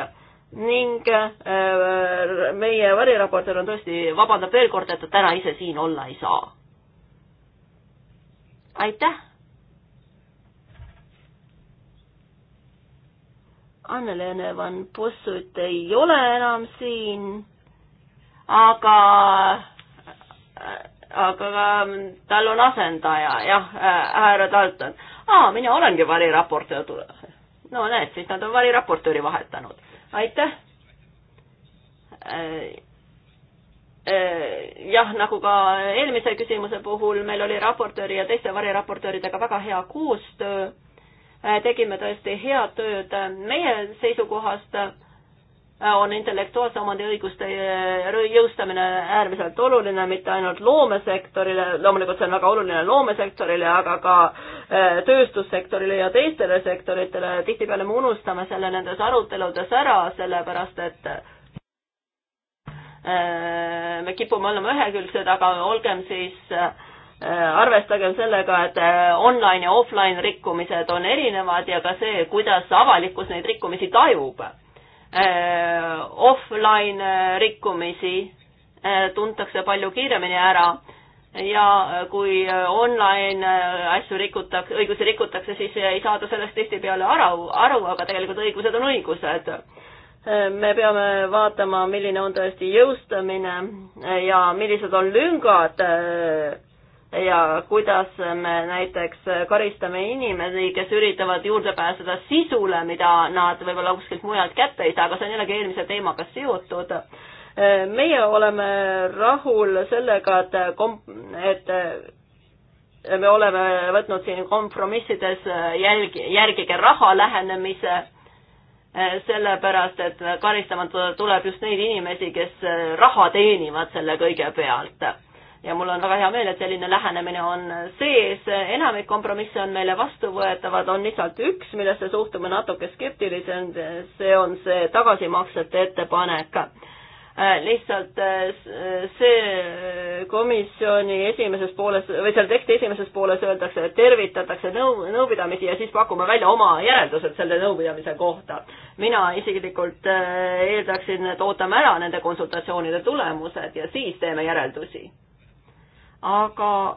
ning äh, meie variraportöör on tõesti, vabandab veel kord, et ta täna ise siin olla ei saa. aitäh. Annelene van Bussut ei ole enam siin, aga, äh, aga äh, tal on asendaja, jah, härra Dalton. aa, mina olengi variraportöör. no näed, siis nad on variraportööri vahetanud aitäh! Äh, äh, jah, nagu ka eelmise küsimuse puhul, meil oli raportööri ja teiste variraportööridega väga hea koostöö. Äh, tegime tõesti head tööd meie seisukohast Äh, on intellektuaalse omandiõiguste äh, jõustamine äärmiselt oluline mitte ainult loomesektorile, loomulikult see on väga oluline loomesektorile, aga ka äh, tööstussektorile ja teistele sektoritele, tihtipeale me unustame selle nendes aruteludes ära, sellepärast et me kipume olema ühekülgsed, aga olgem siis arvestagem sellega, et online ja offline rikkumised on erinevad ja ka see, kuidas avalikkus neid rikkumisi tajub Äh, offline äh, rikkumisi äh, tuntakse palju kiiremini ära ja kui online asju rikutakse, õigusi rikutakse, siis ei saada sellest tihtipeale aru, aru, aga tegelikult õigused on õigused. me peame vaatama, milline on tõesti jõustamine ja millised on lüngad ja kuidas me näiteks karistame inimesi, kes üritavad juurde pääseda sisule, mida nad võib-olla kuskilt mujalt kätte ei saa, aga see on jällegi eelmise teemaga seotud. meie oleme rahul sellega, et komp-, et me oleme võtnud siin kompromissides jälgi, järgige raha lähenemise, sellepärast et karistama tuleb just neid inimesi, kes raha teenivad selle kõige pealt ja mul on väga hea meel, et selline lähenemine on sees, enamik kompromisse on meile vastuvõetavad, on lihtsalt üks, millesse suhtume natuke skeptiliselt, see on see tagasimaksete ettepanek. lihtsalt eh, see komisjoni esimeses pooles või seal teksti esimeses pooles öeldakse, et tervitatakse nõu, nõupidamisi ja siis pakume välja oma järeldused selle nõupidamise kohta. mina isiklikult eh, eeldaksin, et ootame ära nende konsultatsioonide tulemused ja siis teeme järeldusi aga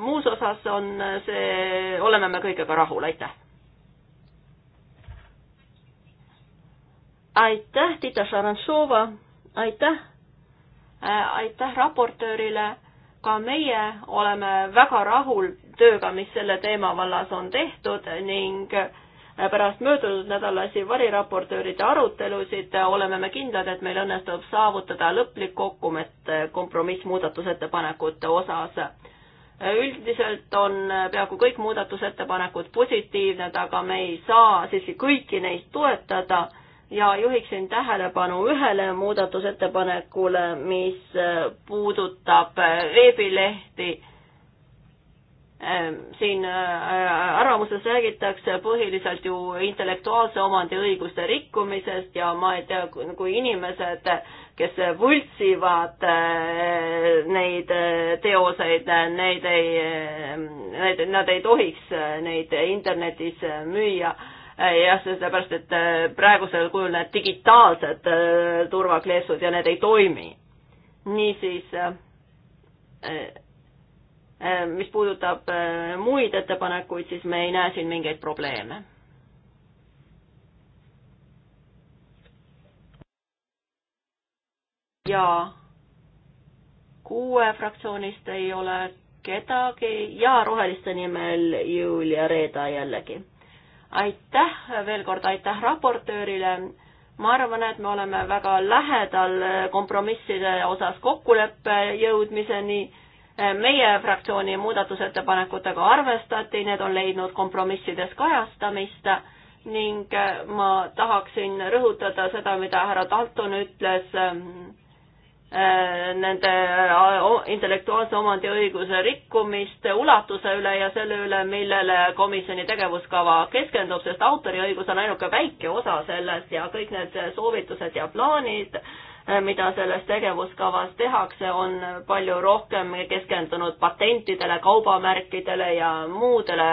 muus osas on see, oleme me kõigega rahul, aitäh. aitäh, Tita Šarantsova, aitäh, äh, aitäh raportöörile, ka meie oleme väga rahul tööga, mis selle teema vallas on tehtud ning äh, Äh, pärast möödunud nädalasi variraportööride arutelusid äh, oleme me kindlad, et meil õnnestub saavutada lõplik kokkulepe äh, kompromissmuudatusettepanekute osas. üldiselt on peaaegu kõik muudatusettepanekud positiivsed, aga me ei saa siiski kõiki neist toetada ja juhiksin tähelepanu ühele muudatusettepanekule, mis puudutab veebilehti Ehm, siin äh, arvamuses räägitakse põhiliselt ju intellektuaalse omandi õiguste rikkumisest ja ma ei tea, kui inimesed, kes võltsivad äh, neid äh, teoseid, neid ei, need, nad ei tohiks neid internetis müüa. jah, sellepärast, et praegusel kujul need digitaalsed turvakleepsud ja need ei toimi. niisiis Äh, mis puudutab äh, muid ettepanekuid, siis me ei näe siin mingeid probleeme. ja kuue fraktsioonist ei ole kedagi ja roheliste nimel Julia Reeda jällegi. aitäh veel kord, aitäh raportöörile. ma arvan, et me oleme väga lähedal kompromisside osas kokkuleppe jõudmiseni meie fraktsiooni muudatusettepanekutega arvestati, need on leidnud kompromissides kajastamist ning äh, ma tahaksin rõhutada seda, mida härra Dalton ütles ähm, äh, nende äh, intellektuaalse omandiõiguse rikkumiste ulatuse üle ja selle üle, millele komisjoni tegevuskava keskendub, sest autoriõigus on ainuke väike osa sellest ja kõik need soovitused ja plaanid äh, Äh, mida selles tegevuskavas tehakse, on palju rohkem keskendunud patentidele, kaubamärkidele ja muudele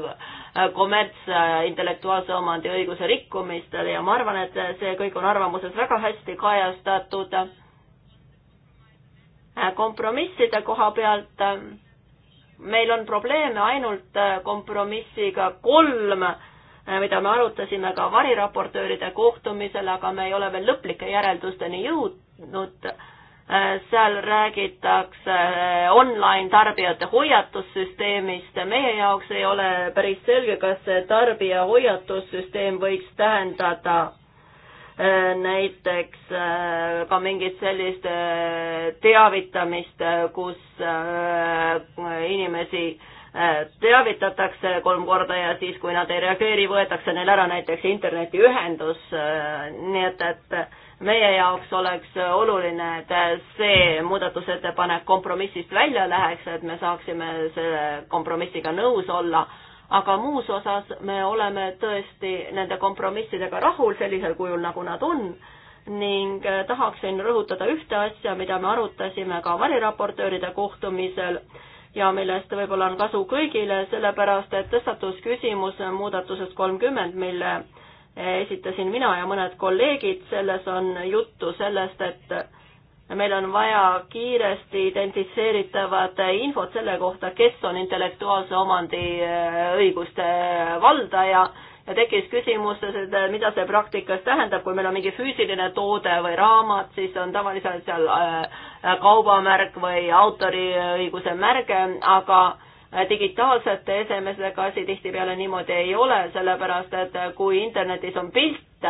äh, kommerts äh, intellektuaalse omandi õiguse rikkumistele ja ma arvan, et see kõik on arvamuses väga hästi kajastatud. kompromisside koha pealt meil on probleeme ainult kompromissiga kolm Äh, mida me arutasime ka variraportööride kohtumisel, aga me ei ole veel lõplike järeldusteni jõudnud. Äh, seal räägitakse äh, online tarbijate hoiatussüsteemist. meie jaoks ei ole päris selge, kas see tarbija hoiatussüsteem võiks tähendada näiteks ka mingit sellist teavitamist, kus inimesi teavitatakse kolm korda ja siis, kui nad ei reageeri, võetakse neil ära näiteks internetiühendus, nii et, et meie jaoks oleks oluline, et see muudatusettepanek kompromissist välja läheks, et me saaksime selle kompromissiga nõus olla, aga muus osas me oleme tõesti nende kompromissidega rahul sellisel kujul, nagu nad on ning tahaksin rõhutada ühte asja, mida me arutasime ka variraportööride kohtumisel ja millest võib-olla on kasu kõigile, sellepärast et tõstatus küsimus muudatusest kolmkümmend, mille eh, esitasin mina ja mõned kolleegid, selles on juttu sellest, et meil on vaja kiiresti identifitseeritavat infot selle kohta, kes on intellektuaalse omandi eh, õiguste valdaja ja tekkis küsimus, et äh, mida see praktikas tähendab, kui meil on mingi füüsiline toode või raamat, siis on tavaliselt seal äh, äh, kaubamärk või autoriõiguse märge, aga digitaalsete esemestega asi tihtipeale niimoodi ei ole, sellepärast et kui internetis on pilt,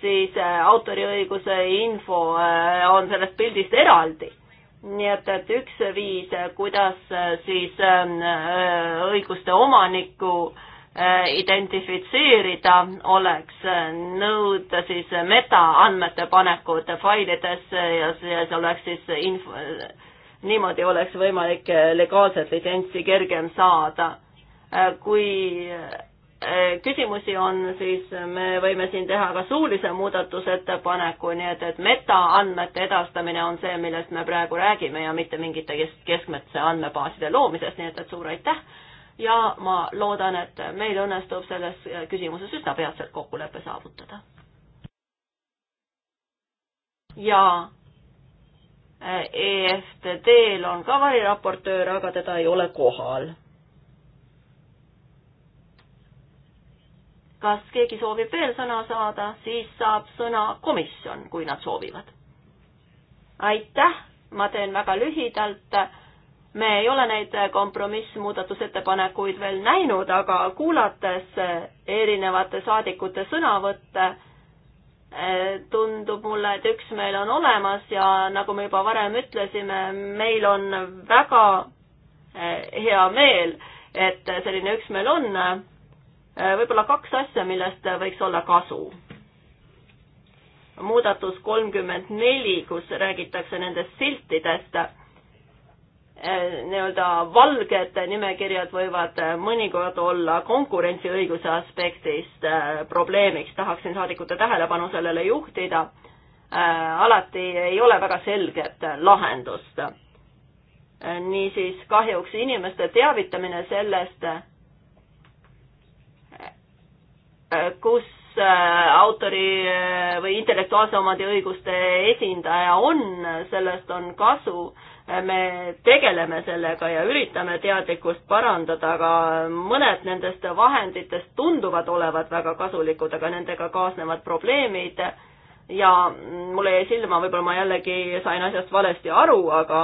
siis autoriõiguse info on sellest pildist eraldi nii et, et üks viis, kuidas siis ähm, õiguste omaniku Äh, identifitseerida, oleks nõuda siis metaandmete panekut failidesse ja see oleks siis info, äh, niimoodi oleks võimalik legaalset litsentsi kergem saada. Äh, kui küsimusi on, siis me võime siin teha ka suulise muudatusettepaneku, nii et, et metaandmete edastamine on see, millest me praegu räägime ja mitte mingite kesk, keskmete andmebaaside loomisest, nii et, et suur aitäh ja ma loodan, et meil õnnestub selles küsimuses üsna peatselt kokkulepe saavutada. ja EFTD-l eh, e on ka variraportöör, aga teda ei ole kohal. kas keegi soovib veel sõna saada, siis saab sõna komisjon, kui nad soovivad. aitäh, ma teen väga lühidalt me ei ole neid äh, kompromissmuudatusettepanekuid veel näinud, aga kuulates äh, erinevate saadikute sõnavõtte, äh, tundub mulle, et üksmeel on olemas ja nagu me juba varem ütlesime, meil on väga hea meel, et selline üksmeel on. võib-olla kaks asja, millest võiks olla kasu. muudatus kolmkümmend neli, kus räägitakse nendest siltidest Eh, nii-öelda valged nimekirjad võivad eh, mõnikord olla konkurentsiõiguse aspektist eh, probleemiks, tahaksin saadikute tähelepanu sellele juhtida. alati ei ole väga selget lahendust. niisiis kahjuks inimeste teavitamine sellest, kus autori või intellektuaalse omandi õiguste esindaja on, sellest on kasu me tegeleme sellega ja üritame teadlikkust parandada, aga mõned nendest vahenditest tunduvad olevat väga kasulikud, aga nendega kaasnevad probleemid ja mulle jäi silma, võib-olla ma jällegi sain asjast valesti aru, aga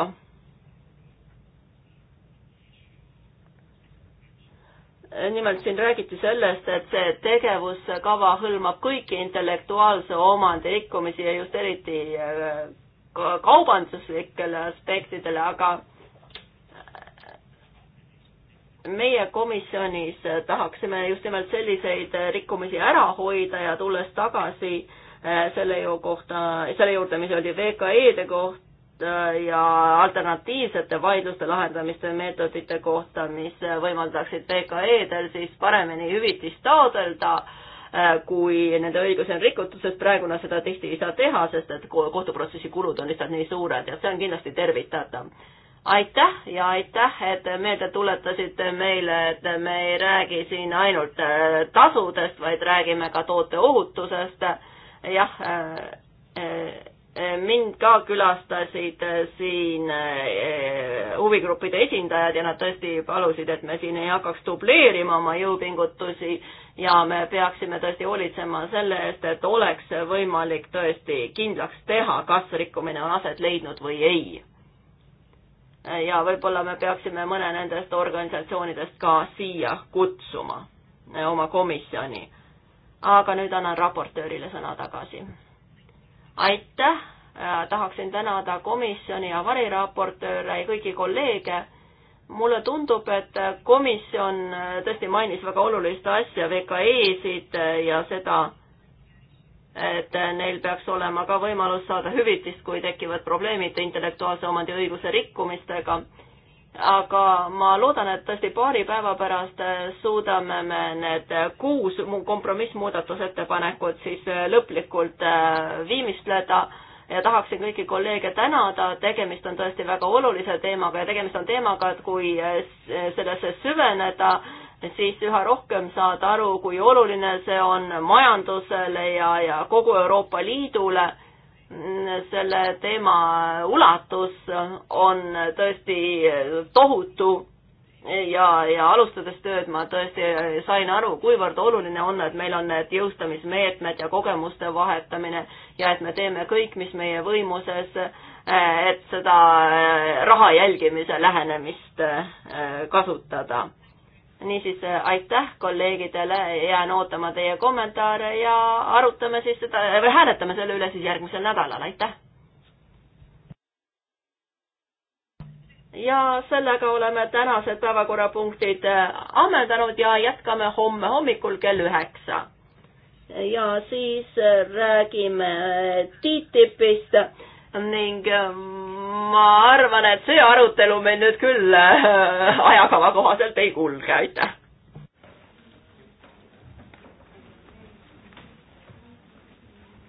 nimelt siin räägiti sellest, et see tegevuskava hõlmab kõiki intellektuaalse omandi rikkumisi ja just eriti äh, kaubanduslikele aspektidele, aga meie komisjonis tahaksime just nimelt selliseid rikkumisi ära hoida ja tulles tagasi äh, selle ju kohta, selle juurde, mis oli VKE-de kohta ja alternatiivsete vaidluste lahendamiste meetodite kohta, mis võimaldaksid VKE-del siis paremini hüvitist taodelda äh, Äh, kui nende õigusi on rikutud, sest praegu nad seda tihti ei saa teha, sest et kohtuprotsessi kulud on lihtsalt nii suured ja see on kindlasti tervitatav. aitäh ja aitäh, et meelde tuletasite meile, et me ei räägi siin ainult äh, tasudest, vaid räägime ka toote ohutusest. jah äh, mind ka külastasid äh, siin äh, huvigruppide esindajad ja nad tõesti palusid, et me siin ei hakkaks dubleerima oma jõupingutusi ja me peaksime tõesti hoolitsema selle eest, et oleks võimalik tõesti kindlaks teha, kas rikkumine on aset leidnud või ei. ja võib-olla me peaksime mõne nendest organisatsioonidest ka siia kutsuma, äh, oma komisjoni. aga nüüd annan raportöörile sõna tagasi aitäh, äh, tahaksin tänada komisjoni ja variraportööre ja kõiki kolleege. mulle tundub, et komisjon äh, tõesti mainis väga olulist asja, VKE-sid äh, ja seda, et neil peaks olema ka võimalus saada hüvitist, kui tekivad probleemid intellektuaalse omandiõiguse rikkumistega aga ma loodan, et tõesti paari päeva pärast suudame me need kuus kompromissmuudatusettepanekut siis lõplikult äh, viimistleda ja tahaksin kõiki kolleege tänada, tegemist on tõesti väga olulise teemaga ja tegemist on teemaga, et kui äh, sellesse süveneda, siis üha rohkem saad aru, kui oluline see on majandusele ja, ja kogu Euroopa Liidule selle teema ulatus on tõesti tohutu ja, ja alustades tööd ma tõesti sain aru, kuivõrd oluline on, et meil on need jõustamismeetmed ja kogemuste vahetamine ja et me teeme kõik, mis meie võimuses, et seda raha jälgimise lähenemist eh, kasutada niisiis äh, aitäh kolleegidele, jään ootama teie kommentaare ja arutame siis seda, äh, või hääletame selle üle siis järgmisel nädalal, aitäh! ja sellega oleme tänased päevakorrapunktid äh, ammendanud ja jätkame homme hommikul kell üheksa. ja siis räägime TTIP-ist ning ähm, ma arvan, et see arutelu meil nüüd küll äh, ajakava kohaselt ei kulge, aitäh.